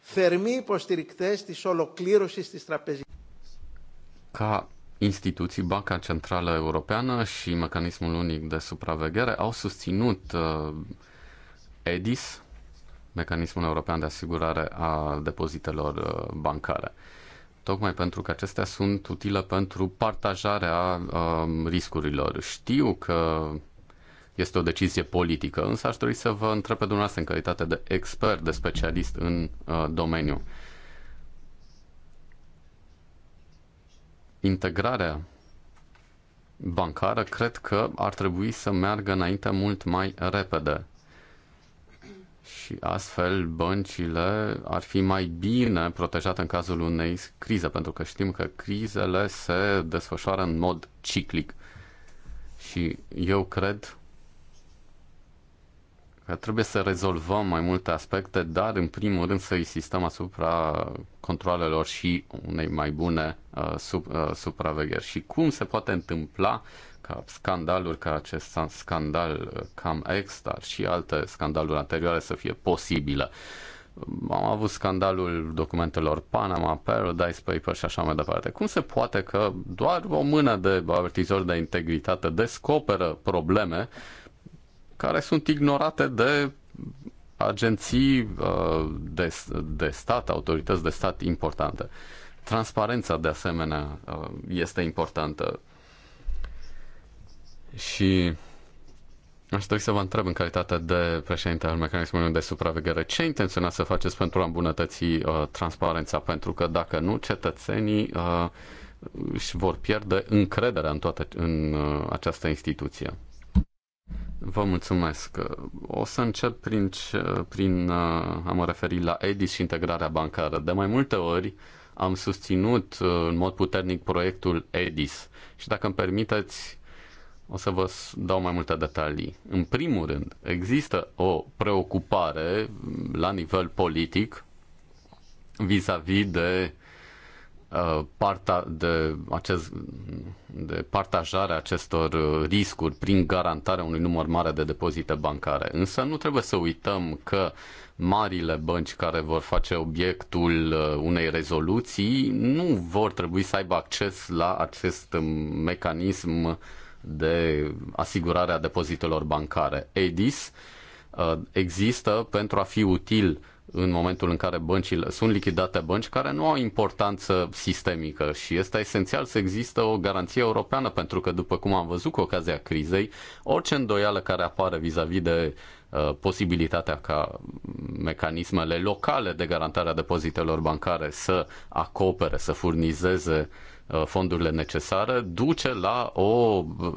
θερμοί υποστηρικτές της ολοκλήρωσης της τραπεζικής. Ca instituții, Banca Centrală Europeană și Mecanismul Unic de Supraveghere au susținut uh, EDIS mecanismul european de asigurare a depozitelor uh, bancare. Tocmai pentru că acestea sunt utile pentru partajarea um, riscurilor. Știu că este o decizie politică, însă aș dori să vă întreb pe dumneavoastră în calitate de expert, de specialist în uh, domeniu. Integrarea bancară cred că ar trebui să meargă înainte mult mai repede și astfel băncile ar fi mai bine protejate în cazul unei crize, pentru că știm că crizele se desfășoară în mod ciclic. Și eu cred că trebuie să rezolvăm mai multe aspecte, dar în primul rând să insistăm asupra controlelor și unei mai bune uh, sub, uh, supravegheri. Și cum se poate întâmpla uh, ca scandaluri ca acest scandal uh, cam extra și alte scandaluri anterioare să fie posibilă um, Am avut scandalul documentelor Panama, Paradise Papers și așa mai departe. Cum se poate că doar o mână de avertizori de integritate descoperă probleme care sunt ignorate de agenții uh, de, de stat, autorități de stat importante? Transparența, de asemenea, uh, este importantă și aș dori să vă întreb în calitate de președinte al mecanismului de supraveghere ce intenționați să faceți pentru a îmbunătăți uh, transparența, pentru că dacă nu, cetățenii uh, își vor pierde încrederea în, toată, în uh, această instituție. Vă mulțumesc. O să încep prin, prin uh, a mă referi la EDIS și integrarea bancară. De mai multe ori am susținut uh, în mod puternic proiectul EDIS și dacă îmi permiteți o să vă dau mai multe detalii. În primul rând, există o preocupare la nivel politic vis-a-vis -vis de uh, parta, de, acest, de partajarea acestor uh, riscuri prin garantarea unui număr mare de depozite bancare. Însă nu trebuie să uităm că marile bănci care vor face obiectul uh, unei rezoluții nu vor trebui să aibă acces la acest mecanism de asigurare a depozitelor bancare. ADIS uh, există pentru a fi util în momentul în care băncile sunt lichidate bănci care nu au importanță sistemică și este esențial să există o garanție europeană pentru că după cum am văzut cu ocazia crizei, orice îndoială care apare vis-a-vis -vis de uh, posibilitatea ca mecanismele locale de garantare a depozitelor bancare să acopere, să furnizeze uh, Uh, fondurile necesare duce la o uh,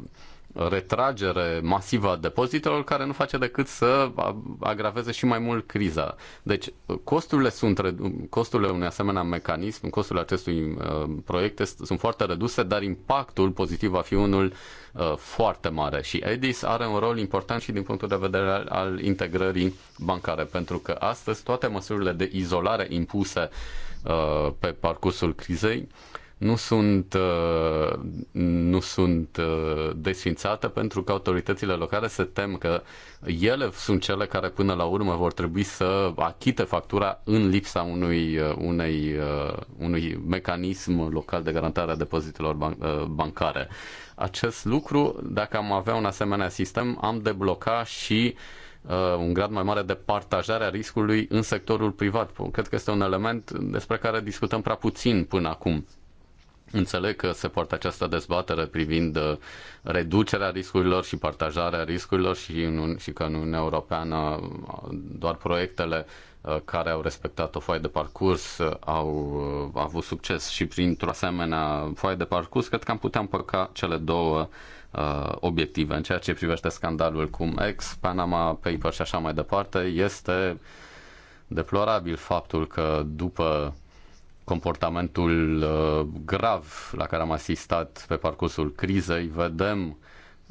retragere masivă a depozitelor care nu face decât să agraveze și mai mult criza. Deci uh, costurile sunt costurile unui asemenea mecanism, costurile acestui proiect sunt foarte reduse, dar impactul pozitiv va fi unul foarte mare și EDIS are un rol important și din punctul de vedere al, al integrării bancare, pentru că astăzi toate măsurile de izolare impuse pe parcursul crizei nu sunt, uh, nu sunt uh, desfințate pentru că autoritățile locale se tem că ele sunt cele care până la urmă vor trebui să achite factura în lipsa unui, uh, unei, unui mecanism local de garantare a depozitelor ban- bancare. Acest lucru, dacă am avea un asemenea sistem, am debloca și un grad mai mare de partajare a riscului în sectorul privat. Cred că este un element despre care discutăm prea puțin până acum. Înțeleg că se poartă această dezbatere privind uh, reducerea riscurilor și partajarea riscurilor și, în, și că în Uniunea Europeană uh, doar proiectele uh, care au respectat o foaie de parcurs au avut succes și printr-o asemenea foaie de parcurs, cred că am putea împăca cele două uh, obiective. În ceea ce privește scandalul cum ex, Panama Paper și așa mai departe, este deplorabil faptul că după comportamentul uh, grav la care am asistat pe parcursul crizei, vedem uh,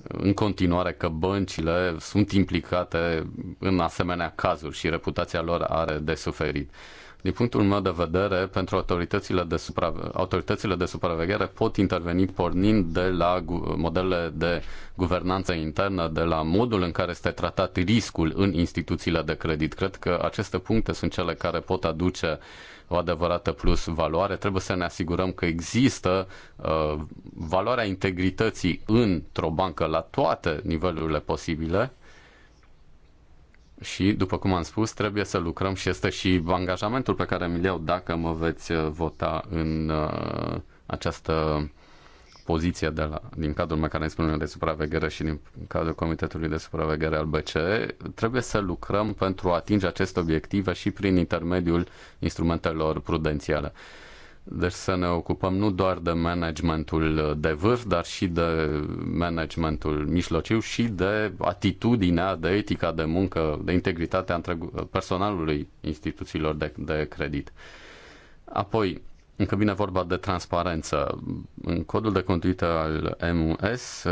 în continuare că băncile sunt implicate în asemenea cazuri și reputația lor are de suferit. Din punctul meu de vedere, pentru autoritățile de, supra... autoritățile de supraveghere pot interveni pornind de la gu... modele de guvernanță internă, de la modul în care este tratat riscul în instituțiile de credit. Cred că aceste puncte sunt cele care pot aduce uh, o adevărată plus valoare. Trebuie să ne asigurăm că există uh, valoarea integrității într-o bancă la toate nivelurile posibile și, după cum am spus, trebuie să lucrăm și este și angajamentul pe care mi-l iau dacă mă veți uh, vota în uh, această poziție de la, din cadrul mecanismului de supraveghere și din cadrul Comitetului de Supraveghere al BCE, trebuie să lucrăm pentru a atinge aceste obiective și prin intermediul instrumentelor prudențiale. Deci să ne ocupăm nu doar de managementul de vârf, dar și de managementul mijlociu și de atitudinea, de etica de muncă, de integritatea personalului instituțiilor de, de credit. Apoi, încă vine vorba de transparență, în codul de conduită al MUS,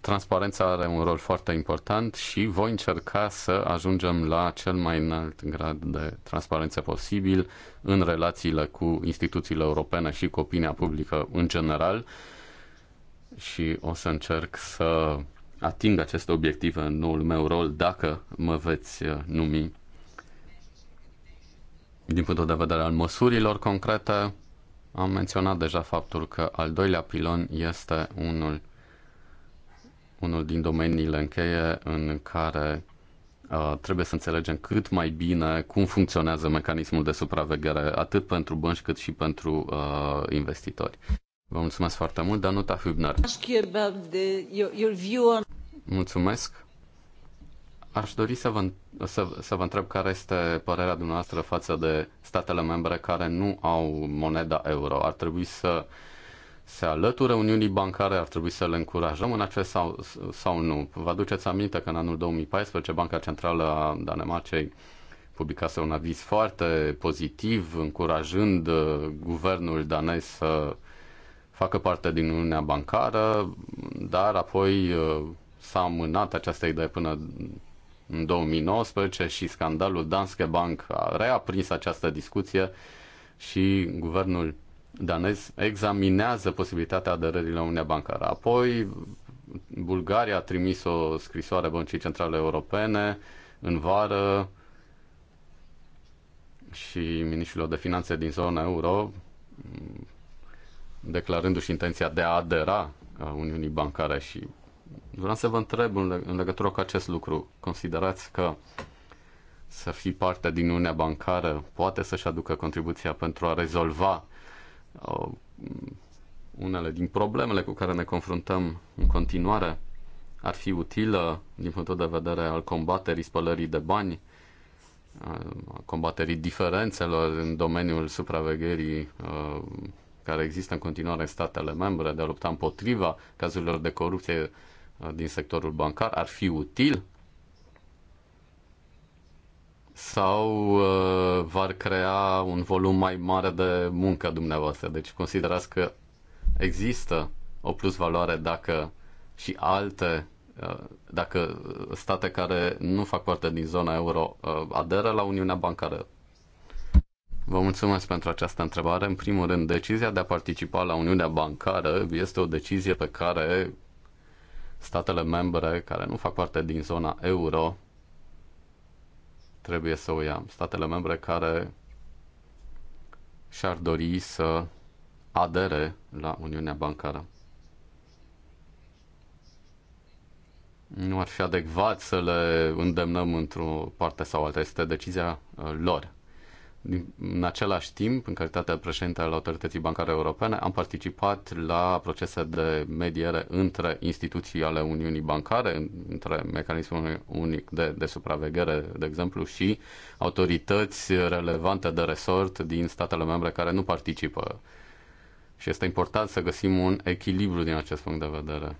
transparența are un rol foarte important și voi încerca să ajungem la cel mai înalt grad de transparență posibil în relațiile cu instituțiile europene și cu opinia publică în general și o să încerc să ating acest obiectiv în noul meu rol dacă mă veți numi din punctul de vedere al măsurilor concrete, am menționat deja faptul că al doilea pilon este unul, unul din domeniile încheie în care uh, trebuie să înțelegem cât mai bine cum funcționează mecanismul de supraveghere, atât pentru bănci cât și pentru uh, investitori. Vă mulțumesc foarte mult, Danuta Hübner. Mulțumesc. Aș dori să vă, să, să vă întreb care este părerea dumneavoastră față de statele membre care nu au moneda euro. Ar trebui să se alăture Uniunii Bancare, ar trebui să le încurajăm în acest sau, sau nu. Vă aduceți aminte că în anul 2014 Banca Centrală a Danemarcei publicase un aviz foarte pozitiv, încurajând uh, guvernul danez să facă parte din Uniunea Bancară, dar apoi uh, s-a amânat această idee până în 2019 și scandalul Danske Bank a reaprins această discuție și guvernul danez examinează posibilitatea aderării la Uniunea Bancară. Apoi, Bulgaria a trimis o scrisoare Băncii Centrale Europene în vară și ministrilor de finanțe din zona euro declarându-și intenția de a adera a Uniunii Bancare și Vreau să vă întreb în, leg- în legătură cu acest lucru. Considerați că să fii parte din Uniunea Bancară poate să-și aducă contribuția pentru a rezolva uh, unele din problemele cu care ne confruntăm în continuare? Ar fi utilă din punctul de vedere al combaterii spălării de bani? Uh, combaterii diferențelor în domeniul supravegherii uh, care există în continuare în statele membre, de a lupta împotriva cazurilor de corupție din sectorul bancar ar fi util sau uh, v-ar crea un volum mai mare de muncă dumneavoastră? Deci considerați că există o plus valoare dacă și alte, uh, dacă state care nu fac parte din zona euro uh, aderă la Uniunea Bancară? Vă mulțumesc pentru această întrebare. În primul rând, decizia de a participa la Uniunea Bancară este o decizie pe care statele membre care nu fac parte din zona euro trebuie să o ia. Statele membre care și-ar dori să adere la Uniunea Bancară. Nu ar fi adecvat să le îndemnăm într-o parte sau alta. Este decizia uh, lor în același timp, în calitatea președinte al Autorității Bancare Europene, am participat la procese de mediere între instituții ale Uniunii Bancare, între mecanismul unic de, de supraveghere, de exemplu, și autorități relevante de resort din statele membre care nu participă. Și este important să găsim un echilibru din acest punct de vedere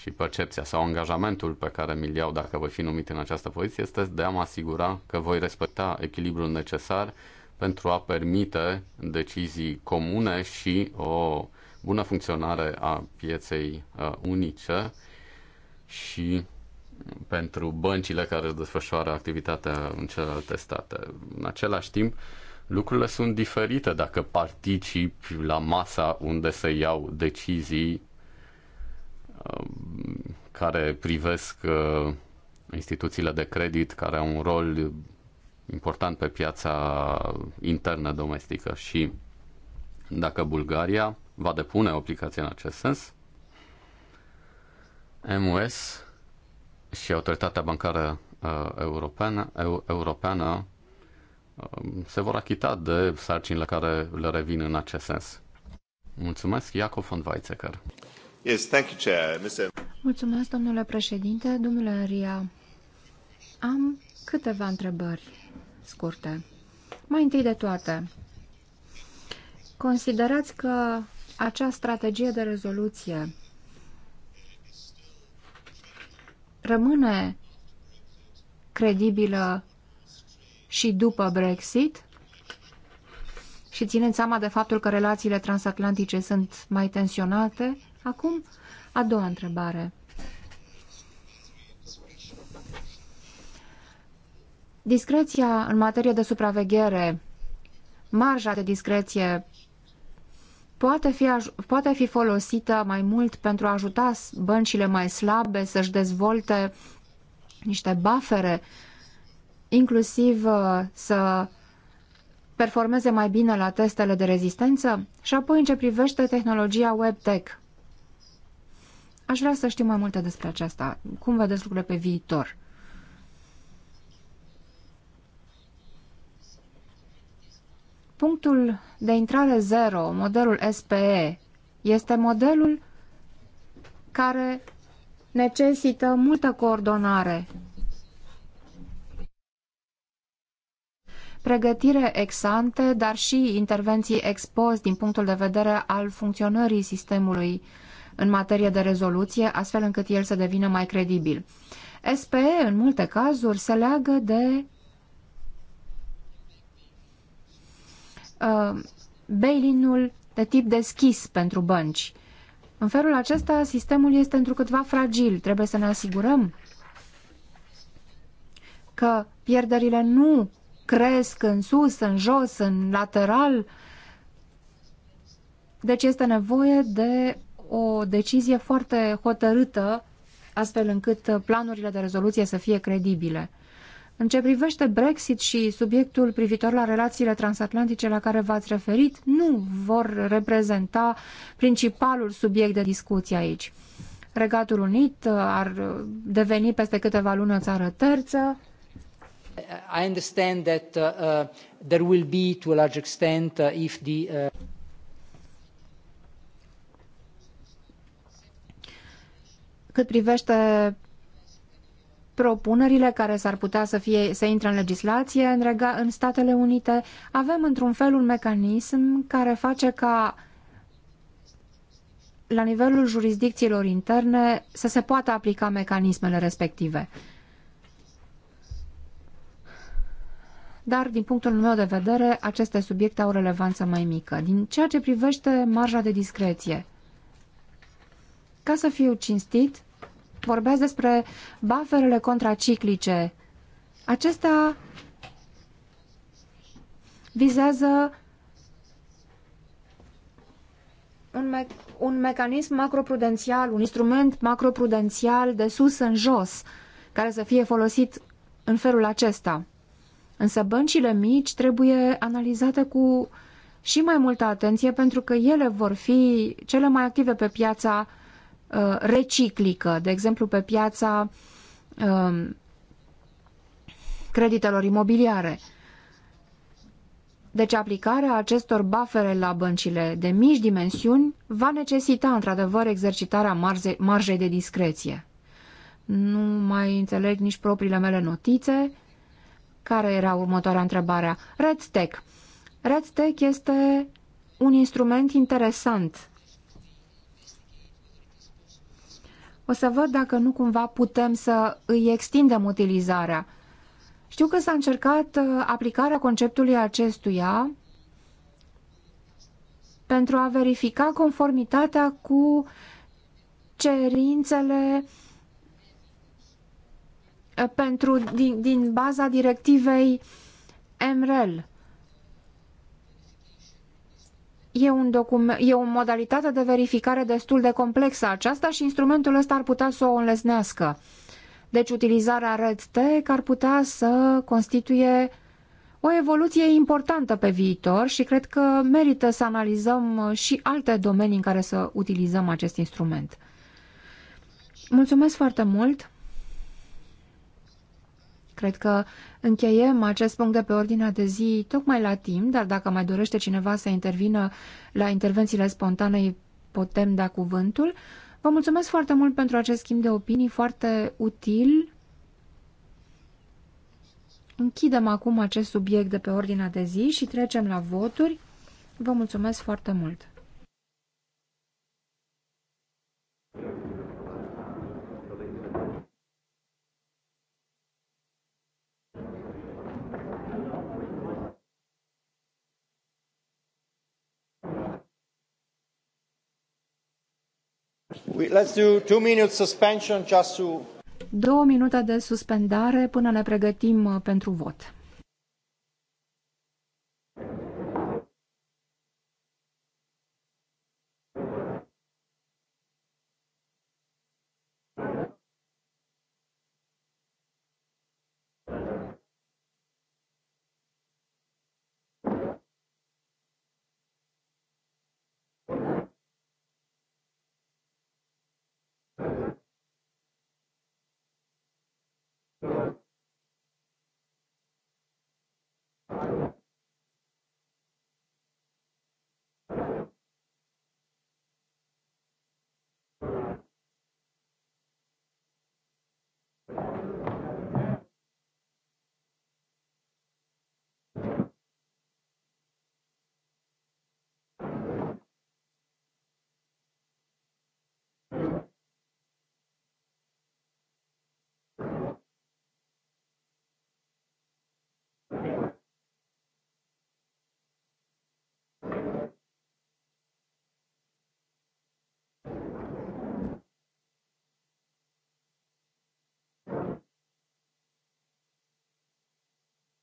și percepția sau angajamentul pe care mi-l iau dacă voi fi numit în această poziție este de a mă asigura că voi respecta echilibrul necesar pentru a permite decizii comune și o bună funcționare a pieței uh, unice și pentru băncile care își desfășoară activitatea în celelalte state. În același timp, lucrurile sunt diferite dacă participi la masa unde se iau decizii Um, care privesc uh, instituțiile de credit care au un rol important pe piața internă domestică și dacă Bulgaria va depune o aplicație în acest sens, MUS și Autoritatea Bancară uh, Europeană, europeană um, se vor achita de sarcinile care le revin în acest sens. Mulțumesc, Iacov von Weizsäcker. Yes, thank you, Chair. Mr. Mulțumesc, domnule președinte. Domnule Ria, am câteva întrebări scurte. Mai întâi de toate, considerați că acea strategie de rezoluție rămâne credibilă și după Brexit? Și ținând seama de faptul că relațiile transatlantice sunt mai tensionate, Acum, a doua întrebare. Discreția în materie de supraveghere, marja de discreție, poate fi, poate fi folosită mai mult pentru a ajuta băncile mai slabe să-și dezvolte niște bafere, inclusiv uh, să performeze mai bine la testele de rezistență? Și apoi, în ce privește tehnologia WebTech, Aș vrea să știu mai multe despre aceasta. Cum vedeți lucrurile pe viitor? Punctul de intrare zero, modelul SPE, este modelul care necesită multă coordonare, pregătire exante, dar și intervenții expos din punctul de vedere al funcționării sistemului în materie de rezoluție, astfel încât el să devină mai credibil. SPE, în multe cazuri, se leagă de uh, bail-in-ul de tip deschis pentru bănci. În felul acesta, sistemul este întrucâtva fragil. Trebuie să ne asigurăm că pierderile nu cresc în sus, în jos, în lateral. Deci este nevoie de o decizie foarte hotărâtă, astfel încât planurile de rezoluție să fie credibile. În ce privește Brexit și subiectul privitor la relațiile transatlantice la care v-ați referit, nu vor reprezenta principalul subiect de discuție aici. Regatul Unit uh, ar deveni peste câteva luni o țară terță. I understand that uh, uh there will be to a large extent uh, if the uh... Cât privește propunerile care s-ar putea să, fie, să intre în legislație în, rega, în Statele Unite, avem într-un fel un mecanism care face ca la nivelul jurisdicțiilor interne să se poată aplica mecanismele respective. Dar, din punctul meu de vedere, aceste subiecte au relevanță mai mică. Din ceea ce privește marja de discreție, ca să fiu cinstit, vorbeați despre bufferele contraciclice. Acestea vizează un, me un mecanism macroprudențial, un instrument macroprudențial de sus în jos, care să fie folosit în felul acesta. Însă băncile mici trebuie analizate cu și mai multă atenție pentru că ele vor fi cele mai active pe piața Uh, reciclică, de exemplu pe piața um, creditelor imobiliare. Deci aplicarea acestor bafere la băncile de mici dimensiuni va necesita într-adevăr exercitarea marjei de discreție. Nu mai înțeleg nici propriile mele notițe. Care era următoarea întrebare? RedTech. RedTech este un instrument interesant O să văd dacă nu cumva putem să îi extindem utilizarea. Știu că s-a încercat uh, aplicarea conceptului acestuia pentru a verifica conformitatea cu cerințele uh, pentru, din, din baza directivei MREL. E, un document, e o modalitate de verificare destul de complexă aceasta și instrumentul ăsta ar putea să o înlesnească. Deci utilizarea RedTech ar putea să constituie o evoluție importantă pe viitor și cred că merită să analizăm și alte domenii în care să utilizăm acest instrument. Mulțumesc foarte mult! Cred că încheiem acest punct de pe ordinea de zi tocmai la timp, dar dacă mai dorește cineva să intervină la intervențiile spontane, putem da cuvântul. Vă mulțumesc foarte mult pentru acest schimb de opinii, foarte util. Închidem acum acest subiect de pe ordinea de zi și trecem la voturi. Vă mulțumesc foarte mult! Două minute de suspendare până ne pregătim uh, pentru vot.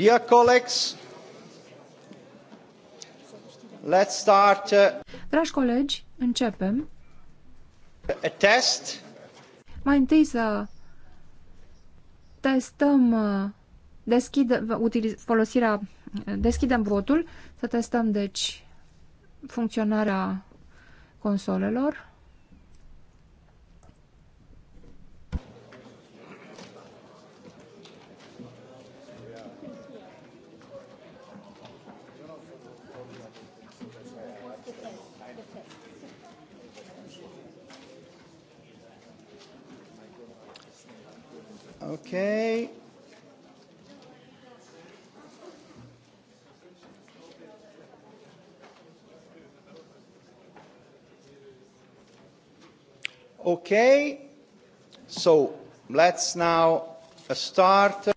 Dear colleagues, let's start. Uh, Dragi colegi, începem. A test. Mai întâi să testăm uh, deschide, utiliz, folosirea, deschidem votul, să testăm deci funcționarea consolelor. Okay. Okay. So, let's now uh, start.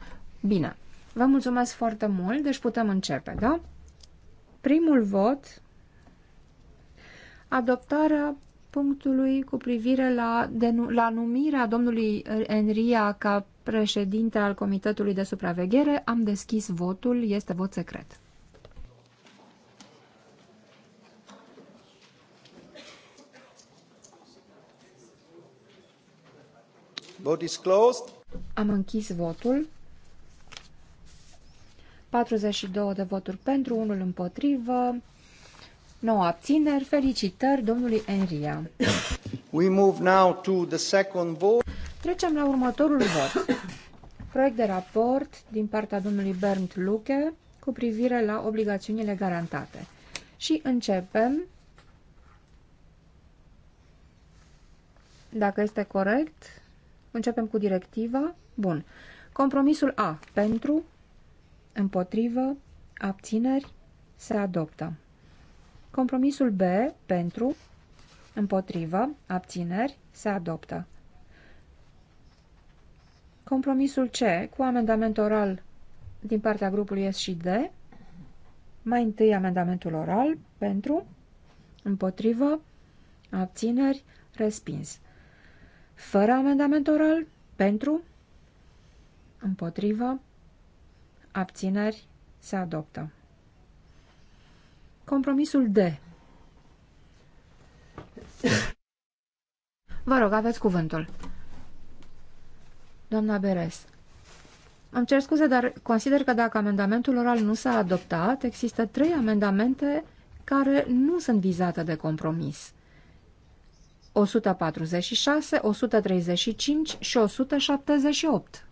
Bine. Vă mulțumesc foarte mult, deci putem începe, da? Primul vot, adoptarea punctului cu privire la, la numirea domnului Enria ca președinte al Comitetului de Supraveghere. Am deschis votul, este vot secret. Vote is closed. Am închis votul. 42 de voturi pentru, unul împotrivă, 9 abțineri. Felicitări domnului Enria. We move now to the second vote. Trecem la următorul vot. Proiect de raport din partea domnului Bernd Luke cu privire la obligațiunile garantate. Și începem. Dacă este corect, începem cu directiva. Bun. Compromisul A. Pentru, împotrivă, abțineri, se adoptă. Compromisul B. Pentru, împotrivă, abțineri, se adoptă. Compromisul C, cu amendament oral din partea grupului S și D, mai întâi amendamentul oral, pentru, împotrivă, abțineri, respins. Fără amendament oral, pentru, împotrivă, abțineri, se adoptă. Compromisul D. Vă rog, aveți cuvântul. Doamna Beres. Am cer scuze, dar consider că dacă amendamentul oral nu s-a adoptat, există trei amendamente care nu sunt vizate de compromis. 146, 135 și 178.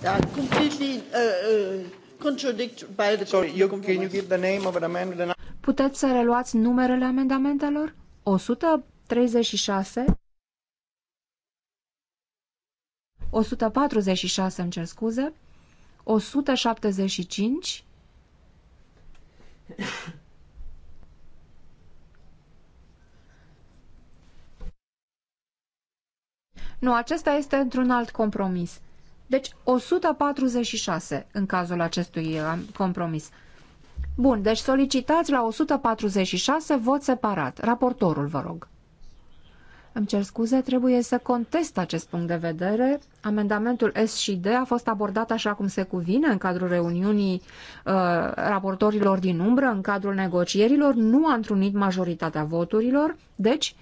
Da, completely, uh, uh, by the you, can you give the name of an amendment? Puteți să reluați numerele amendamentelor? 136 146, îmi cer scuze, 175, Nu, acesta este într-un alt compromis. Deci 146 în cazul acestui uh, compromis. Bun, deci solicitați la 146 vot separat. Raportorul, vă rog. Îmi cer scuze, trebuie să contest acest punct de vedere. Amendamentul S și D a fost abordat așa cum se cuvine în cadrul reuniunii uh, raportorilor din umbră, în cadrul negocierilor, nu a întrunit majoritatea voturilor, deci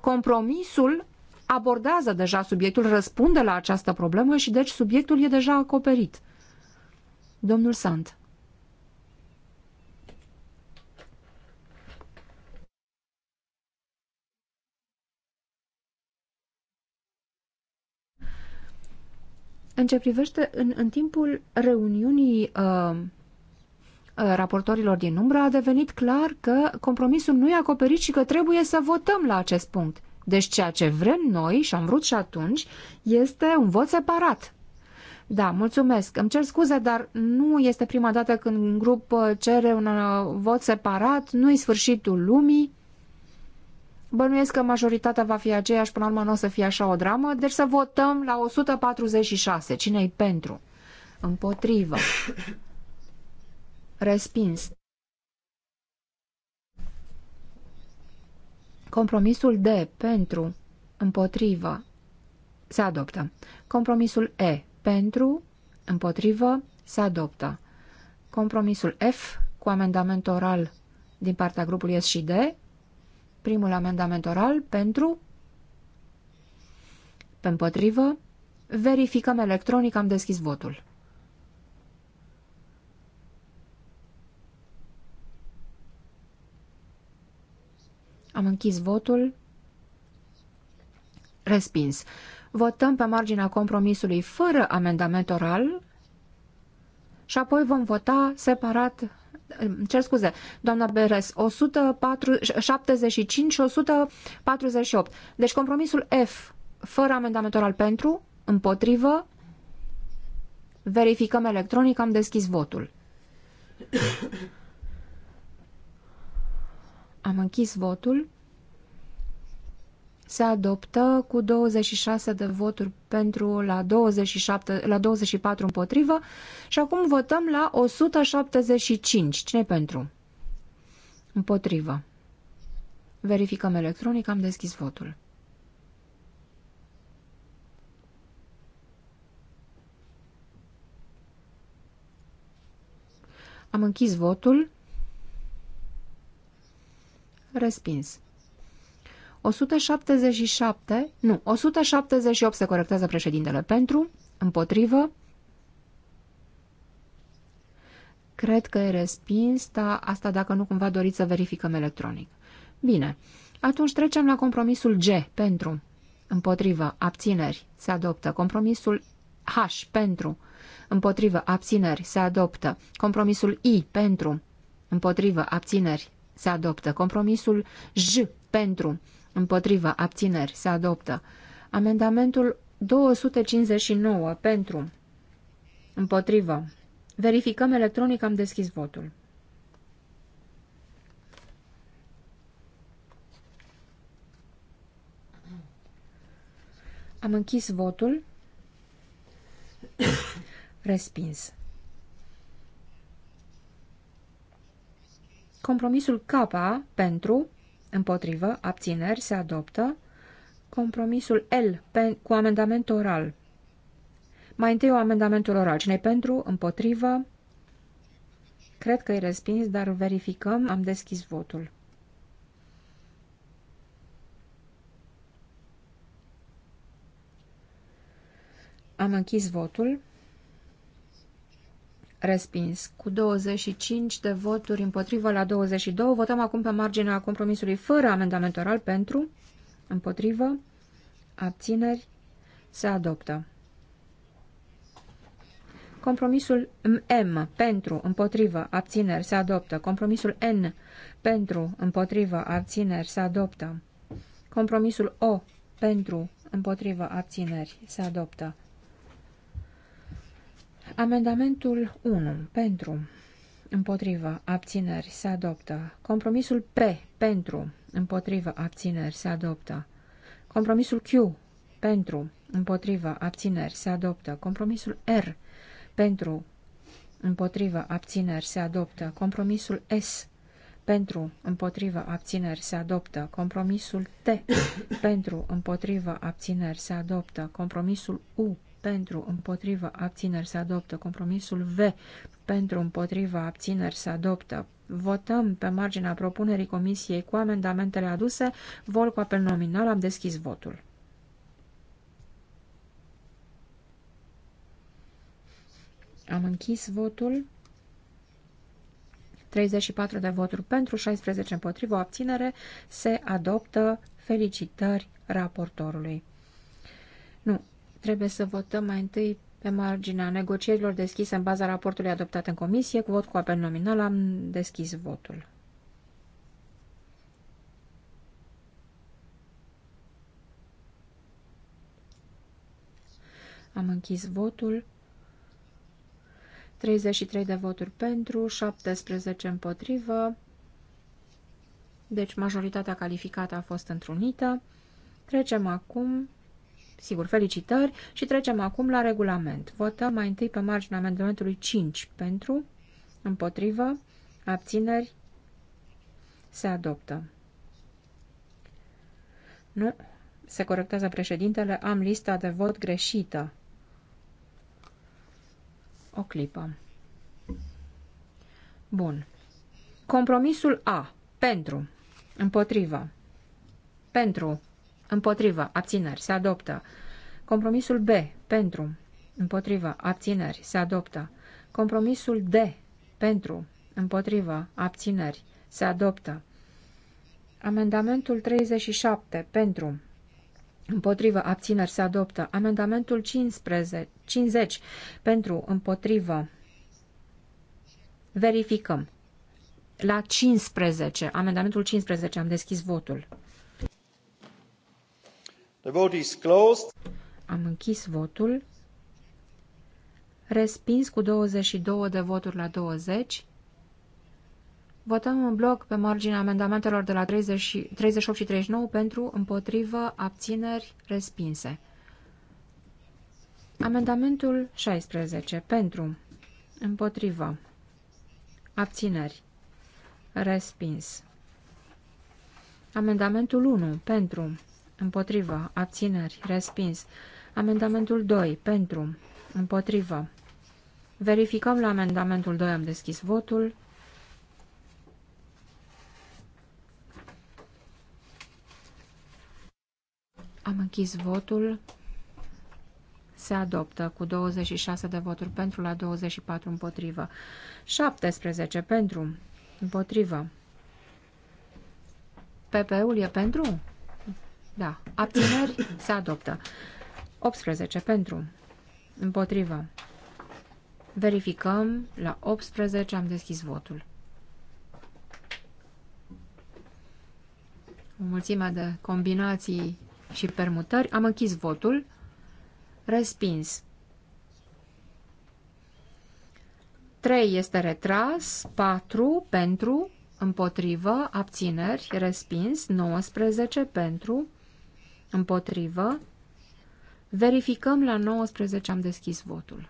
compromisul abordează deja subiectul, răspunde la această problemă și deci subiectul e deja acoperit. Domnul Sant. În ce privește, în, în timpul reuniunii uh, uh, raportorilor din umbră, a devenit clar că compromisul nu e acoperit și că trebuie să votăm la acest punct. Deci ceea ce vrem noi, și am vrut și atunci, este un vot separat. Da, mulțumesc. Îmi cer scuze, dar nu este prima dată când un grup uh, cere un uh, vot separat, nu-i sfârșitul lumii. Bănuiesc că majoritatea va fi aceeași, până la urmă nu o să fie așa o dramă, deci să votăm la 146. Cine-i pentru? Împotrivă. Respins. Compromisul D pentru, împotrivă, se adoptă. Compromisul E pentru, împotrivă, se adoptă. Compromisul F cu amendament oral din partea grupului S și D Primul amendament oral pentru, împotrivă, verificăm electronic, am deschis votul. Am închis votul. Respins. Votăm pe marginea compromisului fără amendament oral și apoi vom vota separat cer scuze, doamna Beres, 175 și 148. Deci compromisul F, fără amendament oral pentru, împotrivă, verificăm electronic, am deschis votul. Am închis votul se adoptă cu 26 de voturi pentru la, 27, la 24 împotrivă și acum votăm la 175. Cine pentru? Împotrivă. Verificăm electronic, am deschis votul. Am închis votul. Respins. 177, nu, 178 se corectează președintele pentru, împotrivă. Cred că e respins, dar asta dacă nu cumva doriți să verificăm electronic. Bine, atunci trecem la compromisul G, pentru, împotrivă, abțineri, se adoptă. Compromisul H, pentru, împotrivă, abțineri, se adoptă. Compromisul I, pentru, împotrivă, abțineri, se adoptă. Compromisul J, pentru, Împotrivă. Abțineri. Se adoptă. Amendamentul 259. Pentru. Împotrivă. Verificăm electronic. Am deschis votul. Am închis votul. [COUGHS] Respins. Compromisul K pentru împotrivă, abțineri, se adoptă. Compromisul L, cu amendament oral. Mai întâi o amendamentul oral. cine pentru, împotrivă, cred că e respins, dar verificăm, am deschis votul. Am închis votul respins cu 25 de voturi împotrivă la 22. Votăm acum pe marginea compromisului fără amendament oral pentru, împotrivă, abțineri, se adoptă. Compromisul M pentru, împotrivă, abțineri, se adoptă. Compromisul N pentru, împotrivă, abțineri, se adoptă. Compromisul O pentru, împotrivă, abțineri, se adoptă. Amendamentul 1. Pentru. Împotrivă. Abțineri. Se adoptă. Compromisul P. Pentru. Împotrivă. Abțineri. Se adoptă. Compromisul Q. Pentru. Împotrivă. Abțineri. Se adoptă. Compromisul R. Pentru. Împotrivă. Abțineri. Se adoptă. Compromisul S. Pentru. Împotrivă. Abțineri. Se adoptă. Compromisul T. [COUGHS] Pentru. Împotrivă. Abțineri. Se adoptă. Compromisul U pentru, împotrivă, abțineri se adoptă. Compromisul V pentru, împotrivă, abțineri se adoptă. Votăm pe marginea propunerii comisiei cu amendamentele aduse. Vol cu apel nominal. Am deschis votul. Am închis votul. 34 de voturi pentru, 16 împotrivă, abținere. Se adoptă. Felicitări raportorului. Nu, Trebuie să votăm mai întâi pe marginea negocierilor deschise în baza raportului adoptat în comisie, cu vot cu apel nominal, am deschis votul. Am închis votul. 33 de voturi pentru, 17 împotrivă, deci majoritatea calificată a fost întrunită. Trecem acum Sigur, felicitări și trecem acum la regulament. Votăm mai întâi pe marginea amendamentului 5 pentru, împotrivă, abțineri, se adoptă. Nu, se corectează președintele, am lista de vot greșită. O clipă. Bun. Compromisul A. Pentru. Împotrivă. Pentru. Împotrivă. Abțineri. Se adoptă. Compromisul B. Pentru. Împotrivă. Abțineri. Se adoptă. Compromisul D. Pentru. Împotrivă. Abțineri. Se adoptă. Amendamentul 37. Pentru. Împotrivă. Abțineri. Se adoptă. Amendamentul 15, 50. Pentru. Împotrivă. Verificăm. La 15. Amendamentul 15. Am deschis votul. The vote is closed. Am închis votul. Respins cu 22 de voturi la 20. Votăm în bloc pe marginea amendamentelor de la 30, 38 și 39 pentru, împotrivă, abțineri, respinse. Amendamentul 16. Pentru, împotrivă, abțineri, respins. Amendamentul 1. Pentru, Împotrivă. Abțineri. Respins. Amendamentul 2. Pentru. Împotrivă. Verificăm la amendamentul 2. Am deschis votul. Am închis votul. Se adoptă cu 26 de voturi pentru la 24 împotrivă. 17 pentru împotrivă. PP-ul e pentru? Da. Abțineri se adoptă. 18 pentru. Împotrivă. Verificăm. La 18 am deschis votul. O mulțime de combinații și permutări. Am închis votul. Respins. 3 este retras, 4 pentru, împotrivă, abțineri, respins, 19 pentru, Împotrivă. Verificăm la 19 am deschis votul.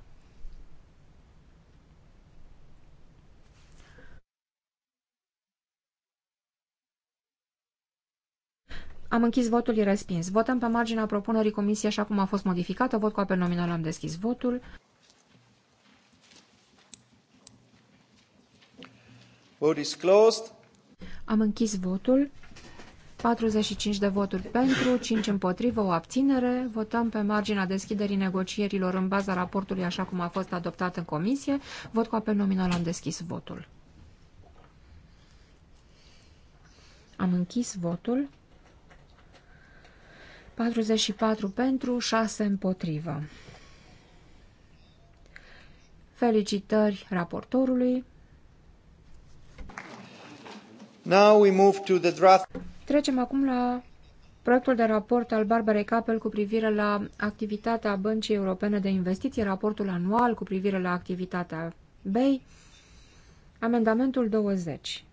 Am închis votul, e respins. Votăm pe marginea propunerii comisiei așa cum a fost modificată. Vot cu apel nominal, am deschis votul. Vote is closed. Am închis votul. 45 de voturi pentru, 5 împotrivă, o abținere. Votăm pe marginea deschiderii negocierilor în baza raportului așa cum a fost adoptat în comisie. Vot cu apel nominal am deschis votul. Am închis votul. 44 pentru, 6 împotrivă. Felicitări raportorului. Now we move to the draft. Trecem acum la proiectul de raport al Barbarei Capel cu privire la activitatea Băncii Europene de Investiții, raportul anual cu privire la activitatea BEI, amendamentul 20.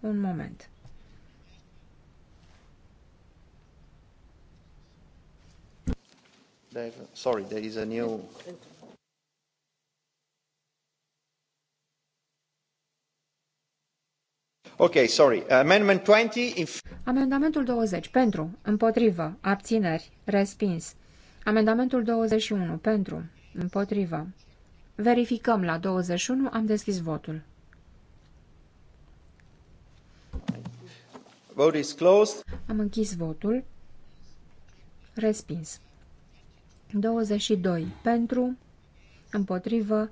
Un moment. Dave, sorry, there is a new... Ok, sorry. Amendment 20. If... Amendamentul 20. Pentru. Împotrivă. Abțineri. Respins. Amendamentul 21. Pentru. Împotrivă. Verificăm la 21. Am deschis votul. Vote is closed. Am închis votul. Respins. 22. Pentru. Împotrivă.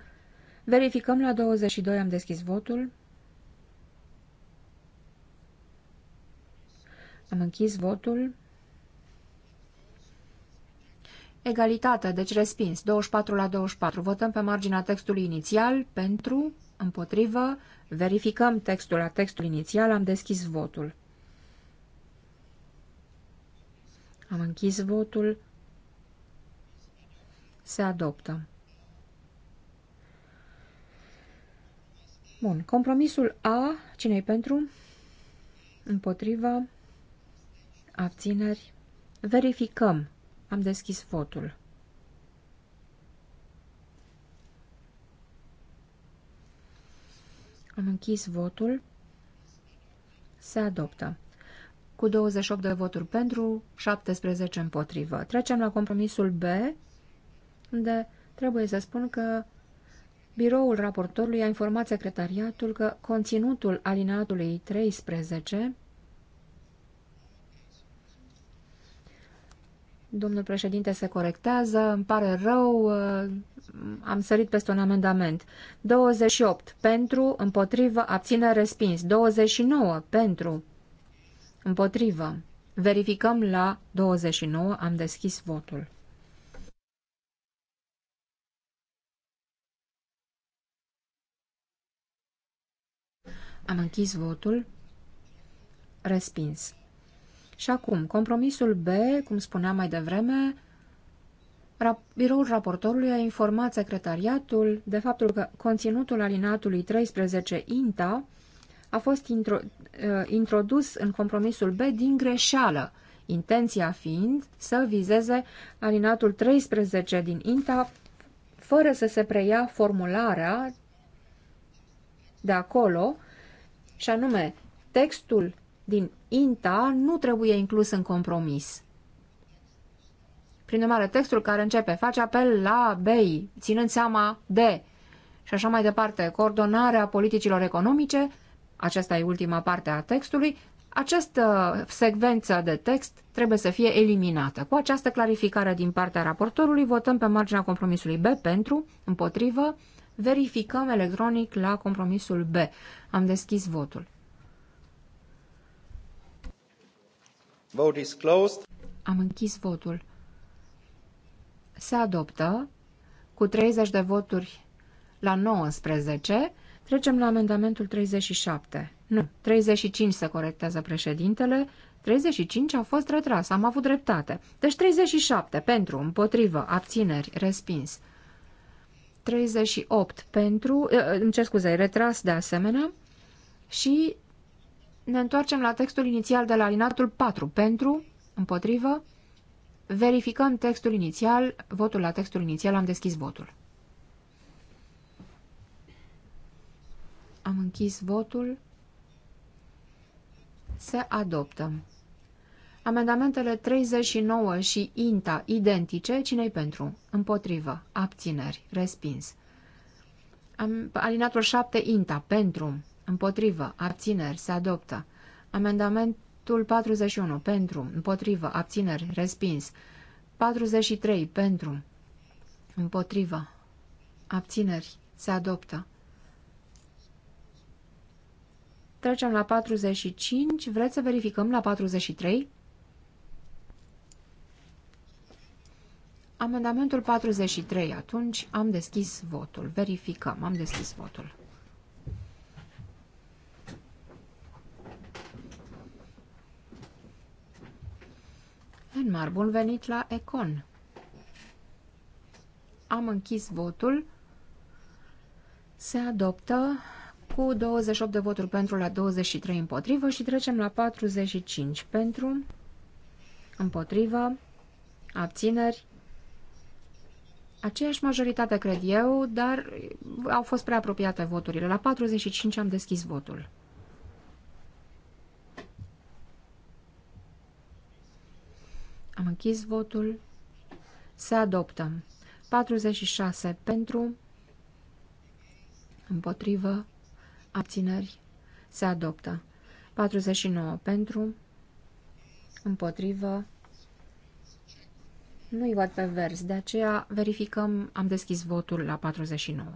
Verificăm la 22. Am deschis votul. Am închis votul. Egalitate, deci respins. 24 la 24. Votăm pe marginea textului inițial. Pentru, împotrivă, verificăm textul la textul inițial. Am deschis votul. Am închis votul. Se adoptă. Bun. Compromisul A, cine pentru? Împotriva abțineri, verificăm. Am deschis votul. Am închis votul. Se adoptă. Cu 28 de voturi pentru, 17 împotrivă. Trecem la compromisul B, unde trebuie să spun că biroul raportorului a informat secretariatul că conținutul alineatului 13 Domnul președinte se corectează, îmi pare rău, uh, am sărit peste un amendament. 28 pentru, împotrivă, abține respins. 29 pentru, împotrivă. Verificăm la 29, am deschis votul. Am închis votul. Respins. Și acum, compromisul B, cum spuneam mai devreme, rap biroul raportorului a informat secretariatul de faptul că conținutul alinatului 13 INTA a fost intro uh, introdus în compromisul B din greșeală, intenția fiind să vizeze alinatul 13 din INTA fără să se preia formularea de acolo, și anume textul din INTA nu trebuie inclus în compromis. Prin urmare, textul care începe face apel la BEI, ținând seama de și așa mai departe, coordonarea politicilor economice, aceasta e ultima parte a textului, această secvență de text trebuie să fie eliminată. Cu această clarificare din partea raportorului, votăm pe marginea compromisului B pentru, împotrivă, verificăm electronic la compromisul B. Am deschis votul. Vote is closed. Am închis votul. Se adoptă cu 30 de voturi la 19. Trecem la amendamentul 37. Nu, 35 se corectează președintele. 35 a fost retras, am avut dreptate. Deci 37 pentru, împotrivă, abțineri, respins. 38 pentru, eh, îmi cer scuze, retras de asemenea. Și ne întoarcem la textul inițial de la alinatul 4. Pentru, împotrivă, verificăm textul inițial, votul la textul inițial, am deschis votul. Am închis votul. Se adoptă. Amendamentele 39 și INTA identice, cine pentru? Împotrivă. Abțineri. Respins. Am, alinatul 7 INTA pentru. Împotrivă. Abțineri. Se adoptă. Amendamentul 41. Pentru. Împotrivă. Abțineri. Respins. 43. Pentru. Împotrivă. Abțineri. Se adoptă. Trecem la 45. Vreți să verificăm la 43? Amendamentul 43. Atunci am deschis votul. Verificăm. Am deschis votul. Elmar, bun venit la Econ. Am închis votul. Se adoptă cu 28 de voturi pentru la 23 împotrivă și trecem la 45 pentru, împotrivă, abțineri. Aceeași majoritate, cred eu, dar au fost prea apropiate voturile. La 45 am deschis votul. Am închis votul. Se adoptă. 46 pentru, împotrivă, abțineri, se adoptă. 49 pentru, împotrivă, nu-i văd pe vers, de aceea verificăm, am deschis votul la 49.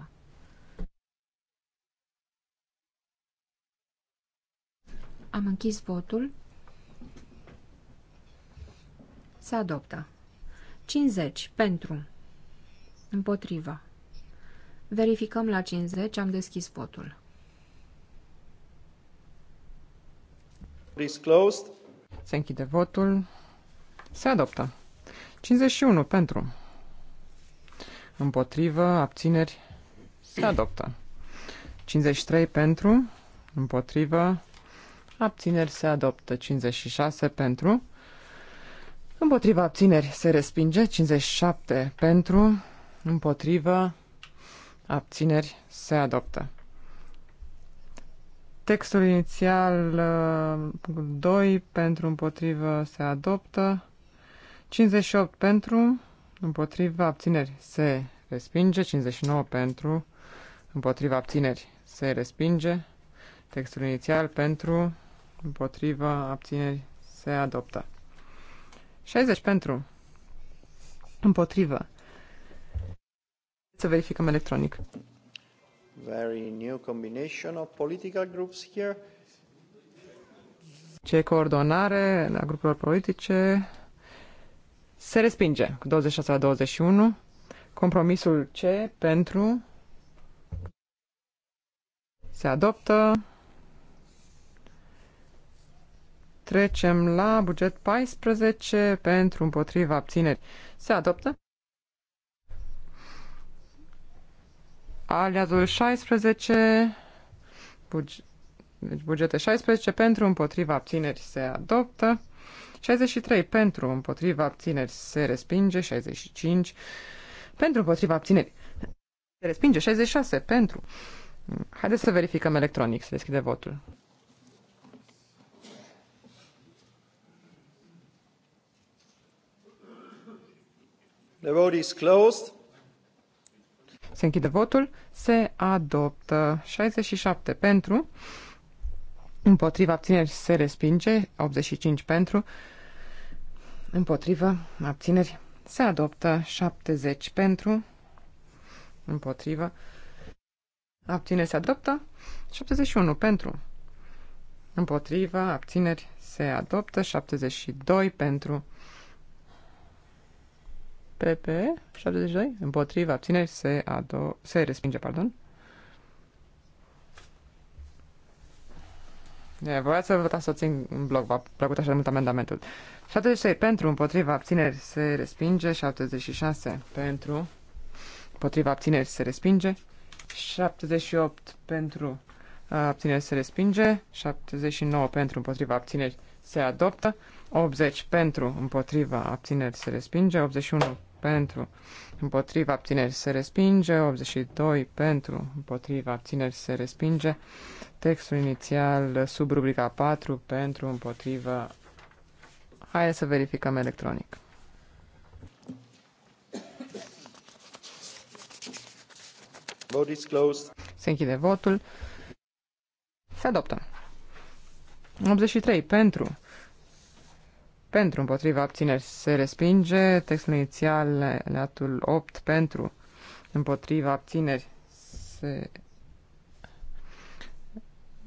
Am închis votul. Se adoptă. 50. Pentru. Împotrivă. Verificăm la 50. Am deschis votul. Closed. Se închide votul. Se adoptă. 51. Pentru. Împotrivă. Abțineri. Se adoptă. 53. Pentru. Împotrivă. Abțineri se adoptă 56 pentru, Împotriva abțineri se respinge 57 pentru, împotriva abțineri se adoptă. Textul inițial 2 uh, pentru împotrivă se adoptă, 58 pentru împotriva abțineri se respinge, 59 pentru împotriva abțineri se respinge, textul inițial pentru împotriva abțineri se adoptă. 60 pentru. Împotrivă. Să verificăm electronic. Very new combination of political groups here. Ce coordonare la grupurilor politice se respinge cu 26 la 21. Compromisul C pentru se adoptă. Trecem la buget 14 pentru împotriva abțineri. Se adoptă. Aliatul 16, buge, deci bugete 16 pentru împotriva abțineri se adoptă. 63 pentru împotriva abțineri se respinge. 65 pentru împotriva abțineri se respinge. 66 pentru. Haideți să verificăm electronic, să deschide votul. The vote is closed. Se închide votul. Se adoptă 67 pentru. Împotriva abțineri se respinge. 85 pentru. Împotriva abțineri se adoptă 70 pentru. Împotriva. Abțineri se adoptă 71 pentru. Împotriva abțineri se adoptă 72 pentru. PP 72, împotriva abțineri se, ado se respinge, pardon. E, voia să votați să țin în bloc, v-a plăcut așa de mult amendamentul. 76 pentru, împotriva abțineri se respinge, 76 pentru, împotriva abțineri se respinge, 78 pentru abțineri se respinge, 79 pentru, împotriva abțineri se adoptă, 80 pentru, împotriva, abțineri se respinge. 81 pentru, împotriva, abțineri se respinge. 82 pentru, împotriva, abțineri se respinge. Textul inițial sub rubrica 4 pentru, împotriva. Hai să verificăm electronic. Vote is closed. Se închide votul. Se adoptă. 83 pentru, pentru, împotriva, abțineri se respinge. Textul inițial, aliatul 8, pentru, împotriva, abțineri se...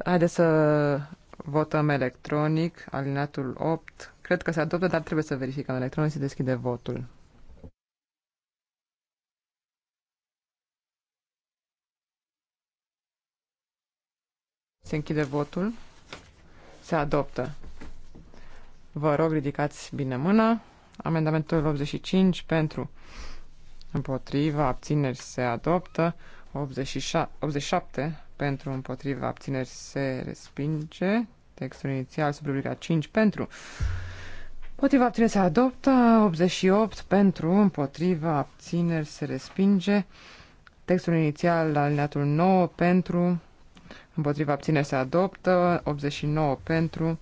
Haideți să votăm electronic, alineatul 8. Cred că se adoptă, dar trebuie să verificăm electronic, se deschide votul. Se închide votul. Se adoptă. Vă rog, ridicați bine mâna. Amendamentul 85 pentru împotriva abțineri se adoptă. 86, 87 pentru împotriva abțineri se respinge. Textul inițial sub 5 pentru Împotriva abțineri se adoptă, 88 pentru, împotriva abțineri se respinge. Textul inițial la alineatul 9 pentru, împotriva abțineri se adoptă, 89 pentru,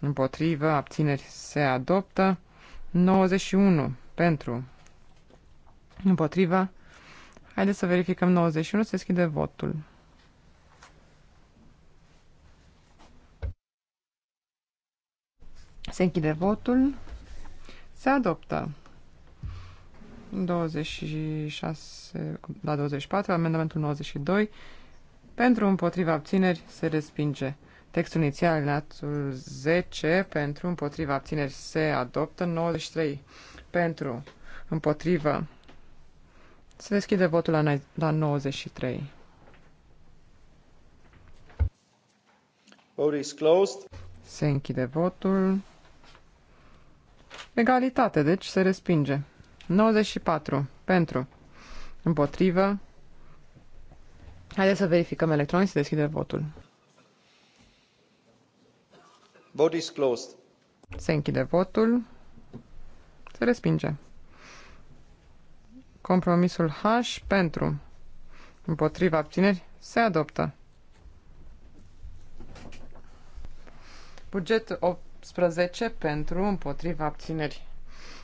Împotrivă, abțineri se adoptă. 91 pentru. Împotrivă. Haideți să verificăm 91, se deschide votul. Se închide votul. Se adoptă. 26 la 24, amendamentul 92. Pentru împotriva abțineri se respinge. Textul inițial, alineatul 10, pentru, împotriva, abțineri se adoptă, 93 pentru, împotrivă. Se deschide votul la, la 93. Vote is closed. Se închide votul. Egalitate, deci se respinge. 94 pentru, împotrivă. Haideți să verificăm electronic, se deschide votul. Vote is closed. Se închide votul. Se respinge. Compromisul H pentru. Împotriva abțineri se adoptă. Buget 18 pentru împotriva abțineri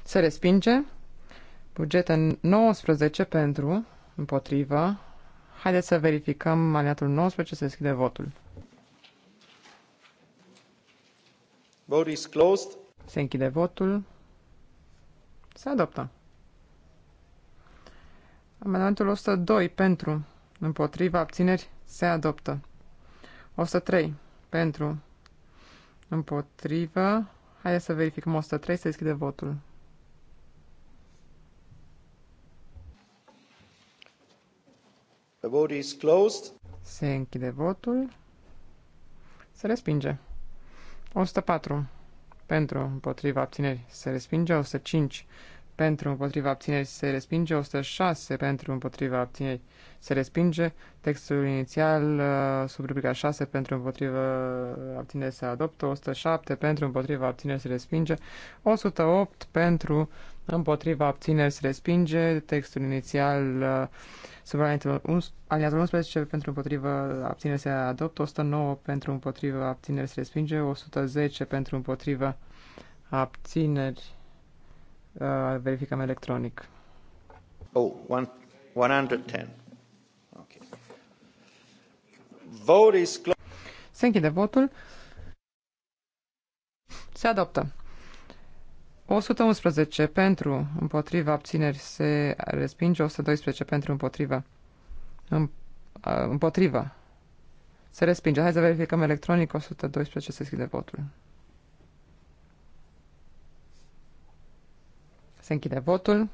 se respinge. Buget 19 pentru împotriva. Haideți să verificăm aliatul 19 să deschide votul. Vote is closed. Se închide votul. Se adoptă. Amendamentul 102 pentru, împotriva, abțineri, se adoptă. 103 pentru, împotriva. Haideți să verificăm 103, se deschide votul. The vote is closed. Se închide votul. Se respinge. 104 pentru împotriva abțineri se respinge, 105 pentru împotriva abțineri se respinge, 106 pentru împotriva abțineri se respinge, textul inițial uh, sub rubrica 6 pentru împotriva abțineri se adoptă, 107 pentru împotriva abțineri se respinge, 108 pentru împotriva abțineri se respinge, textul inițial uh, aliatul 11 pentru împotriva abțineri se adoptă, 109 pentru împotriva abțineri se respinge, 110 pentru împotriva abțineri uh, verificăm electronic. Oh, one, 110. Okay. Vote is Se închide votul. Se adoptă. 111 pentru, împotriva, abțineri se respinge, 112 pentru, împotriva, împotriva, se respinge. Hai să verificăm electronic, 112 se schide votul. Se închide votul.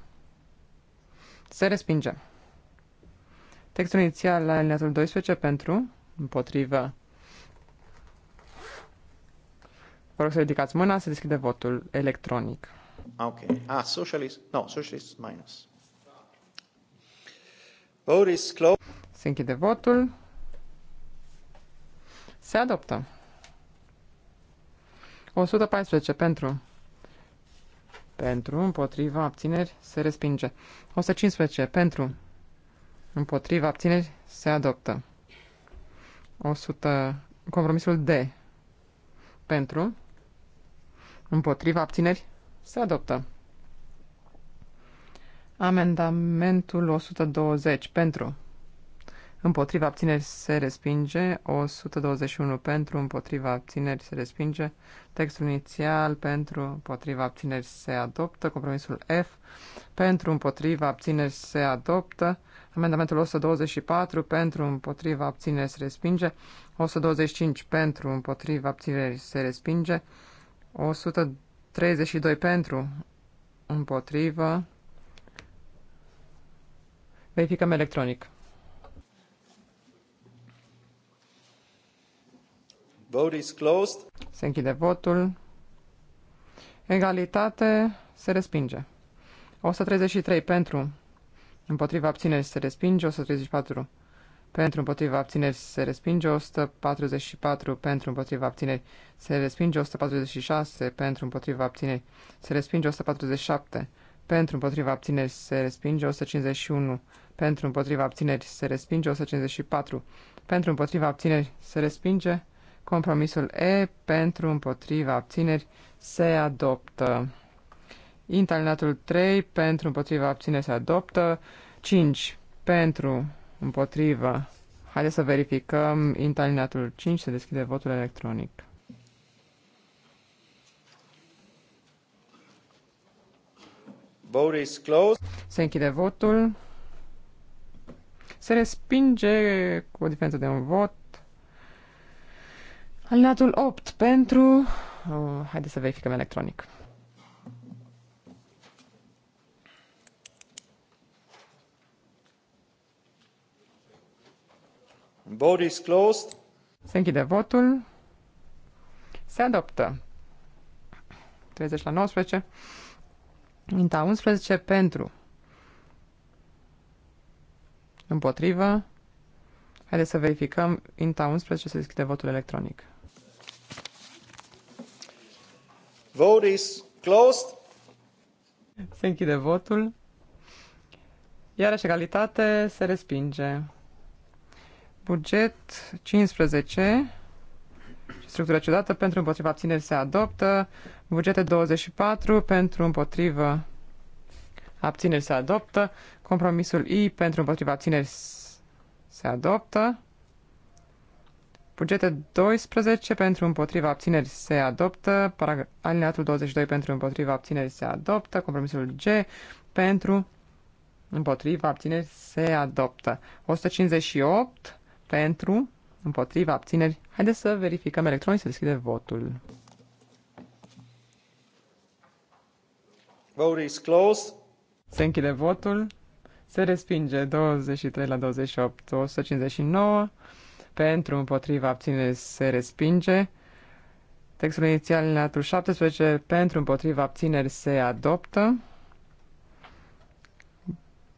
Se respinge. Textul inițial la alineatul 12 pentru, împotriva, Vă rog să ridicați mâna, se deschide votul electronic. Ah, ok. Ah, socialist. No, socialist minus. Vote is closed. Se închide votul. Se adoptă. 114 pentru. Pentru, împotriva, abțineri, se respinge. 115 pentru. Împotriva, abțineri, se adoptă. 100. Compromisul D. Pentru. Împotriva abțineri? Se adoptă. Amendamentul 120 pentru. Împotriva abțineri se respinge. 121 pentru. Împotriva abțineri se respinge. Textul inițial pentru. Împotriva abțineri se adoptă. Compromisul F pentru. Împotriva abțineri se adoptă. Amendamentul 124 pentru. Împotriva abțineri se respinge. 125 pentru. Împotriva abțineri se respinge. 132 pentru, împotrivă. Verificăm electronic. Vote is closed. Se închide votul. Egalitate se respinge. 133 pentru, împotriva abțineri se respinge, 134 pentru împotriva abțineri se respinge 144 pentru împotriva abțineri se respinge 146 pentru împotriva abțineri se respinge 147 pentru împotriva abțineri se respinge 151 pentru împotriva abțineri se respinge 154 pentru împotriva abțineri se respinge compromisul E pentru împotriva abțineri se adoptă Intalinatul 3 pentru împotriva abțineri se adoptă 5 pentru Împotrivă. Haideți să verificăm intalinatul 5, se deschide votul electronic. Vote is closed. Se închide votul. Se respinge cu o diferență de un vot. Alinatul 8 pentru... Uh, haideți să verificăm electronic. Vote is closed. Se închide votul. Se adoptă. 30 la 19. Inta 11 pentru. Împotrivă. Haideți să verificăm. Inta 11 se deschide votul electronic. Vote is closed. Se închide votul. Iarăși egalitate se respinge. Buget 15, structura ciudată, pentru împotriva abțineri se adoptă. Bugete 24, pentru împotriva abțineri se adoptă. Compromisul I, pentru împotriva abțineri se adoptă. Bugete 12 pentru împotriva abțineri se adoptă, alineatul 22 pentru împotriva abțineri se adoptă, compromisul G pentru împotriva abțineri se adoptă. 158 pentru, împotriva, abțineri. Haideți să verificăm electronic, să deschide votul. Vote is closed. Se închide votul. Se respinge 23 la 28, 159. Pentru, împotriva, abțineri se respinge. Textul inițial în 17, pentru, împotriva, abțineri se adoptă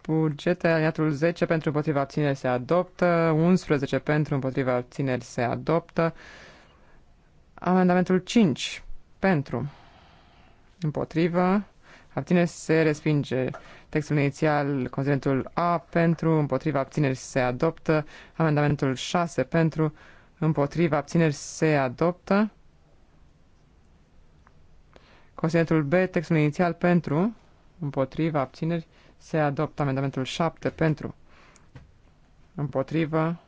bugete, aliatul 10 pentru împotriva abțineri se adoptă, 11 pentru împotriva abțineri se adoptă, amendamentul 5 pentru împotriva abțineri se respinge. Textul inițial, considerentul A pentru împotriva abțineri se adoptă, amendamentul 6 pentru împotriva abțineri se adoptă, considerentul B, textul inițial pentru împotriva abțineri se adoptă amendamentul 7 pentru. Împotrivă.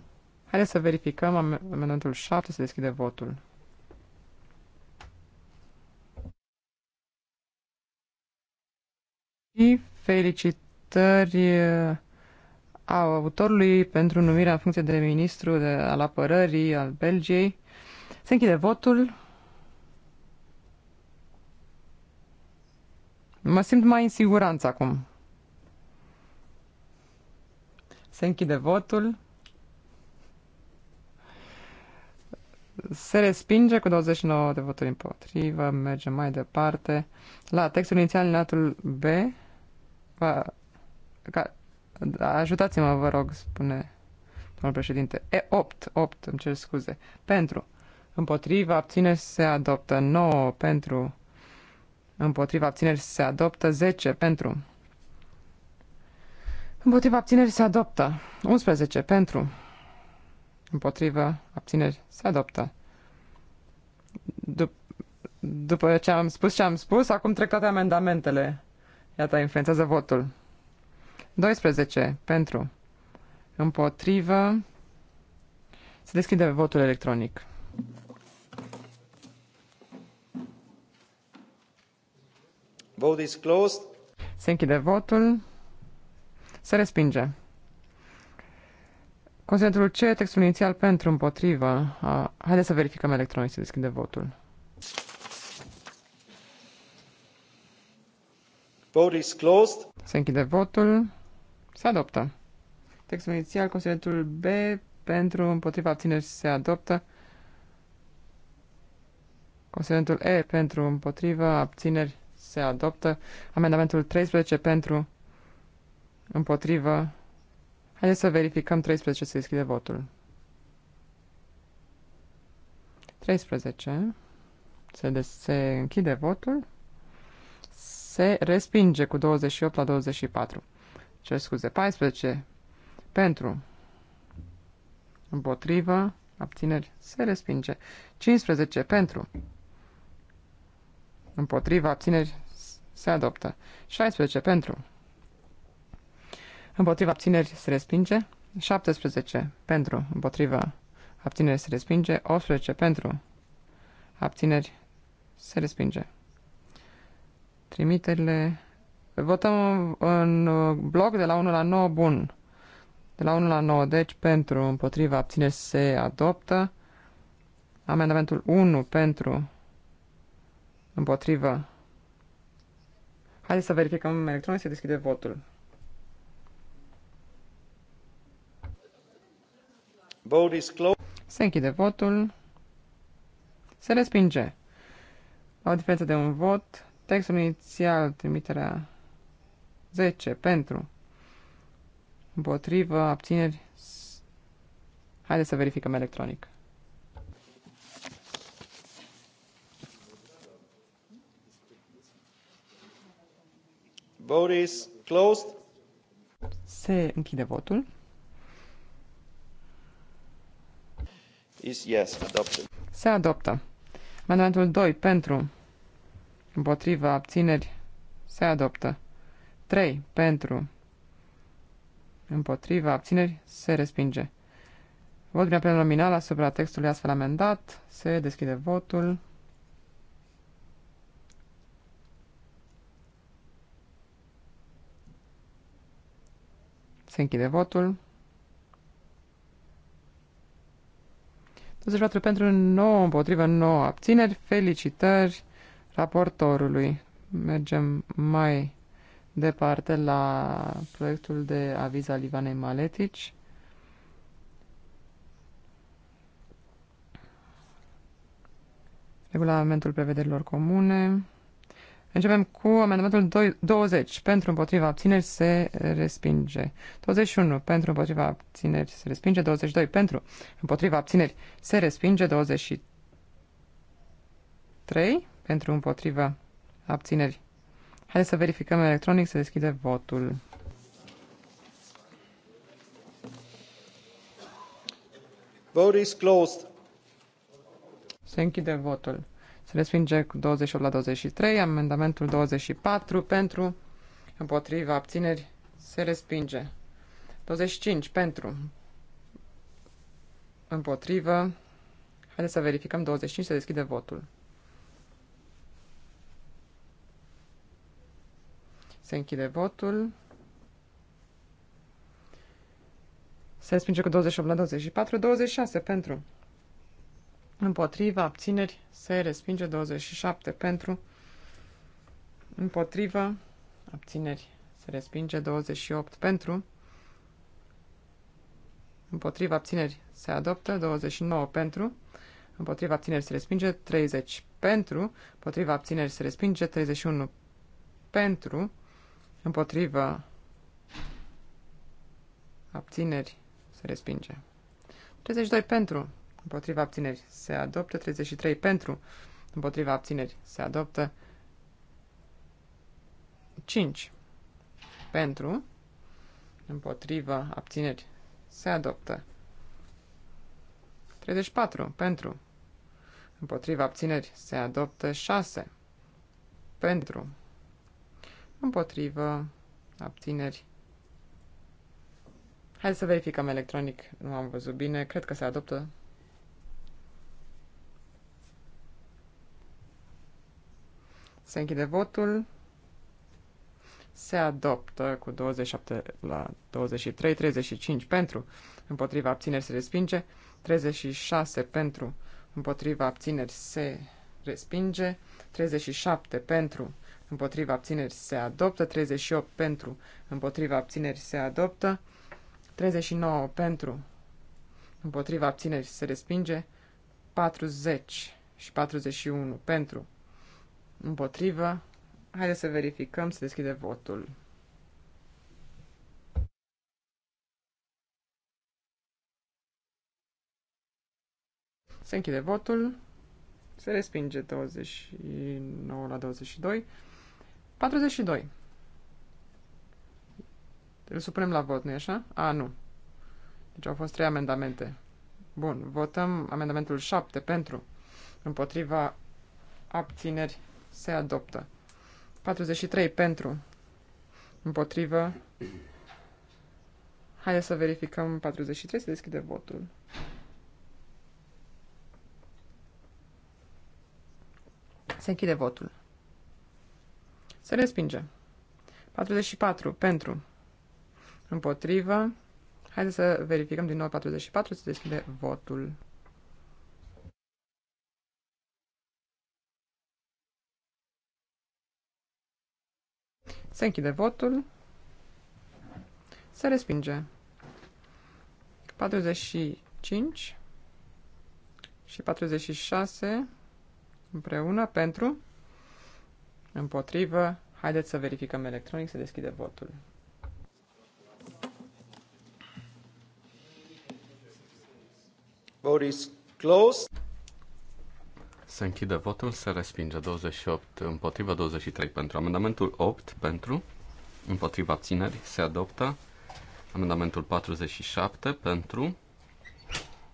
Haideți să verificăm amendamentul 7, se deschide votul. Și felicitări uh, a autorului pentru numirea în funcție de ministru de, al apărării al Belgiei. Se închide votul. Mă simt mai în siguranță acum. Se închide votul. Se respinge cu 29 de voturi împotrivă. Mergem mai departe. La textul inițial, linatul B. Va, ca, da, ajutați-mă, vă rog, spune domnul președinte. E 8, 8, îmi cer scuze. Pentru. Împotriva, abține, se adoptă 9 pentru. Împotriva, abține, se adoptă 10 pentru. Împotriva abțineri se adoptă. 11 pentru. Împotriva abțineri se adoptă. Dup după ce am spus ce am spus, acum trec toate amendamentele. Iată, influențează votul. 12 pentru. Împotrivă. Se deschide votul electronic. Vote is closed. Se închide votul. Se respinge. Consentul C, textul inițial pentru, împotrivă. Haideți să verificăm electronic, se deschide votul. Vote is closed. Se închide votul. Se adoptă. Textul inițial, consentul B, pentru, împotriva, abțineri, se adoptă. Consentul E, pentru, împotriva, abțineri, se adoptă. Amendamentul 13, pentru, Împotrivă. Haideți să verificăm 13 să deschide votul. 13. Se, des- se închide votul. Se respinge cu 28 la 24. Ce scuze. 14. Pentru. Împotrivă. Abțineri. Se respinge. 15. Pentru. Împotrivă. Abțineri. Se adoptă. 16. Pentru împotriva abțineri se respinge, 17 pentru, împotriva abțineri se respinge, 18 pentru, abțineri se respinge. Trimiterile, votăm în bloc de la 1 la 9, bun, de la 1 la 9, deci pentru, împotriva abțineri se adoptă, amendamentul 1 pentru, împotriva Haideți să verificăm electronic, se deschide votul. Se închide votul. Se respinge. La o diferență de un vot, textul inițial, trimiterea 10 pentru, împotrivă, abțineri. Haideți să verificăm electronic. Vote is closed. Se închide votul. is yes, adopted. Se adoptă. Amendamentul 2 pentru, împotriva, abțineri, se adoptă. 3 pentru, împotriva, abțineri, se respinge. Vot prin apel nominal asupra textului astfel amendat. Se deschide votul. Se închide votul. 24 pentru 9 împotrivă 9 abțineri. Felicitări raportorului. Mergem mai departe la proiectul de aviz al Ivanei Maletici. Regulamentul prevederilor comune. Începem cu amendamentul 20. Pentru împotriva abțineri se respinge. 21. Pentru împotriva abțineri se respinge. 22. Pentru împotriva abțineri se respinge. 23. Pentru împotriva abțineri. Hai să verificăm electronic, să deschide votul. Vote is closed. Se închide votul. Se respinge cu 28 la 23. Amendamentul 24 pentru, împotriva, abțineri, se respinge. 25 pentru, împotrivă. Haideți să verificăm 25, se deschide votul. Se închide votul. Se respinge cu 28 la 24, 26 pentru împotriva, abțineri, se respinge 27 pentru, împotriva, abțineri, se respinge 28 pentru, împotriva, abțineri, se adoptă 29 pentru, împotriva, abțineri, se respinge 30 pentru, împotriva, abțineri, se respinge 31 pentru, împotriva, abțineri, se respinge 32 pentru, împotriva abțineri se adoptă, 33 pentru, împotriva abțineri se adoptă, 5 pentru, împotriva abțineri se adoptă, 34 pentru, împotriva abțineri se adoptă, 6 pentru, împotriva abțineri Hai să verificăm electronic. Nu am văzut bine. Cred că se adoptă Se închide votul. Se adoptă cu 27 la 23, 35 pentru, împotriva abțineri se respinge, 36 pentru, împotriva abțineri se respinge, 37 pentru, împotriva abțineri se adoptă, 38 pentru, împotriva abțineri se adoptă, 39 pentru, împotriva abțineri se respinge, 40 și 41 pentru, Împotrivă. Haideți să verificăm, să deschide votul. Se închide votul. Se respinge 29 la 22. 42. Îl supunem la vot, nu-i așa? A, nu. Deci au fost trei amendamente. Bun, votăm amendamentul 7 pentru, împotriva, abțineri, se adoptă. 43 pentru, împotrivă. Haideți să verificăm 43, să deschide votul. Se închide votul. Se respinge. 44 pentru, împotrivă. Haideți să verificăm din nou 44, se deschide votul. Se închide votul. Se respinge. 45 și 46 împreună pentru, împotrivă. Haideți să verificăm electronic, se deschide votul. Vote is closed. Se închide votul, se respinge 28 împotriva 23 pentru. Amendamentul 8 pentru, împotriva țineri se adoptă. Amendamentul 47 pentru,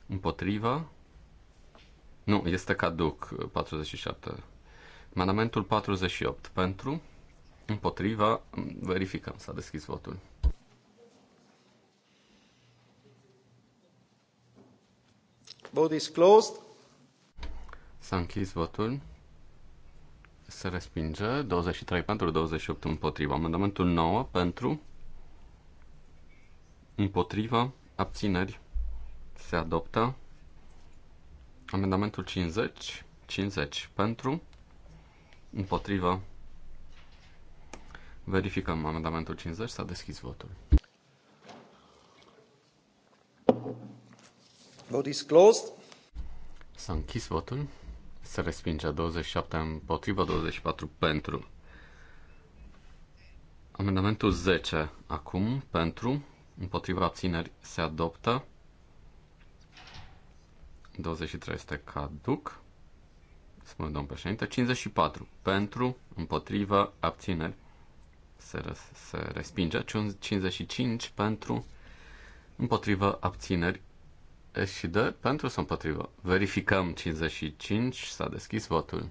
împotriva, nu, este caduc 47. Amendamentul 48 pentru, împotriva, verificăm, s-a deschis votul. Vote is closed. S-a închis votul. Se respinge. 23 pentru, 28 împotriva. Amendamentul 9 pentru, împotriva, abțineri. Se adoptă. Amendamentul 50, 50 pentru, împotriva. Verificăm amendamentul 50, s-a deschis votul. Vote is closed. S-a închis votul se respinge 27 împotriva, 24 pentru. Amendamentul 10 acum pentru, împotriva abțineri se adoptă. 23 este caduc. Spune domnul președinte. 54 pentru, împotriva abțineri se, se respinge. 55 pentru, împotriva abțineri și de pentru sau împotrivă. Verificăm 55, s-a deschis votul.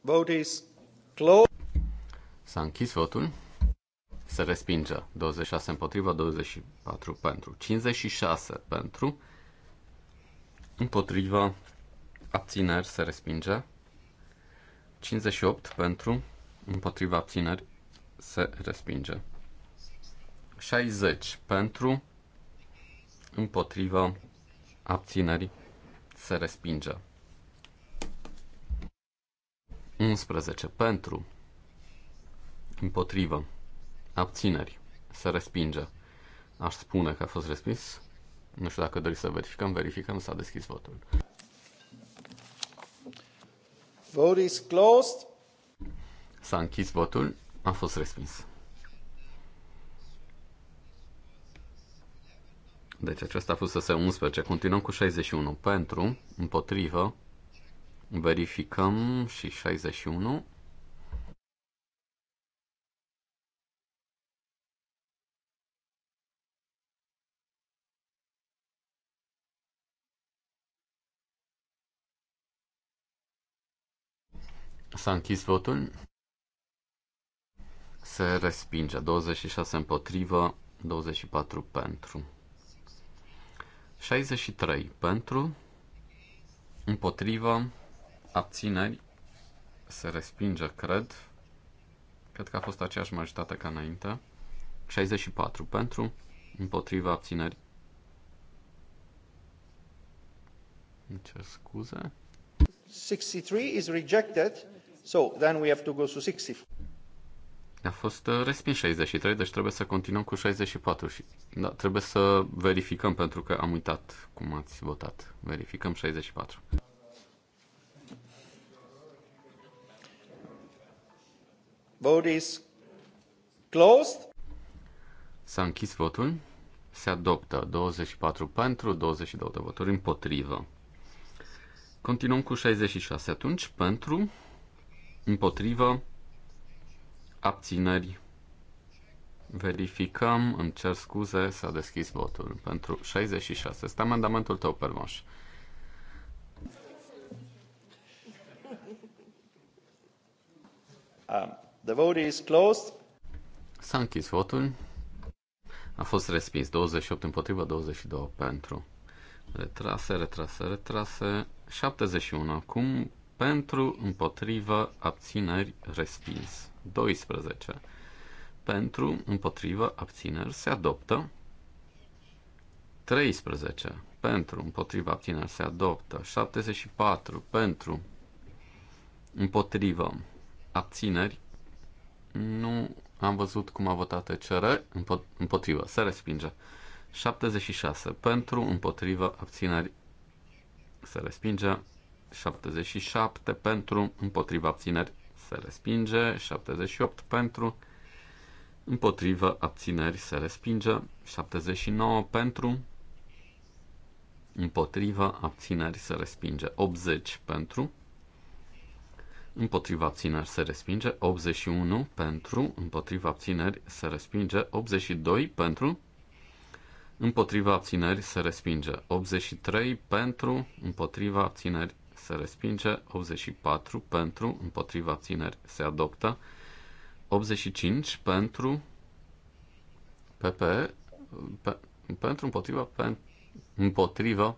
Vote is closed. S-a închis votul. Se respinge 26 împotrivă, 24 pentru. 56 pentru. Împotrivă. Abțineri se respinge. 58 pentru. Împotriva abțineri se respinge. 60 pentru, împotriva abținerii se respinge. 11 pentru, împotriva abținerii se respinge. Aș spune că a fost respins. Nu știu dacă doriți să verificăm. Verificăm, s-a deschis votul. Vote is closed. S-a închis votul, a fost respins. Deci acesta a fost SS11. Continuăm cu 61. Pentru, împotrivă, verificăm și 61. S-a închis votul. Se respinge. 26 împotrivă, 24 pentru. 63 pentru, împotrivă, abțineri, se respinge, cred. Cred că a fost aceeași majoritate ca înainte. 64 pentru, împotrivă, abțineri. Ce scuze? 63 is rejected, so then we have to go to 64. A fost uh, respins 63, deci trebuie să continuăm cu 64. Și, da, trebuie să verificăm, pentru că am uitat cum ați votat. Verificăm 64. Vote is closed. S-a închis votul. Se adoptă 24 pentru, 22 de voturi împotrivă. Continuăm cu 66 atunci, pentru, împotrivă, abțineri. Verificăm, îmi cer scuze, s-a deschis votul pentru 66. Este amendamentul tău, Permaș. Um, the vote is closed. S-a închis votul. A fost respins 28 împotriva, 22 pentru. Retrase, retrase, retrase. 71 acum pentru, împotriva, abțineri, respins. 12. Pentru, împotrivă, abțineri se adoptă. 13. Pentru, împotrivă, abțineri se adoptă. 74. Pentru, împotrivă, abțineri. Nu am văzut cum a votat ECR. Împotrivă, se respinge. 76. Pentru, împotrivă, abțineri se respinge. 77 pentru, împotriva abțineri se respinge, 78 pentru, împotrivă, abțineri, se respinge, 79 pentru, împotrivă, abțineri, se respinge, 80 pentru, împotriva abțineri se respinge, 81 pentru, împotriva abțineri se respinge, 82 pentru, împotriva abțineri se respinge, 83 pentru, împotriva abțineri se respinge, 84 pentru, împotriva abțineri se adoptă, 85 pentru, PP, pe, pentru, împotriva, pe, împotriva,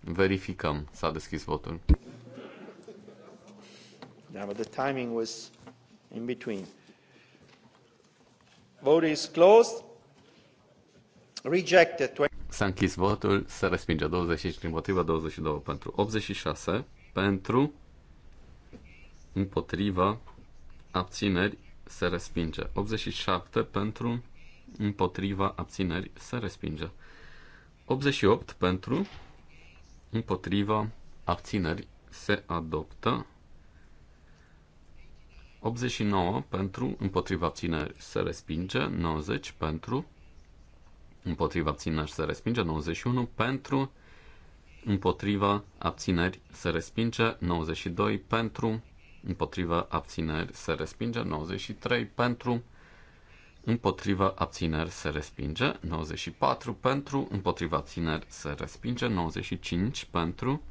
verificăm, s-a deschis votul. Yeah, but the timing was in between. Vote is closed. Rejected. S-a închis votul, se respinge 25 împotriva, 22 pentru 86 pentru, împotriva, abțineri, se respinge. 87 pentru, împotriva, abțineri, se respinge. 88 pentru, împotriva, abțineri, se adoptă. 89 pentru, împotriva abțineri se respinge, 90 pentru, împotriva abțineri se respinge, 91 pentru, împotriva abțineri se respinge 92 pentru, împotriva abțineri se respinge 93 pentru, împotriva abțineri se respinge 94 pentru, împotriva abțineri se respinge 95 pentru,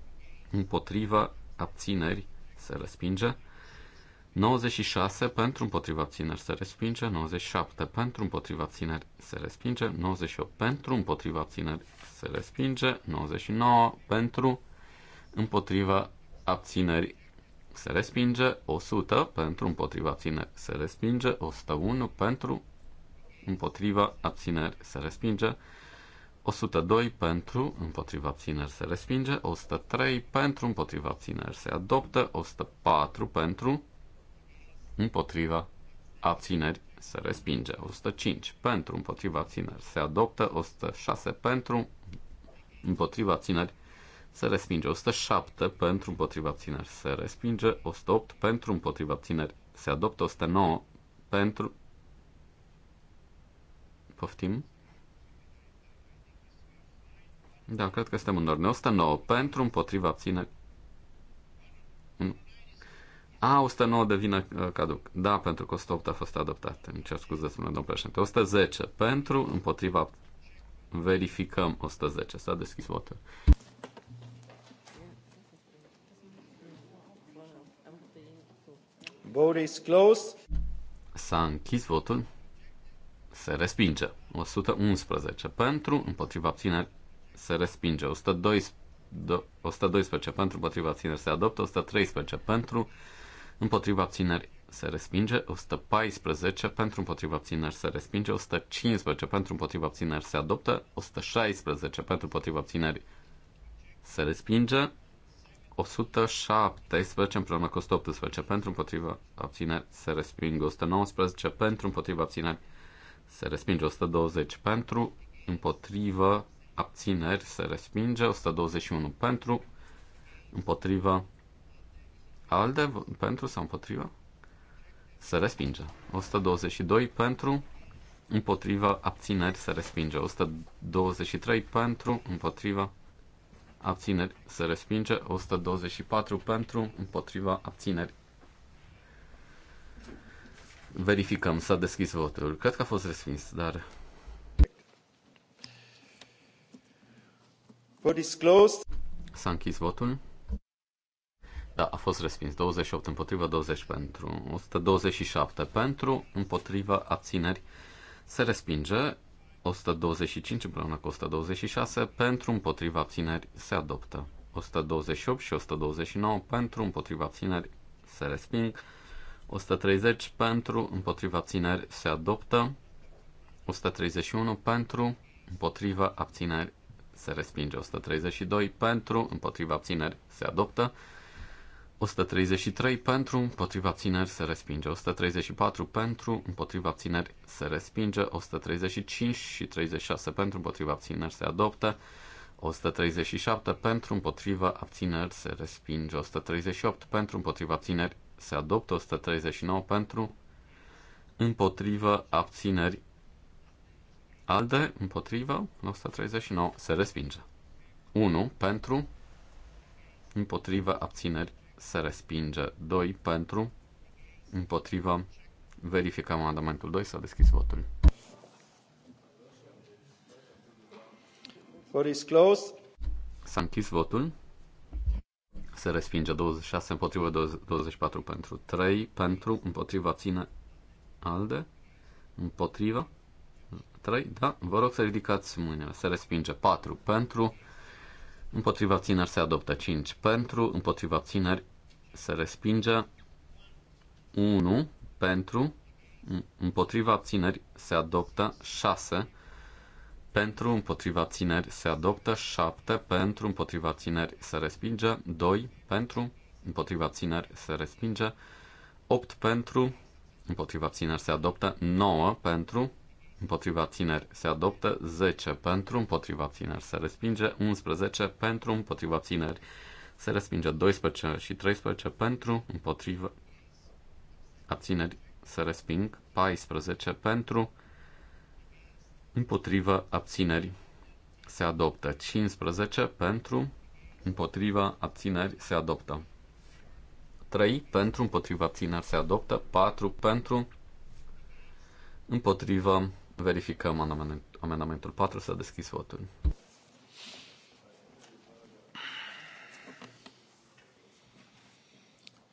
împotriva abțineri se respinge 96 pentru împotriva abțineri se respinge, 97 pentru împotriva abțineri se respinge, 98 pentru împotriva abțineri se respinge, 99 pentru, împotriva abțineri se respinge, 100 pentru, împotriva abțineri se respinge, 101 pentru, împotriva abțineri se respinge, 102 pentru, împotriva abțineri se respinge, 103 pentru, împotriva abțineri se adoptă, 104 pentru, împotriva abțineri se respinge. 105 pentru, împotriva țineri se adoptă. 106 pentru, împotriva țineri se respinge. 107 pentru, împotriva țineri se respinge. 108 pentru, împotriva țineri se adoptă. 109 pentru, poftim. Da, cred că suntem în ordine. 109 pentru, împotriva țineri a, 109 devine uh, caduc. Da, pentru că 108 a fost adoptat. Îmi cer scuze, spune domnul președinte. 110 pentru, împotriva, verificăm 110. S-a deschis votul. Vote is closed. S-a închis votul. Se respinge. 111 pentru, împotriva abțineri, se respinge. 112, 112 pentru, împotriva abțineri, se adoptă. 113 pentru, împotriva abțineri se respinge, 114 pentru împotriva abțineri se respinge, 115 pentru împotriva abțineri se adoptă, 116 pentru împotriva abțineri se respinge, 117 împreună cu 118 pentru împotriva abțineri se respinge, 119 pentru împotriva abțineri se respinge, 120 pentru împotriva abțineri se respinge, 121 pentru împotriva ALDE pentru sau împotriva? Se respinge. 122 pentru, împotriva, abțineri, se respinge. 123 pentru, împotriva, abțineri, se respinge. 124 pentru, împotriva, abțineri. Verificăm, s-a deschis votul. Cred că a fost respins, dar... S-a închis votul. Da, a fost respins. 28 împotriva, 20 pentru. 127 pentru, împotriva, abțineri. Se respinge. 125 împreună cu 126 pentru, împotriva, abțineri. Se adoptă. 128 și 129 pentru, împotriva, abțineri. Se resping. 130 pentru, împotriva, abțineri. Se adoptă. 131 pentru, împotriva, abțineri. Se respinge. 132 pentru, împotriva, abțineri. Se adoptă. 133 pentru, împotriva abțineri se respinge. 134 pentru, împotriva abțineri se respinge. 135 și 36 pentru, împotriva abțineri se adoptă. 137 pentru, împotriva abțineri se respinge. 138 pentru, împotriva abțineri se adoptă. 139 pentru, împotriva abțineri. Alde, împotriva, 139 se respinge. 1 pentru, împotriva abțineri se respinge. 2 pentru, împotriva, verificăm amendamentul 2, s-a deschis votul. Vote is closed. S-a închis votul. Se respinge 26 împotriva 24 pentru 3 pentru împotriva ține alde împotriva 3, da, vă rog să ridicați mâinile, se respinge 4 pentru împotriva țineri se adoptă 5 pentru, împotriva țineri se respinge 1 pentru, împotriva țineri se adoptă 6 pentru, împotriva țineri se adoptă 7 pentru, împotriva țineri se respinge 2 pentru, împotriva țineri se respinge 8 pentru, împotriva țineri se adoptă 9 pentru, împotriva abțineri se adoptă, 10 pentru, împotriva abțineri se respinge, 11 pentru, împotriva abțineri se respinge, 12 și 13 pentru, împotriva abțineri se resping, 14 pentru, împotriva abțineri se adoptă, 15 pentru, împotriva abțineri se adoptă. 3 pentru, împotriva abțineri se adoptă, 4 pentru, împotriva Verificăm amendamentul, 4, s-a deschis votul.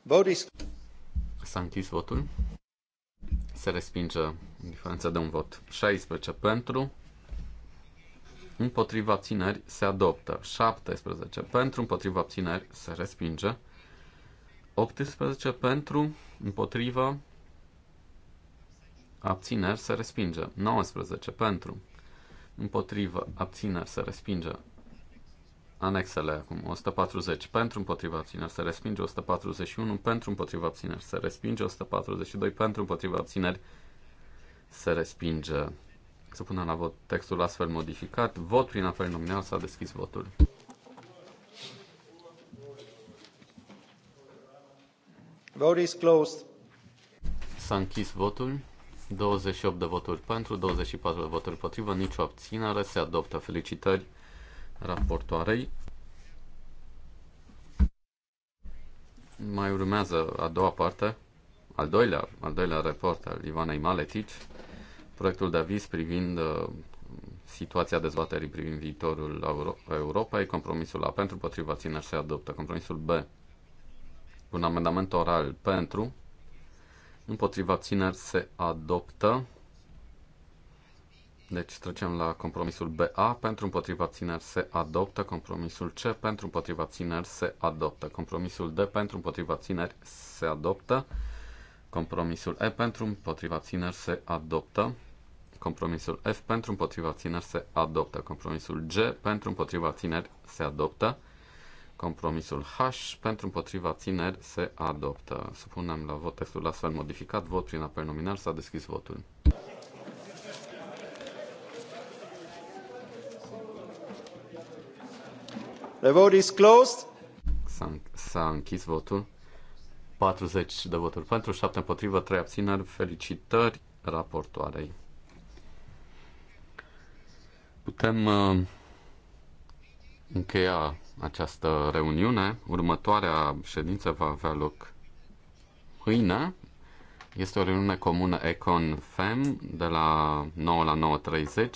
Vot is... S-a închis votul. Se respinge în diferența de un vot. 16 pentru, împotriva abțineri se adoptă. 17 pentru, împotriva abțineri se respinge. 18 pentru, împotriva abțineri se respinge. 19 pentru, împotrivă, abțineri se respinge. Anexele acum, 140 pentru împotriva abțineri se respinge, 141 pentru împotriva abțineri se respinge, 142 pentru împotriva abțineri se respinge. Să punem la vot textul astfel modificat. Vot prin apel nominal s-a deschis votul. Vote is closed. S-a închis votul. 28 de voturi pentru, 24 de voturi potrivă, nicio abținere. Se adoptă. Felicitări raportoarei. Mai urmează a doua parte, al doilea, al doilea report al Ivanei Maletici, proiectul de aviz privind uh, situația dezbaterii privind viitorul Euro- Europei, compromisul A pentru, potriva țineri se adoptă, compromisul B, un amendament oral pentru, împotriva țineri se adoptă. Deci trecem la compromisul BA, pentru împotriva țineri se adoptă, compromisul C pentru împotriva țineri se adoptă, compromisul D pentru împotriva țineri se adoptă, compromisul E pentru împotriva țineri se adoptă, compromisul F pentru împotriva țineri se adoptă, compromisul G pentru împotriva țineri se adoptă, Compromisul H pentru împotriva țineri se adoptă. Supunem la vot textul astfel modificat. Vot prin apel nominal. S-a deschis votul. The vote is closed. S-a, închis votul. 40 de voturi pentru, 7 împotrivă, 3 abțineri. Felicitări raportoarei. Putem uh, încheia această reuniune. Următoarea ședință va avea loc mâine. Este o reuniune comună Econ Fem de la 9 la 9.30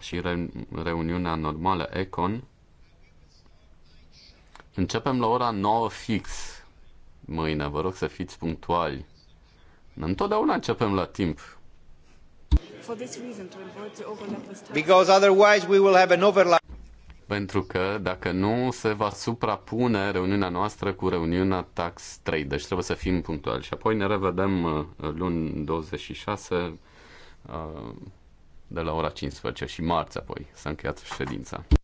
și re- reuniunea normală Econ. Începem la ora 9 fix mâine. Vă rog să fiți punctuali. Întotdeauna începem la timp. Because otherwise we will have an overlap pentru că dacă nu, se va suprapune reuniunea noastră cu reuniunea Tax trade, deci trebuie să fim punctuali. Și apoi ne revedem uh, luni 26 uh, de la ora 15 și marți apoi să încheiați ședința.